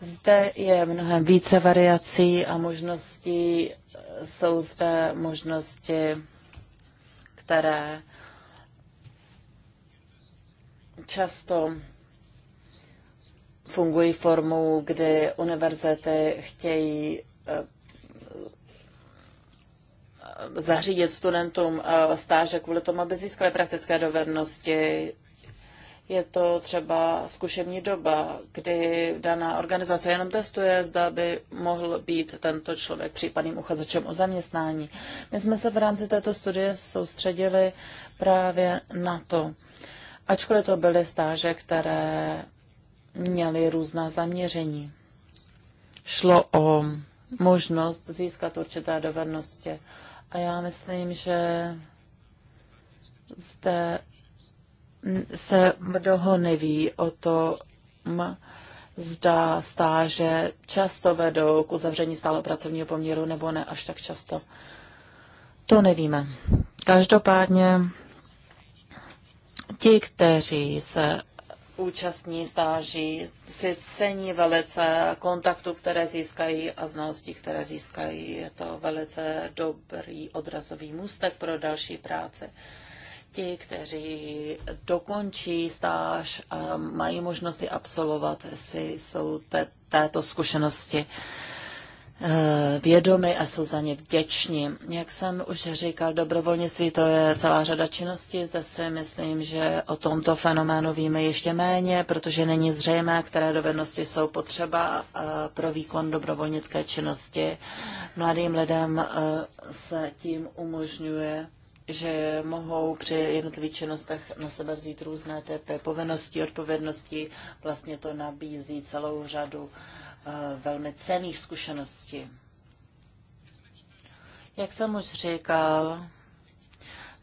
Zde je mnohem více variací a možností. Jsou zde možnosti, které často fungují formou, kdy univerzity chtějí eh, zařídit studentům eh, stáže kvůli tomu, aby získali praktické dovednosti. Je to třeba zkušební doba, kdy daná organizace jenom testuje, zda by mohl být tento člověk případným uchazečem o zaměstnání. My jsme se v rámci této studie soustředili právě na to. Ačkoliv to byly stáže, které měly různá zaměření. Šlo o možnost získat určité dovednosti. A já myslím, že zde se mnoho neví o tom, zda stáže často vedou k uzavření stále pracovního poměru nebo ne až tak často. To nevíme. Každopádně ti, kteří se účastní stáží si cení velice kontaktu, které získají a znalostí, které získají. Je to velice dobrý odrazový můstek pro další práce. Ti, kteří dokončí stáž a mají možnosti absolvovat, si jsou te, této zkušenosti uh, Eh, vědomi a jsou za ně vděční. Jak jsem už říkal, dobrovolnictví to je celá řada činností. Zde si myslím, že o tomto fenoménu víme ještě méně, protože není zřejmé, které dovednosti jsou potřeba eh, pro výkon dobrovolnické činnosti. Mladým lidem eh, se tím umožňuje že mohou při jednotlivých činnostech na sebe vzít různé typy povinností, odpovědností. Vlastně to nabízí celou řadu uh, Eh, velmi cený zkušenosti. Jak jsem už říkal,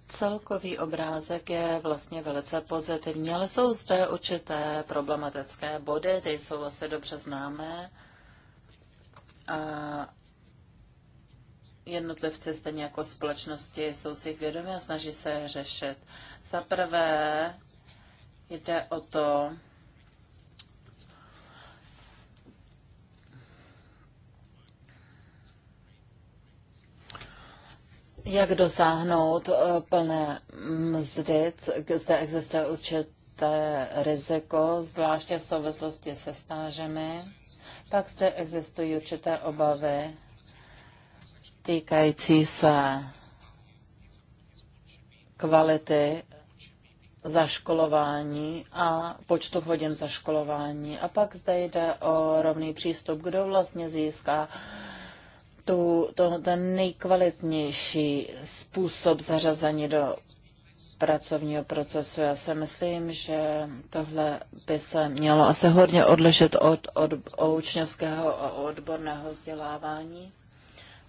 celkový obrázek je vlastně velice pozitivní, ale jsou zde určité problematické body, ty jsou asi dobře známé. A jednotlivci, stejně jako společnosti, jsou si jich vědomi a snaží se je řešit. Za prvé jde o to, Jak dosáhnout eh, plné mzdy? Zde existuje určité riziko, zvláště v souvislosti se stážemi. Pak zde existují určité obavy týkající se kvality zaškolování a počtu hodin zaškolování. A pak zde jde o rovný přístup, kdo vlastně získá tu, to, ten nejkvalitnější způsob zařazení do pracovního procesu. Já si myslím, že tohle by se mělo asi hodně odlišit od, od, od učňovského a odborného vzdělávání.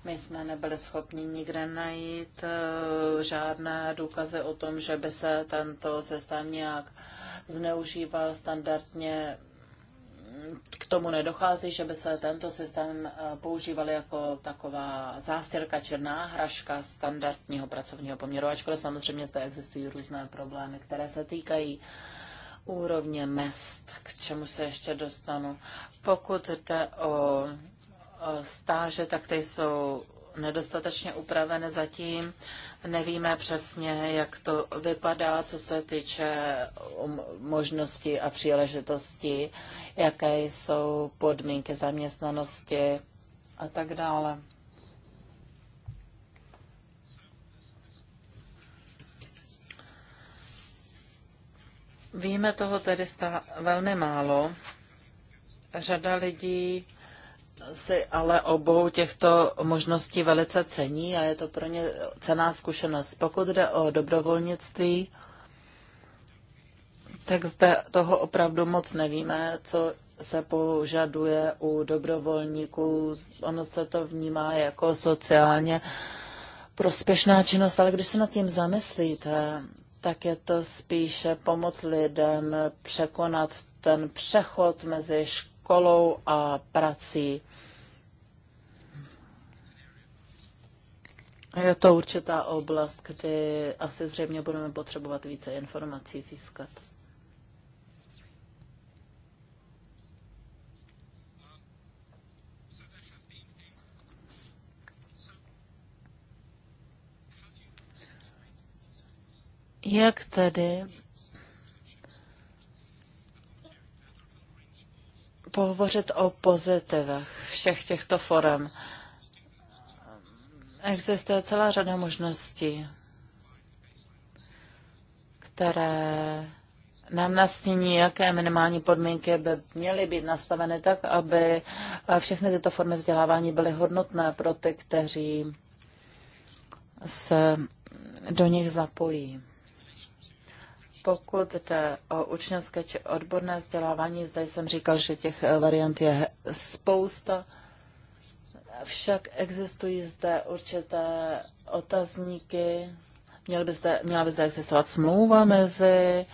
My jsme nebyli schopni nikde najít eh, žádné důkazy o tom, že by se tento systém nějak zneužíval standardně k tomu nedochází, že by se tento systém eh, používal jako taková zástěrka černá hraška standardního pracovního poměru, ačkoliv samozřejmě zde existují různé problémy, které se týkají úrovně mest, k čemu se ještě dostanu. Pokud jde o stáže, tak ty jsou nedostatečně upravené. Zatím nevíme přesně, jak to vypadá, co se týče um, možnosti a příležitosti, jaké jsou podmínky zaměstnanosti a tak dále. Víme toho tedy velmi málo. Řada lidí si ale obou těchto možností velice cení a je to pro ně cená zkušenost. Pokud jde o dobrovolnictví, tak zde toho opravdu moc nevíme, co se požaduje u dobrovolníků. Ono se to vnímá jako sociálně prospěšná činnost, ale když se nad tím zamyslíte, tak je to spíše pomoc lidem překonat ten přechod mezi školou školou a prací. Je to určitá oblast, kdy asi zřejmě budeme potřebovat více informací získat. Jak tedy pohovořit o pozitivech všech těchto forem. Existuje celá řada možností, které nám nastíní, jaké minimální podmínky by měly být nastaveny tak, aby všechny tyto formy vzdělávání byly hodnotné pro ty, kteří se do nich zapojí. Pokud jde o učňovské či odborné vzdělávání, zde jsem říkal, že těch eh, variant je spousta. Však existují zde určité otazníky, Měl by zde, měla by zde existovat smlouva mezi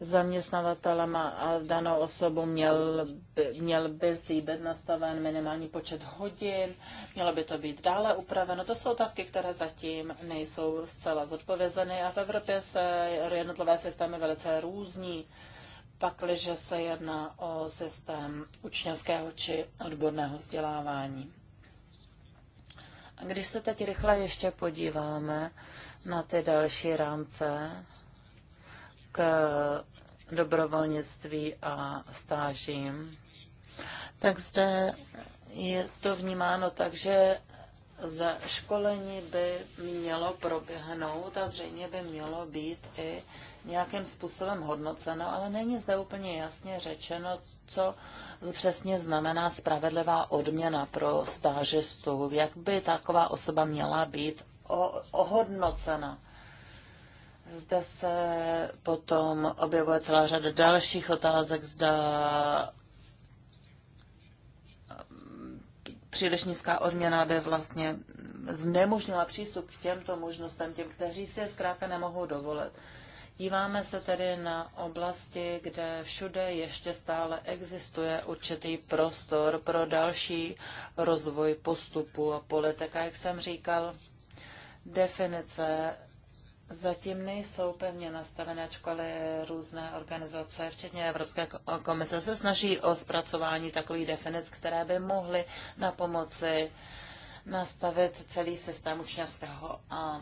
zaměstnavatelem a danou osobu, měl by, měl by zde být nastaven minimální počet hodin, mělo by to být dále upraveno. To jsou otázky, které zatím nejsou zcela zodpovězeny a v Evropě se jednotlivé systémy velice různí pakliže se jedná o systém učňovského či odborného vzdělávání. A když se teď rychle ještě podíváme na ty další rámce k dobrovolnictví a stážím, tak zde je to vnímáno tak, že za školení by mělo proběhnout a zřejmě by mělo být i nějakým způsobem hodnoceno, ale není zde úplně jasně řečeno, co přesně znamená spravedlivá odměna pro stážistů, jak by taková osoba měla být ohodnocena. Zde se potom objevuje celá řada dalších otázek, zda eh, příliš nízká odměna by vlastně znemožnila přístup k těmto možnostem, těm, kteří si je zkrátka nemohou dovolit. Díváme se tedy na oblasti, kde všude ještě stále existuje určitý prostor pro další rozvoj postupu a politika, jak jsem říkal definice zatím nejsou pevně nastavené ačkoliv různé organizace, včetně Evropské komise, se snaží o zpracování takových definic, které by mohly na pomoci nastavit celý systém učňovského a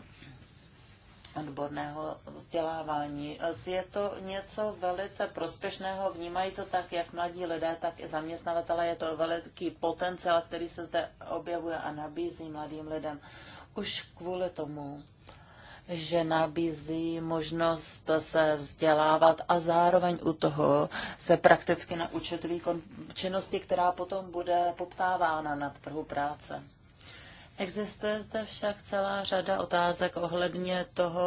odborného vzdělávání. Je to něco velice prospěšného, vnímají to tak, jak mladí lidé, tak i zaměstnavatele. Je to veliký potenciál, který se zde objevuje a nabízí mladým lidem už kvůli tomu, že nabízí možnost se vzdělávat a zároveň u toho se prakticky naučit výkon činnosti, která potom bude poptávána na trhu práce. Existuje zde však celá řada otázek ohledně toho,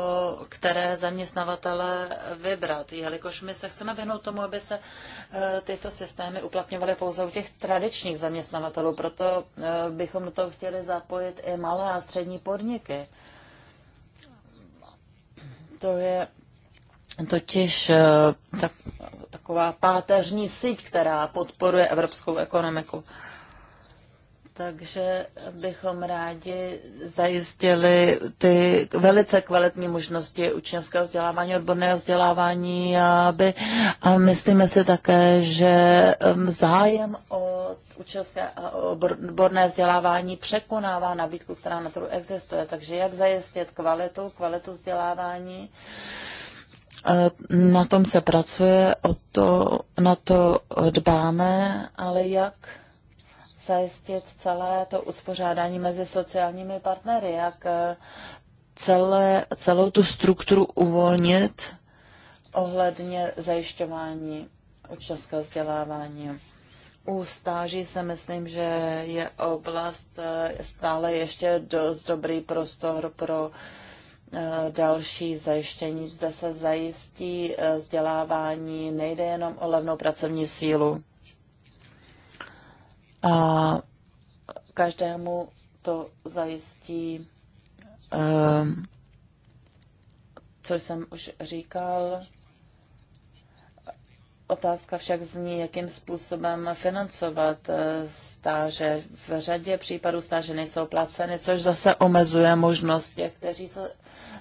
které zaměstnavatele vybrat, jelikož my se chceme vyhnout tomu, aby se eh, tyto systémy uplatňovaly pouze u těch tradičních zaměstnavatelů. Proto eh, bychom do toho chtěli zapojit i malé a střední podniky. To je totiž eh, tak, taková páteřní síť, která podporuje evropskou ekonomiku takže bychom rádi zajistili ty velice kvalitní možnosti učňovského vzdělávání, odborného vzdělávání aby, a myslíme si také, že um, zájem o učňovské a odborné vzdělávání překonává nabídku, která na trhu existuje. Takže jak zajistit kvalitu, kvalitu vzdělávání? Eh, na tom se pracuje, o to, na to dbáme, ale jak zajistit celé to uspořádání mezi sociálními partnery, jak eh, celé, celou tu strukturu uvolnit ohledně zajišťování učňovského vzdělávání. U stáží se myslím, že je oblast eh, stále ještě dost dobrý prostor pro eh, další zajištění. Zde se zajistí vzdělávání, nejde jenom o levnou pracovní sílu. A každému to zajistí, um, co jsem už říkal. Otázka však zní, jakým způsobem financovat eh, stáže. V řadě případů stáže nejsou placeny, což zase omezuje možnost těch, kteří se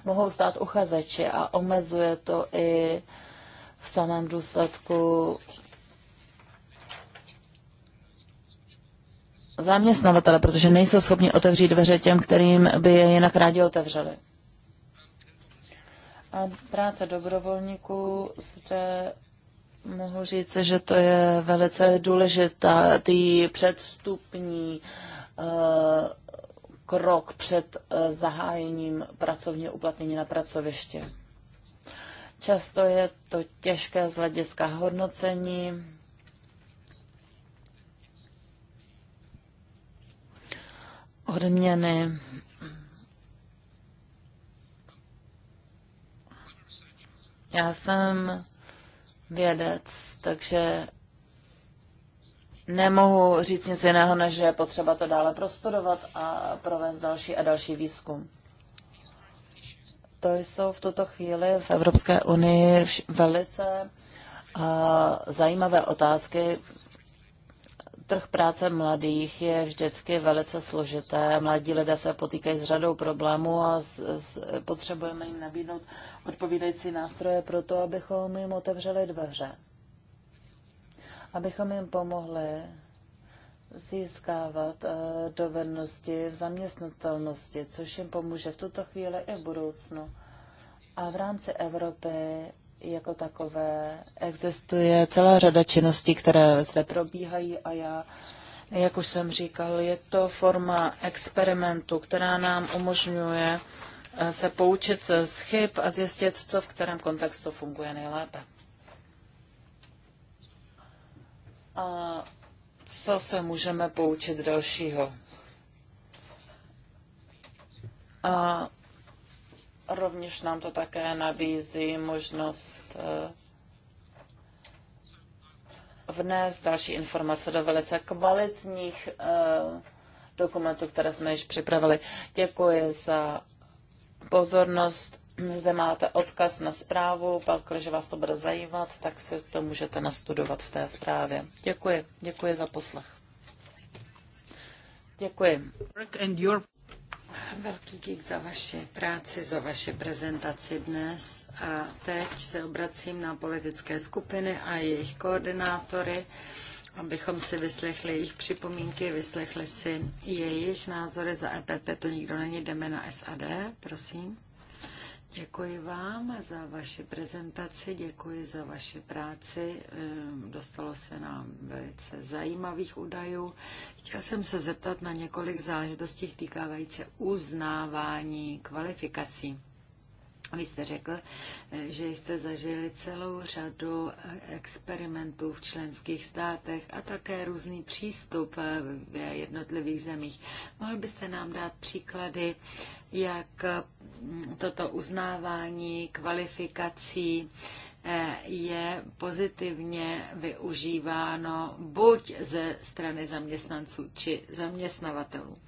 mohou stát uchazeči a omezuje to i v samém důsledku zaměstnavatele, protože nejsou schopni otevřít dveře těm, kterým by je jinak rádi otevřeli. A práce dobrovolníků zde mohu říct, že to je velice důležitá, ty předstupní uh, krok před uh, zahájením pracovního uplatnění na pracovišti. Často je to těžké z hlediska hodnocení, odměny. Já jsem vědec, takže nemohu říct nic jiného, než že je potřeba to dále prostudovat a provést další a další výzkum. To jsou v tuto chvíli v Evropské unii velice eh, zajímavé otázky, Trh práce mladých je vždycky velice složité. Mladí lidé se potýkají s řadou problémů a s, s, potřebujeme jim nabídnout odpovídající nástroje pro to, abychom jim otevřeli dveře. Abychom jim pomohli získávat eh, dovednosti v zaměstnatelnosti, což jim pomůže v tuto chvíli i v budoucnu. A v rámci Evropy jako takové. Existuje celá řada činností, které zde probíhají a já, jak už jsem říkal, je to forma experimentu, která nám umožňuje eh, se poučit z chyb a zjistit, co v kterém kontextu funguje nejlépe. A co se můžeme poučit dalšího? A Rovněž nám to také nabízí možnost eh, vnést další informace do velice kvalitních eh, dokumentů, které jsme již připravili. Děkuji za pozornost. Zde máte odkaz na zprávu, pak, když vás to bude zajímat, tak si to můžete nastudovat v té zprávě. Děkuji. Děkuji za poslech. Děkuji. Velký dík za vaši práci, za vaše prezentaci dnes. A teď se obracím na politické skupiny a jejich koordinátory, abychom si vyslechli jejich připomínky, vyslechli si jejich názory za EPP. To nikdo není, jdeme na SAD, prosím. Děkuji vám za vaši prezentaci, děkuji za vaši práci. Ehm, dostalo se nám velice zajímavých údajů. Chtěla jsem se zeptat na několik záležitostí týkající uznávání kvalifikací. Vy jste řekl, že jste zažili celou řadu experimentů v členských státech a také různý přístup v jednotlivých zemích. Mohl byste nám dát příklady, jak toto uznávání kvalifikací eh, je pozitivně využíváno buď ze strany zaměstnanců či zaměstnavatelů.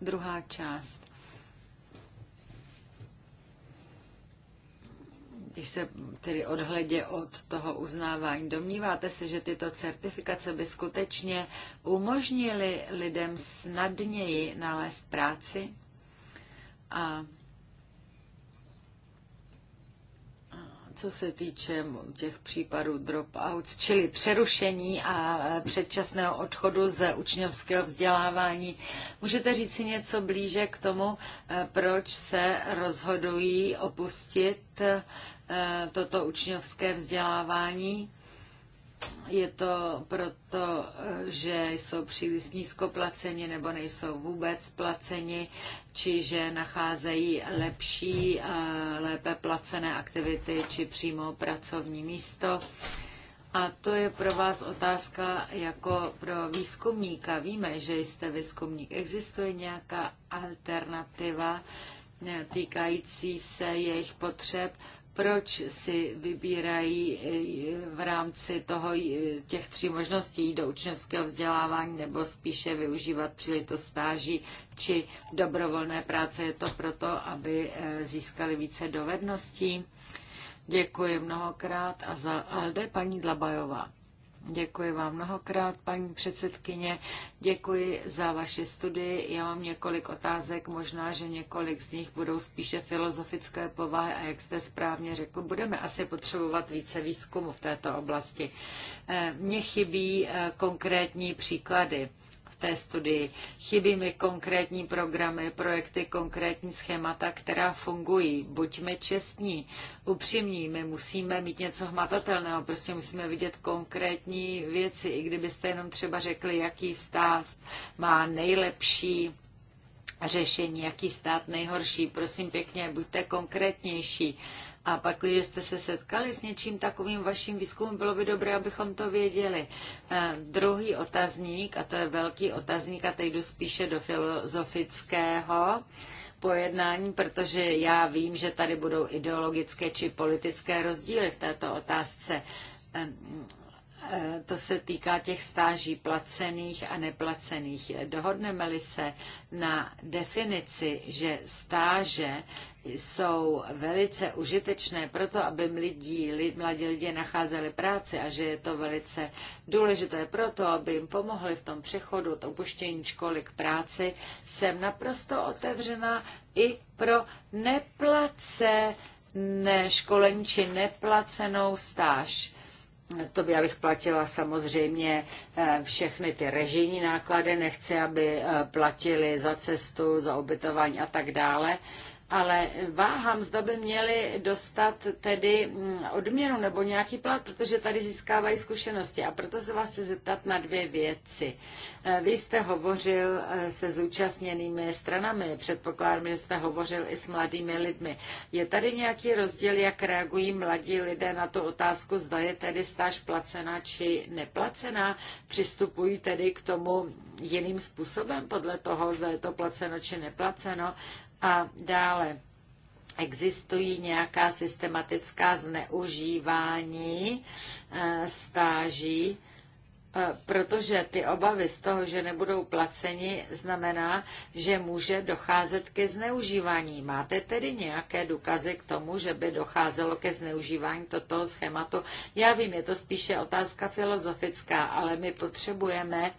Druhá část když se tedy odhledě od toho uznávání, domníváte se, že tyto certifikace by skutečně umožnily lidem snadněji nalézt práci? A co se týče těch případů dropouts, čili přerušení a předčasného odchodu z učňovského vzdělávání. Můžete říct si něco blíže k tomu, proč se rozhodují opustit Eh, toto učňovské vzdělávání. Je to proto, eh, že jsou příliš nízko placeni nebo nejsou vůbec placeni, či že nacházejí lepší, eh, lépe placené aktivity či přímo pracovní místo. A to je pro vás otázka jako pro výzkumníka. Víme, že jste výzkumník. Existuje nějaká alternativa týkající se jejich potřeb? proč si vybírají eh, v rámci toho, eh, těch tří možností jít do učňovského vzdělávání nebo spíše využívat příležitost stáží či dobrovolné práce. Je to proto, aby eh, získali více dovedností. Děkuji mnohokrát a za Alde paní Dlabajová. Děkuji vám mnohokrát, paní předsedkyně. Děkuji za vaše studii. Já mám několik otázek, možná, že několik z nich budou spíše filozofické povahy a jak jste správně řekl, budeme asi potřebovat více výzkumu v této oblasti. Eh, mně chybí eh, konkrétní příklady té studii. Chybí mi konkrétní programy, projekty, konkrétní schémata, která fungují. Buďme čestní, upřímní, my musíme mít něco hmatatelného, prostě musíme vidět konkrétní věci, i kdybyste jenom třeba řekli, jaký stát má nejlepší řešení, jaký stát nejhorší. Prosím pěkně, buďte konkrétnější a pak, když jste se setkali s něčím takovým vaším výzkumem, bylo by dobré, abychom to věděli. Eh, druhý otazník, a to je velký otazník, a teď jdu spíše do filozofického, pojednání, protože já vím, že tady budou ideologické či politické rozdíly v této otázce. Ehm, Eh, to se týká těch stáží placených a neplacených. Dohodneme-li se na definici, že stáže jsou velice užitečné pro to, aby mladí, lid, mladí lidé nacházeli práci a že je to velice důležité pro to, aby jim pomohli v tom přechodu od opuštění školy k práci, jsem naprosto otevřená i pro neplacené školení či neplacenou stáž to by abych platila samozřejmě eh, všechny ty režijní náklady, nechci, aby eh, platili za cestu, za ubytování a tak dále ale váhám, zda by měli dostat tedy mm, odměnu nebo nějaký plat, protože tady získávají zkušenosti. A proto se vás chci zeptat na dvě věci. Eh, vy jste hovořil eh, se zúčastněnými stranami, předpokládám, že jste hovořil i s mladými lidmi. Je tady nějaký rozdíl, jak reagují mladí lidé na tu otázku, zda je tedy stáž placená či neplacená? Přistupují tedy k tomu jiným způsobem podle toho, zda je to placeno či neplaceno? A dále existují nějaká systematická zneužívání eh, stáží, eh, protože ty obavy z toho, že nebudou placeni, znamená, že může docházet ke zneužívání. Máte tedy nějaké důkazy k tomu, že by docházelo ke zneužívání toto schématu? Já vím, je to spíše otázka filozofická, ale my potřebujeme uh,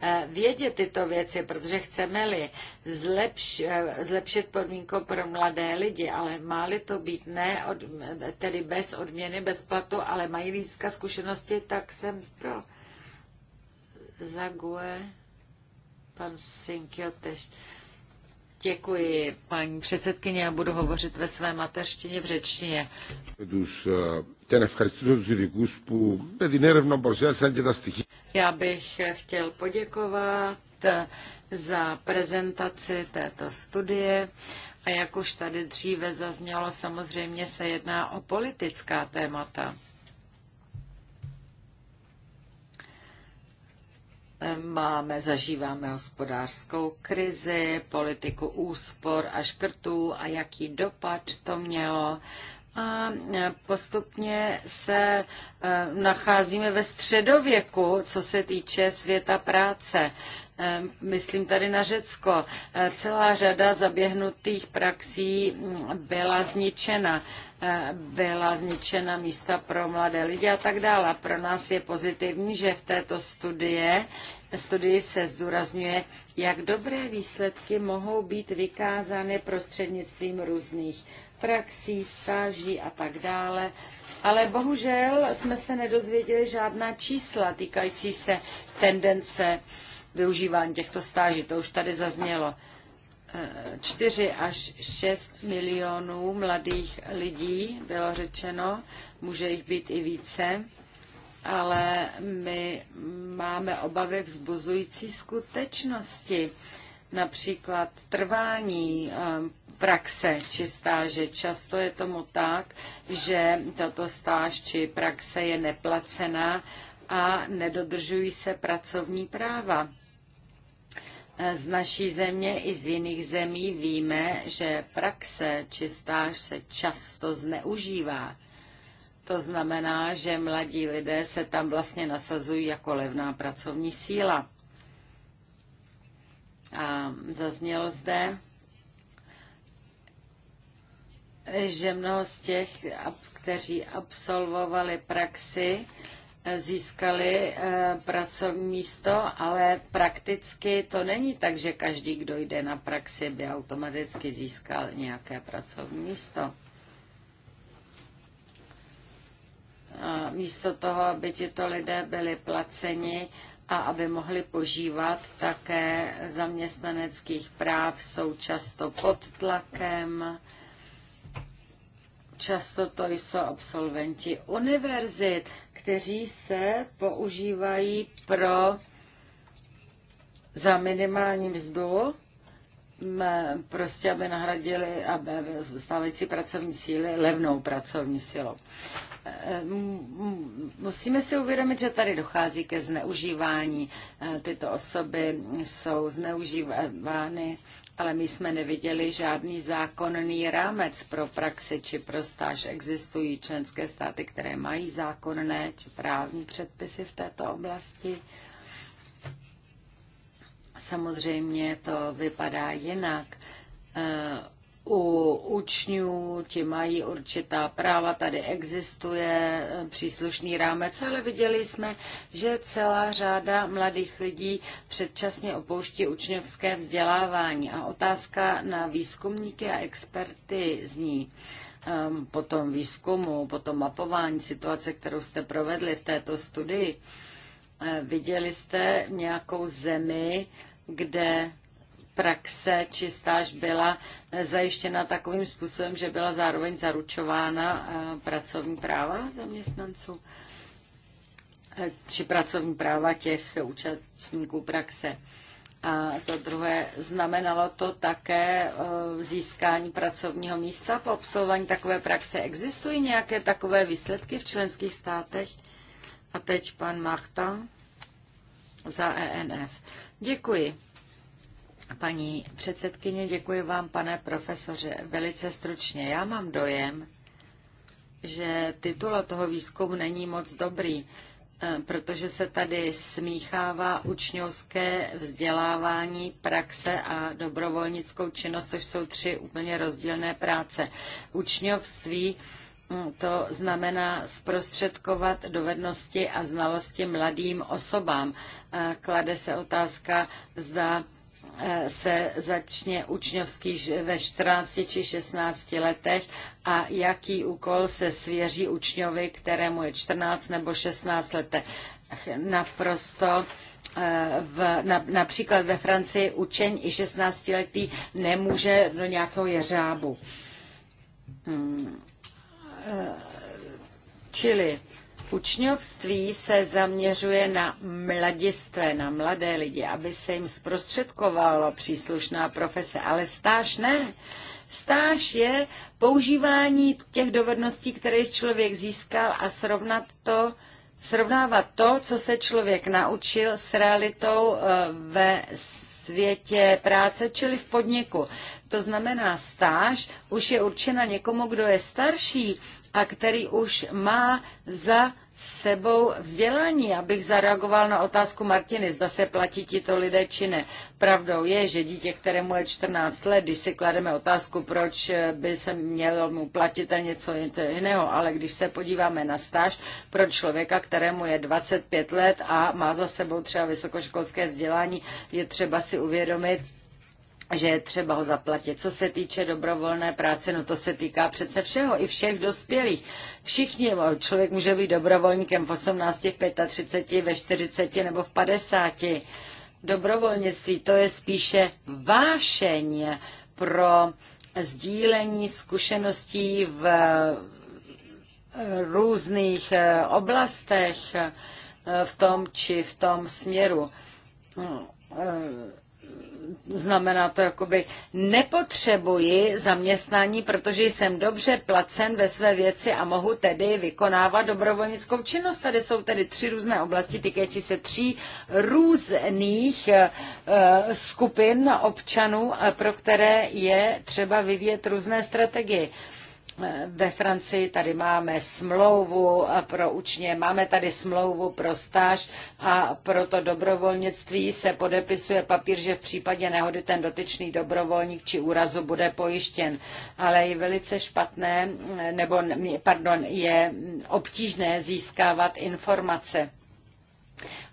Eh, vědět tyto věci, protože chceme-li zlepš, eh, zlepšit podmínku pro mladé lidi, ale má-li to být ne, od, tedy bez odměny, bez platu, ale mají získat zkušenosti, tak jsem pro. Zague, pan Sinkiotes. Děkuji, paní předsedkyně, já budu hovořit ve své mateřštině v řečtině. Ten να ευχαριστήσω τους ειδικούς που με την έρευνα παρουσιάσαν και já bych chtěl poděkovat za prezentaci této studie. A jak už tady dříve zaznělo, samozřejmě se jedná o politická témata. Máme, zažíváme hospodářskou krizi, politiku úspor a škrtů a jaký dopad to mělo a e, postupně se e, nacházíme ve středověku, co se týče světa práce. E, myslím tady na Řecko. Celá řada zaběhnutých praxí byla zničena. Byla zničena místa pro mladé lidi a tak dále. Pro nás je pozitivní, že v této studie, studii se zdůrazňuje, jak dobré výsledky mohou být vykázány prostřednictvím různých praxí, stáží a tak dále. Ale bohužel jsme se nedozvěděli žádná čísla týkající se tendence využívání těchto stáží. To už tady zaznělo. 4 eh, až 6 milionů mladých lidí, bylo řečeno, může jich být i více, ale my máme obavy vzbuzující skutečnosti například trvání eh, praxe či stáže. Často je tomu tak, že tato stáž či praxe je neplacená a nedodržují se pracovní práva. Eh, z naší země i z jiných zemí víme, že praxe či stáž se často zneužívá. To znamená, že mladí lidé se tam vlastně nasazují jako levná pracovní síla a zaznělo zde, že mnoho z těch, kteří absolvovali praxi, získali eh, pracovní místo, ale prakticky to není tak, že každý, kdo jde na praxi, by automaticky získal nějaké pracovní místo. A místo toho, aby tito lidé byli placeni, a aby mohli požívat také zaměstnaneckých práv, jsou často pod tlakem. Často to jsou absolventi univerzit, kteří se používají pro za minimální mzdu prostě, aby nahradili aby stávající pracovní síly levnou pracovní silou. Eh, musíme si uvědomit, že tady dochází ke zneužívání. Eh, tyto osoby jsou zneužívány, ale my jsme neviděli žádný zákonný rámec pro praxi či pro stáž. Existují členské státy, které mají zákonné či právní předpisy v této oblasti. Samozřejmě to vypadá jinak. E, u učňů ti mají určitá práva, tady existuje e, příslušný rámec, ale viděli jsme, že celá řada mladých lidí předčasně opouští učňovské vzdělávání. A otázka na výzkumníky a experty zní e, po tom výzkumu, po tom mapování situace, kterou jste provedli v této studii, viděli jste nějakou zemi, kde praxe či stáž byla zajištěna takovým způsobem, že byla zároveň zaručována eh, pracovní práva zaměstnanců eh, či pracovní práva těch účastníků praxe. A za druhé, znamenalo to také eh, získání pracovního místa po obsluhování takové praxe. Existují nějaké takové výsledky v členských státech? A teď pan Machta za ENF. Děkuji. Paní předsedkyně, děkuji vám, pane profesoře. Velice stručně. Já mám dojem, že titul toho výzkumu není moc dobrý, eh, protože se tady smíchává učňovské vzdělávání, praxe a dobrovolnickou činnost, což jsou tři úplně rozdílné práce. Učňovství to znamená zprostředkovat dovednosti a znalosti mladým osobám. Klade se otázka, zda e, se začne učňovský ve 14 či 16 letech a jaký úkol se svěří učňovi, kterému je 14 nebo 16 letech. Naprosto e, v, na, například ve Francii učeň i 16-letý nemůže do nějakého jeřábu. Hmm Eh, čili Učňovství se zaměřuje na mladistvé, na mladé lidi, aby se jim zprostředkovalo příslušná profese, ale stáž ne. Stáž je používání těch dovedností, které člověk získal a srovnat to, srovnávat to, co se člověk naučil s realitou eh, ve světě práce, čili v podniku. To znamená, stáž už je určena někomu, kdo je starší a který už má za sebou vzdělání, abych zareagoval na otázku Martiny, zda se platí tito lidé či ne. Pravdou je, že dítě, kterému je 14 let, když si klademe otázku, proč eh, by se mělo mu platit a něco jiného, ale když se podíváme na stáž pro člověka, kterému je 25 let a má za sebou třeba vysokoškolské vzdělání, je třeba si uvědomit, že je třeba ho zaplatit. Co se týče dobrovolné práce, no to se týká přece všeho, i všech dospělých. Všichni, člověk může být dobrovolníkem v 18, v 35, ve 40 nebo v 50. Dobrovolnictví to je spíše vášeň pro sdílení zkušeností v eh, různých eh, oblastech eh, v tom či v tom směru znamená to jakoby nepotřebuji zaměstnání, protože jsem dobře placen ve své věci a mohu tedy vykonávat dobrovolnickou činnost. Tady jsou tedy tři různé oblasti týkající se tří různých eh, skupin občanů, eh, pro které je třeba vyvíjet různé strategie ve Francii tady máme smlouvu pro učně, máme tady smlouvu pro stáž a pro to dobrovolnictví se podepisuje papír, že v případě nehody ten dotyčný dobrovolník či úrazu bude pojištěn. Ale je velice špatné, nebo pardon, je obtížné získávat informace.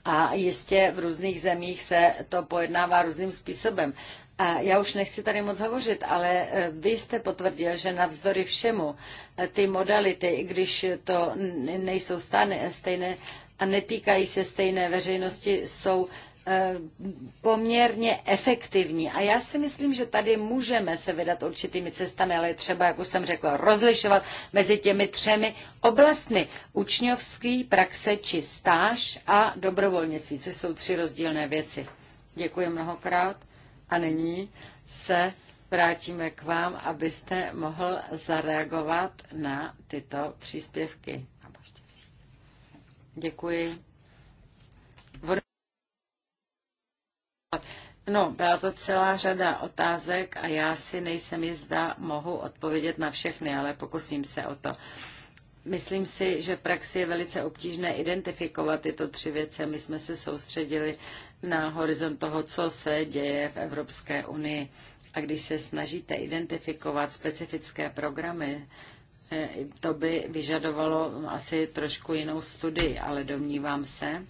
A jistě v různých zemích se to pojednává různým způsobem. A já už nechci tady moc hovořit, ale eh, vy jste potvrdil, že navzdory všemu eh, ty modality, i když to nejsou stále stejné a netýkají se stejné veřejnosti, jsou eh, poměrně efektivní. A já si myslím, že tady můžeme se vydat určitými cestami, ale třeba, jak už jsem řekla, rozlišovat mezi těmi třemi oblastmi. Učňovský, praxe či stáž a dobrovolnictví, což jsou tři rozdílné věci. Děkuji mnohokrát. A nyní se vrátíme k vám, abyste mohl zareagovat na tyto příspěvky. Děkuji. No, byla to celá řada otázek a já si nejsem jistá, mohu odpovědět na všechny, ale pokusím se o to. Myslím si, že v praxi je velice obtížné identifikovat tyto tři věci. My jsme se soustředili na horizont toho, co se děje v Evropské unii. A když se snažíte identifikovat specifické programy, eh, to by vyžadovalo asi trošku jinou studii, ale domnívám se,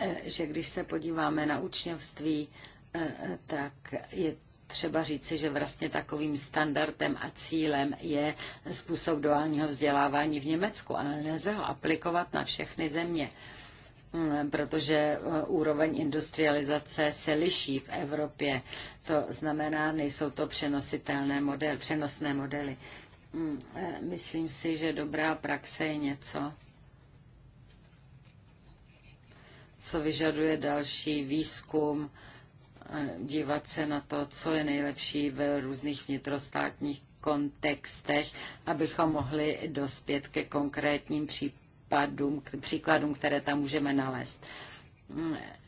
eh, že když se podíváme na učňovství, eh, tak je třeba říci, že vlastně takovým standardem a cílem je způsob duálního vzdělávání v Německu, ale nelze ho aplikovat na všechny země protože eh, úroveň industrializace se liší v Evropě. To znamená, nejsou to přenositelné model, přenosné modely. Mm, eh, myslím si, že dobrá praxe je něco, co vyžaduje další výzkum, eh, dívat se na to, co je nejlepší v různých vnitrostátních kontextech, abychom mohli dospět ke konkrétním případům případům, k příkladům, které tam můžeme nalézt. Mm, e,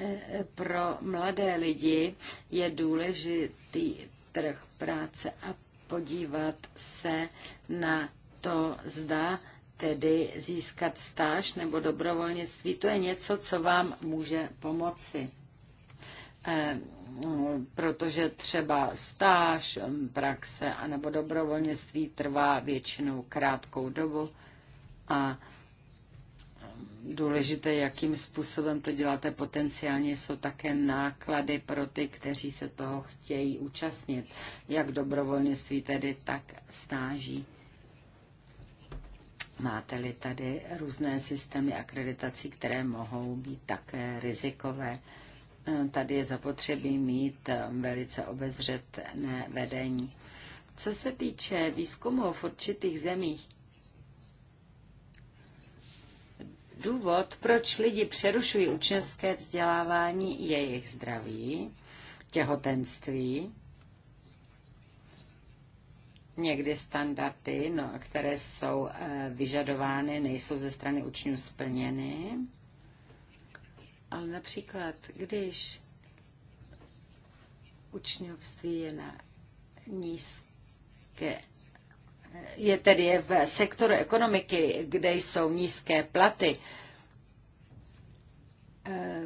e, pro mladé lidi je důležitý trh práce a podívat se na to, zda tedy získat stáž nebo dobrovolnictví, to je něco, co vám může pomoci. Eh, protože třeba stáž, mm, praxe anebo dobrovolnictví trvá většinou krátkou dobu a důležité, jakým způsobem to děláte. Potenciálně jsou také náklady pro ty, kteří se toho chtějí účastnit, jak dobrovolnictví tedy, tak stáží. Máte-li tady různé systémy akreditací, které mohou být také rizikové tady je zapotřebí mít eh, velice obezřetné vedení. Co se týče výzkumu v určitých zemích, důvod, proč lidi přerušují učňovské vzdělávání, je jejich zdraví, těhotenství, někdy standardy, no, které jsou eh, vyžadovány, nejsou ze strany učňů splněny. Ale například, když učňovství je na nízké je tedy v sektoru ekonomiky, kde jsou nízké platy, eh,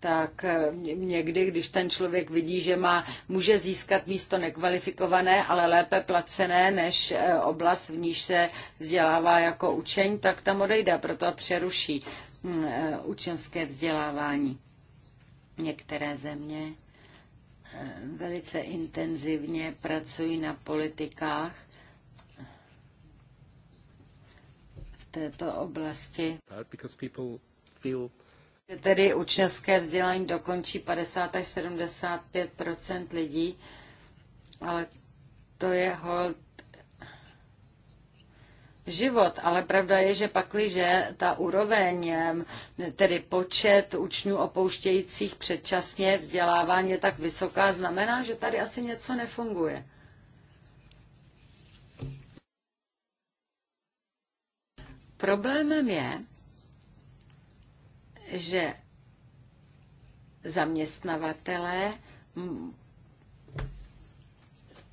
tak eh, někdy, když ten člověk vidí, že má, může získat místo nekvalifikované, ale lépe placené než eh, oblast, v níž se vzdělává jako učeň, tak tam odejde, proto přeruší. Mm, e, učňovské vzdělávání. Některé země e, velice intenzivně pracují na politikách v této oblasti. Tedy učňovské vzdělání dokončí 50 až 75 lidí, ale to je hold život, ale pravda je, že pakliže ta úroveň, tedy počet učňů opouštějících předčasně vzdělávání je tak vysoká, znamená, že tady asi něco nefunguje. Problémem je, že zaměstnavatelé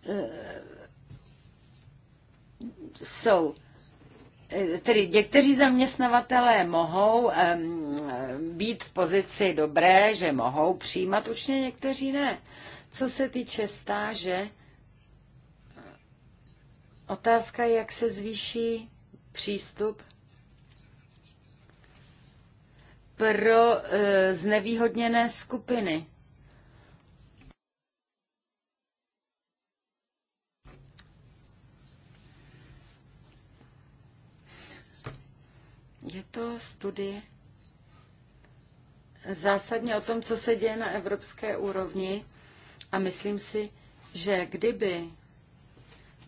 e, jsou tedy někteří zaměstnavatelé mohou um, být v pozici dobré, že mohou přijímat určitě někteří ne. Co se týče stáže, otázka je, jak se zvýší přístup pro uh, znevýhodněné skupiny. Je to studie zásadně o tom, co se děje na evropské úrovni a myslím si, že kdyby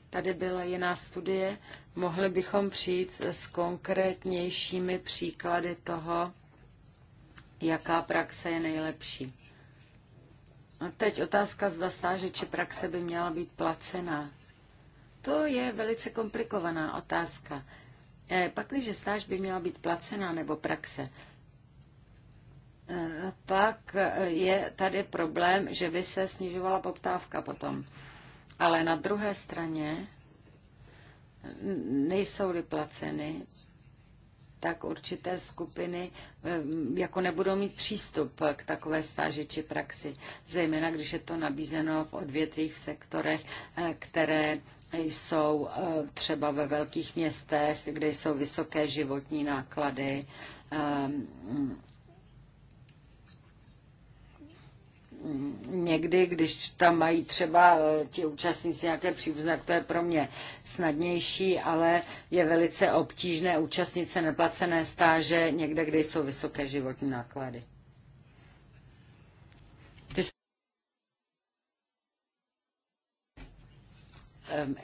tady byla jiná studie, mohli bychom přijít s konkrétnějšími příklady toho, jaká praxe je nejlepší. A teď otázka z že či praxe by měla být placená. To je velice komplikovaná otázka. Eh, pakliže stáž by měla být placená nebo praxe, eh, pak je tady problém, že by se snižovala poptávka potom. Ale na druhé straně nejsou-li placeny, tak určité skupiny eh, jako nebudou mít přístup k takové stáži či praxi, zejména když je to nabízeno v odvětvích, sektorech, eh, které jsou eh, třeba ve velkých městech, kde jsou vysoké životní náklady někdy, když tam mají třeba eh, ti účastníci nějaké příbuzné, tak to je pro mě snadnější, ale je velice obtížné účastnit se neplacené stáže někde, kde jsou vysoké životní náklady.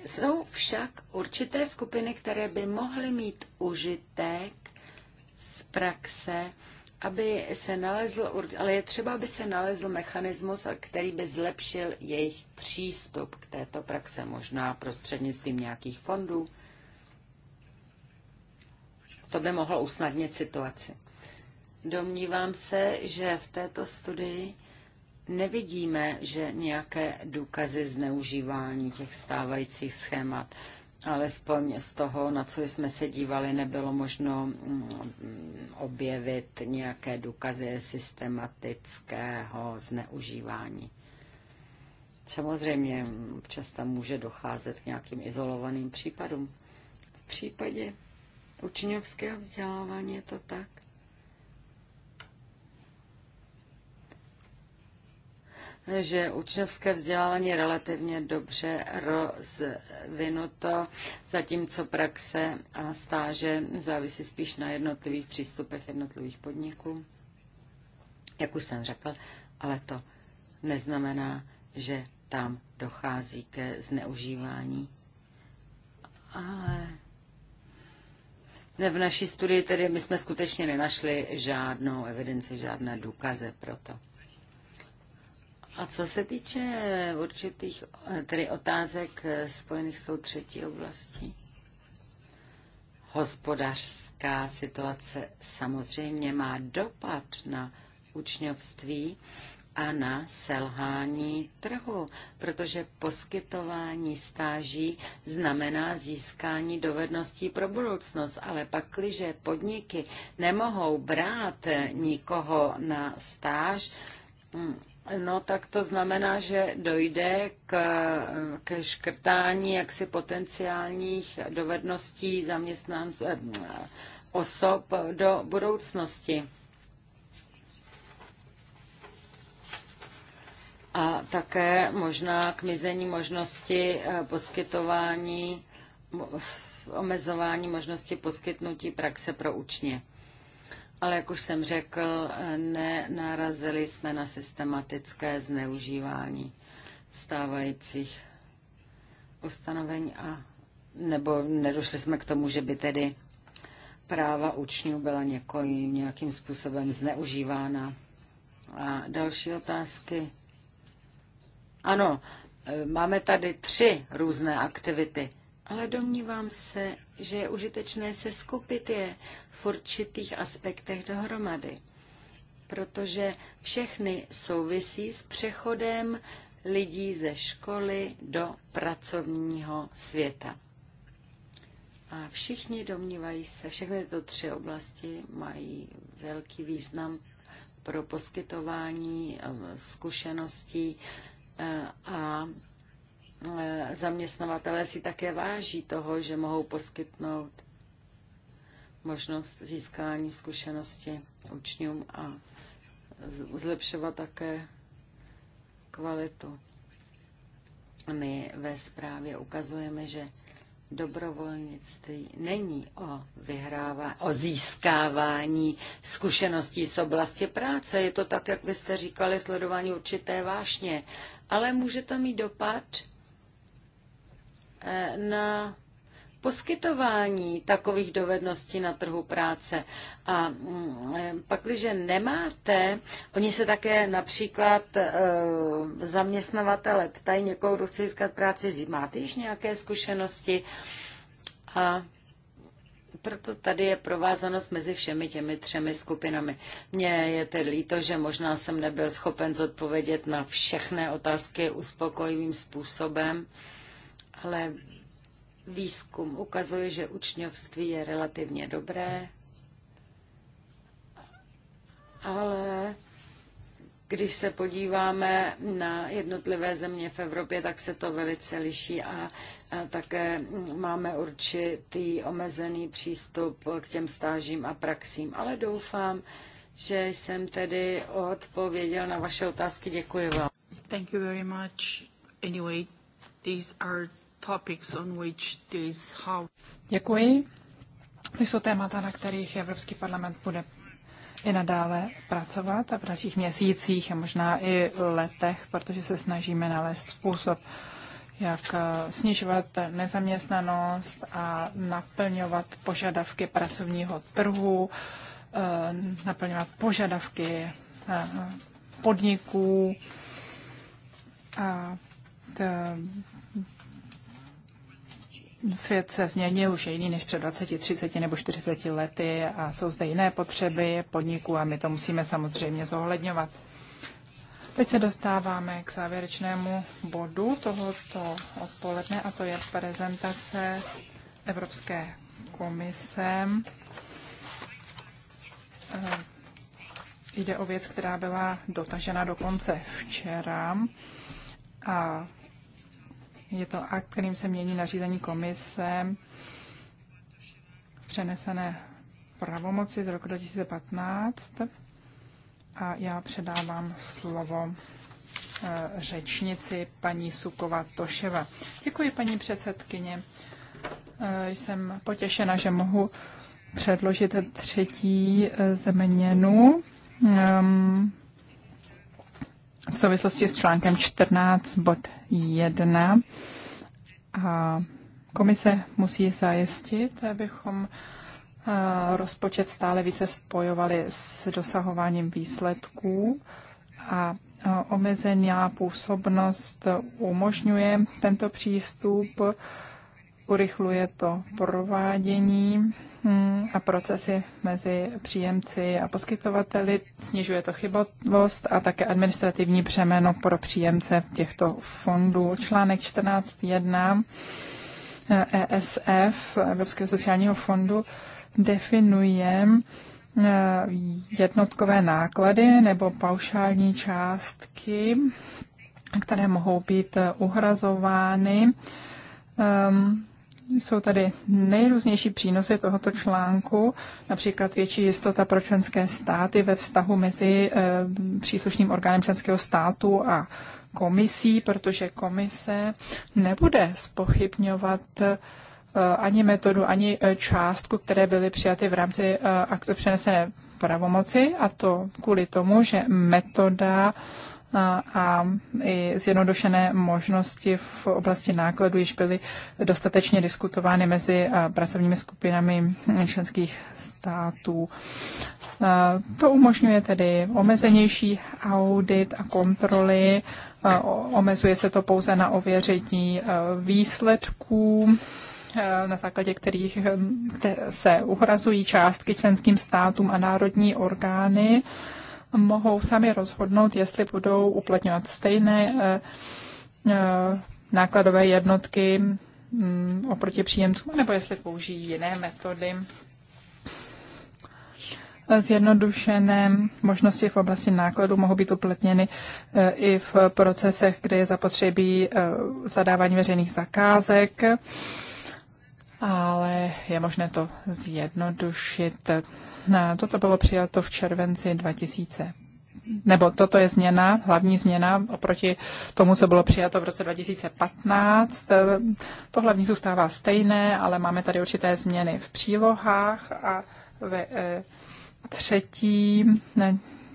Jsou však určité skupiny, které by mohly mít užitek z praxe, aby se nalezl, ale je třeba, aby se nalezl mechanismus, který by zlepšil jejich přístup k této praxe, možná prostřednictvím nějakých fondů. To by mohlo usnadnit situaci. Domnívám se, že v této studii nevidíme, že nějaké důkazy zneužívání těch stávajících schémat alespoň z toho, na co jsme se dívali, nebylo možno mm, objevit nějaké důkazy systematického zneužívání. Samozřejmě občas tam může docházet k nějakým izolovaným případům. V případě učňovského vzdělávání je to tak, že učňovské vzdělávání je relativně dobře rozvinuto, zatímco praxe a stáže závisí spíš na jednotlivých přístupech jednotlivých podniků. Jak už jsem řekl, ale to neznamená, že tam dochází ke zneužívání. Ale v naší studii tedy my jsme skutečně nenašli žádnou evidenci, žádné důkazy pro to. A co se týče určitých tedy otázek spojených s tou třetí oblastí? Hospodářská situace samozřejmě má dopad na učňovství a na selhání trhu, protože poskytování stáží znamená získání dovedností pro budoucnost, ale pakliže podniky nemohou brát nikoho na stáž, hmm, No tak to znamená, že dojde k, k škrtání jaksi potenciálních dovedností zaměstnanců eh, osob do budoucnosti. A také možná k mizení možnosti eh, poskytování, omezování možnosti poskytnutí praxe pro učně ale jak už jsem řekl, nenarazili jsme na systematické zneužívání stávajících ustanovení a nebo nedošli jsme k tomu, že by tedy práva učňů byla někým nějakým způsobem zneužívána. A další otázky? Ano, e, máme tady tři různé aktivity ale domnívám se, že je užitečné se skupit je v určitých aspektech dohromady, protože všechny souvisí s přechodem lidí ze školy do pracovního světa. A všichni domnívají se, všechny tyto tři oblasti mají velký význam pro poskytování eh, zkušeností eh, a zaměstnavatelé si také váží toho, že mohou poskytnout možnost získání zkušenosti učňům a zlepšovat také kvalitu. My ve zprávě ukazujeme, že dobrovolnictví není o, vyhrává, o získávání zkušeností z oblasti práce. Je to tak, jak vy jste říkali, sledování určité vášně. Ale může to mít dopad na poskytování takových dovedností na trhu práce. A mm, eh, pak, když nemáte, oni se také například eh, zaměstnavatele ptají někoho, kdo chce získat práci, máte již nějaké zkušenosti a proto tady je provázanost mezi všemi těmi třemi skupinami. Mně je tedy líto, že možná jsem nebyl schopen zodpovědět na všechny otázky uspokojivým způsobem ale výzkum ukazuje, že učňovství je relativně dobré, ale když se podíváme na jednotlivé země v Evropě, tak se to velice liší a také máme určitý omezený přístup k těm stážím a praxím. Ale doufám, že jsem tedy odpověděl na vaše otázky. Děkuji vám. Thank you very much. Anyway, these are Děkuji. To jsou témata, na kterých Evropský parlament bude i nadále pracovat a v dalších měsících a možná i letech, protože se snažíme nalézt způsob, jak eh, snižovat nezaměstnanost a naplňovat požadavky pracovního trhu, eh, naplňovat požadavky eh, podniků a Svět se změnil už jiný než před 20, 30 nebo 40 lety a jsou zde jiné potřeby podniků a my to musíme samozřejmě zohledňovat. Teď se dostáváme k závěrečnému bodu tohoto odpoledne a to je prezentace Evropské komise. Eh, jde o věc, která byla dotažena dokonce včera a je to akt, kterým se mění nařízení komise v přenesené pravomoci z roku 2015 a já předávám slovo eh, řečnici paní Sukova Toševa. Děkuji, paní předsedkyně. Eh, jsem potěšena, že mohu předložit třetí eh, změnu ehm, v souvislosti s článkem 14 bod 1. A komise musí zajistit, abychom rozpočet stále více spojovali s dosahováním výsledků a omezená působnost umožňuje tento přístup, urychluje to provádění Hmm, a procesy mezi příjemci a poskytovateli. Snižuje to chybovost a také administrativní přeměno pro příjemce těchto fondů. Článek 14.1 ESF, eh, e Evropského sociálního fondu, definuje eh, jednotkové náklady nebo paušální částky, které mohou být eh, uhrazovány um, jsou tady nejrůznější přínosy tohoto článku, například větší jistota pro členské státy ve vztahu mezi eh, příslušným orgánem členského státu a komisí, protože komise nebude spochybňovat eh, ani metodu, ani eh, částku, které byly přijaty v rámci aktu přenesené pravomoci, a to kvůli tomu, že metoda a i zjednodušené možnosti v oblasti nákladu již byly dostatečně diskutovány mezi pracovními skupinami členských států. To umožňuje tedy omezenější audit a kontroly. Omezuje se to pouze na ověření výsledků na základě kterých hm, se uhrazují částky členským státům a národní orgány mohou sami rozhodnout, jestli budou uplatňovat stejné eh, eh, nákladové jednotky mm, oproti příjemcům, nebo jestli použijí jiné metody zjednodušené možnosti v oblasti nákladů mohou být uplatněny eh, i v procesech, kde je zapotřebí zadávání veřejných zakázek, ale je možné to zjednodušit toto bylo přijato v červenci 2000 nebo toto je změna, hlavní změna oproti tomu, co bylo přijato v roce 2015. To hlavní zůstává stejné, ale máme tady určité změny v přílohách a ve e, třetí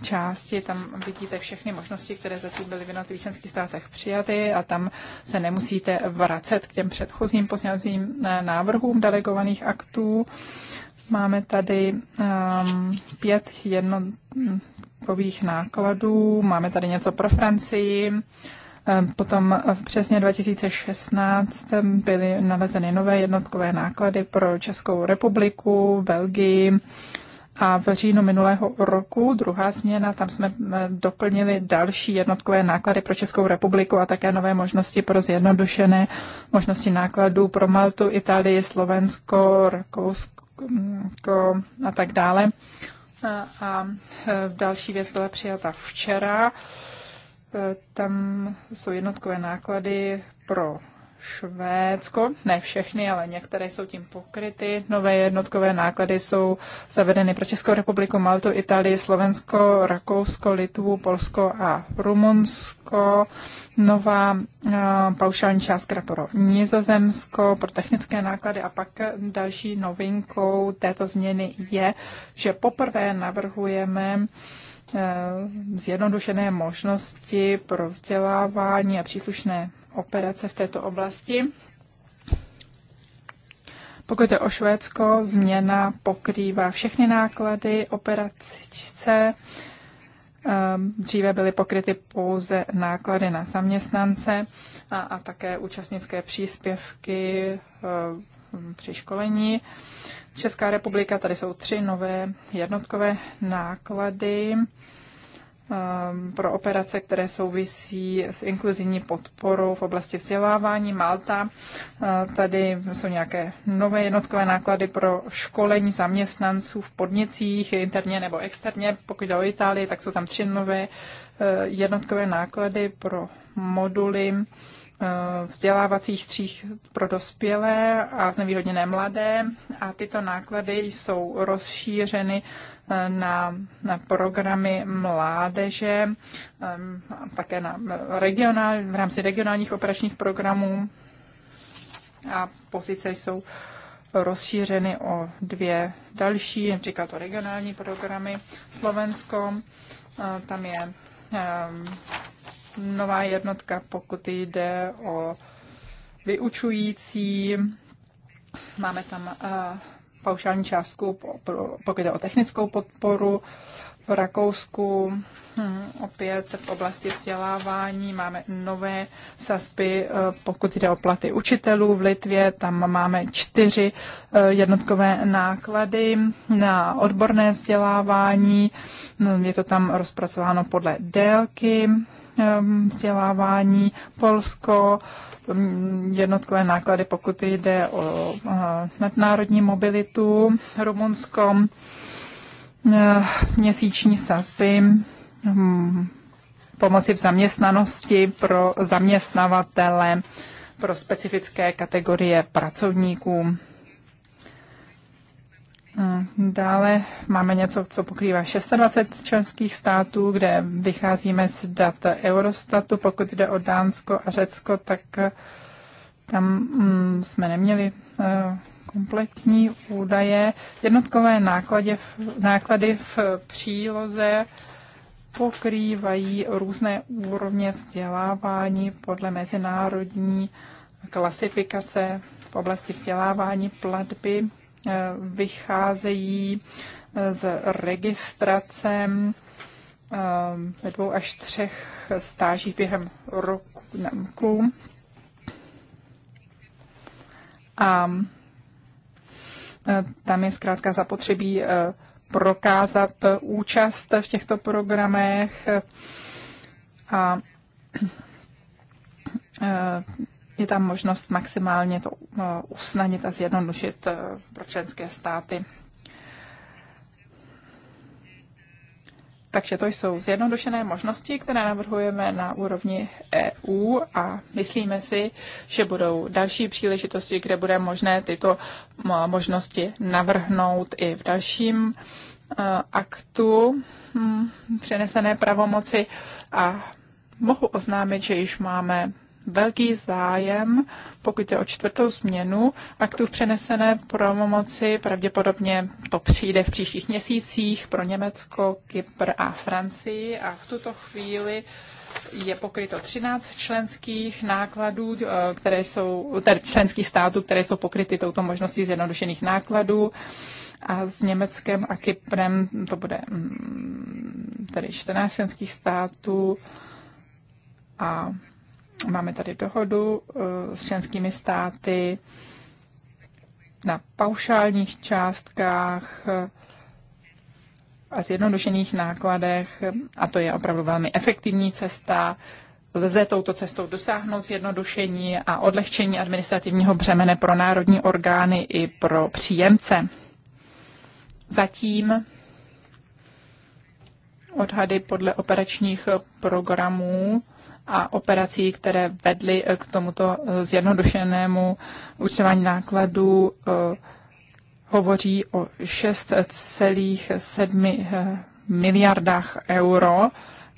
části, tam vidíte všechny možnosti, které zatím byly v jednotlivých členských státech přijaty a tam se nemusíte vracet k těm předchozím pozměňovacím e, návrhům delegovaných aktů. Máme tady um, pět jednotkových nákladů, máme tady něco pro Francii, ehm, Potom v přesně 2016 byly nalezeny nové jednotkové náklady pro Českou republiku, Belgii a v říjnu minulého roku druhá změna, tam jsme ehm, doplnili další jednotkové náklady pro Českou republiku a také nové možnosti pro zjednodušené možnosti nákladů pro Maltu, Itálii, Slovensko, Rakousko jako, a tak dále. A, a e, další věc byla přijata včera. E, tam jsou jednotkové náklady pro Švédsko, ne všechny, ale některé jsou tím pokryty. Nové jednotkové náklady jsou zavedeny pro Českou republiku, Maltu, Itálii, Slovensko, Rakousko, Litvu, Polsko a Rumunsko. Nová uh, paušální částka pro Nizozemsko, pro technické náklady a pak další novinkou této změny je, že poprvé navrhujeme eh, zjednodušené možnosti pro vzdělávání a příslušné operace v této oblasti. Pokud je o Švédsko, změna pokrývá všechny náklady operace. Ehm, dříve byly pokryty pouze náklady na zaměstnance a, a také účastnické příspěvky ehm, při školení. Česká republika, tady jsou tři nové jednotkové náklady Ehm, pro operace, které souvisí s inkluzivní podporou v oblasti vzdělávání. Malta, ehm, tady jsou nějaké nové jednotkové náklady pro školení zaměstnanců v podnicích, interně nebo externě. Pokud jde o Itálii, tak jsou tam tři nové eh, jednotkové náklady pro moduly Eh, vzdělávacích třích pro dospělé a znevýhodněné mladé a tyto náklady jsou rozšířeny eh, na, na programy mládeže, eh, také na regionál, v rámci regionálních operačních programů a pozice jsou rozšířeny o dvě další, například o regionální programy. Slovensko, tam je nová jednotka, pokud jde o vyučující. Máme tam eh, paušální částku, pokud jde o technickou podporu. V Rakousku hm, opět v oblasti vzdělávání máme nové sazby, eh, pokud jde o platy učitelů v Litvě, tam máme čtyři eh, jednotkové náklady na odborné vzdělávání, hm, je to tam rozpracováno podle délky Ehm, vzdělávání, Polsko, ehm, jednotkové náklady, pokud jde o eh, nadnárodní mobilitu, Rumunsko, eh, měsíční sazby, ehm, pomoci v zaměstnanosti pro zaměstnavatele, pro specifické kategorie pracovníků. Mm, dále máme něco, co pokrývá 26 členských států, kde vycházíme z dat Eurostatu. Pokud jde o Dánsko a Řecko, tak eh, tam mm, jsme neměli eh, kompletní údaje. Jednotkové nákladě, náklady v příloze pokrývají různé úrovně vzdělávání podle mezinárodní klasifikace v oblasti vzdělávání platby vycházejí eh, z registrace eh, ve dvou až třech stáží během roku. A eh, tam je zkrátka zapotřebí prokázat účast v těchto programech a je tam možnost maximálně to no, usnadnit a zjednodušit eh, pro členské státy. Takže to jsou zjednodušené možnosti, které navrhujeme na úrovni EU a myslíme si, že budou další příležitosti, kde bude možné tyto možnosti navrhnout i v dalším eh, aktu hm, přenesené pravomoci a mohu oznámit, že již máme velký zájem, pokud je o čtvrtou změnu aktu v přenesené pravomoci. Pravděpodobně to přijde v příštích měsících pro Německo, Kypr a Francii a v tuto chvíli je pokryto 13 členských nákladů, eh, které jsou, tedy členských států, které jsou pokryty touto možností zjednodušených nákladů a s Německem a Kyprem to bude mm, tedy 14 členských států a Máme tady dohodu eh, s členskými státy na paušálních částkách eh, a zjednodušených nákladech, a to je opravdu velmi efektivní cesta. Lze touto cestou dosáhnout zjednodušení a odlehčení administrativního břemene pro národní orgány i pro příjemce. Zatím odhady podle operačních programů a operací, které vedly eh, k tomuto eh, zjednodušenému účtování nákladů, eh, hovoří o 6,7 miliardách euro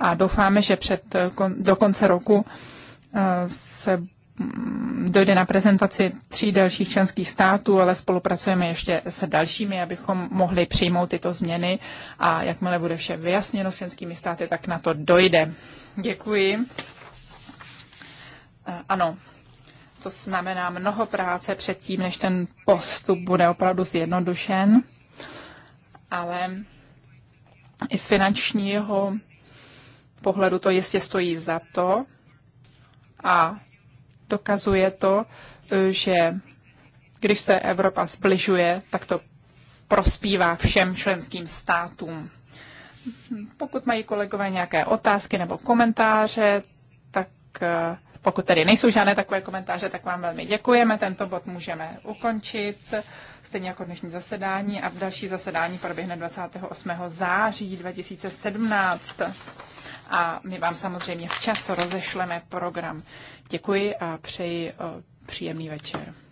a doufáme, že před, do konce roku se mm, dojde na prezentaci tří dalších členských států, ale spolupracujeme ještě s dalšími, abychom mohli přijmout tyto změny a jakmile bude vše vyjasněno s členskými státy, tak na to dojde. Děkuji. Eh, ano, to znamená mnoho práce předtím, než ten postup bude opravdu zjednodušen, ale i z finančního pohledu to jistě stojí za to a dokazuje to, že když se Evropa zbližuje, tak to prospívá všem členským státům. Pokud mají kolegové nějaké otázky nebo komentáře, tak eh, pokud tady nejsou žádné takové komentáře, tak vám velmi děkujeme. Tento bod můžeme ukončit, stejně jako dnešní zasedání. A v další zasedání proběhne 28. září 2017. A my vám samozřejmě včas rozešleme program. Děkuji a přeji příjemný večer.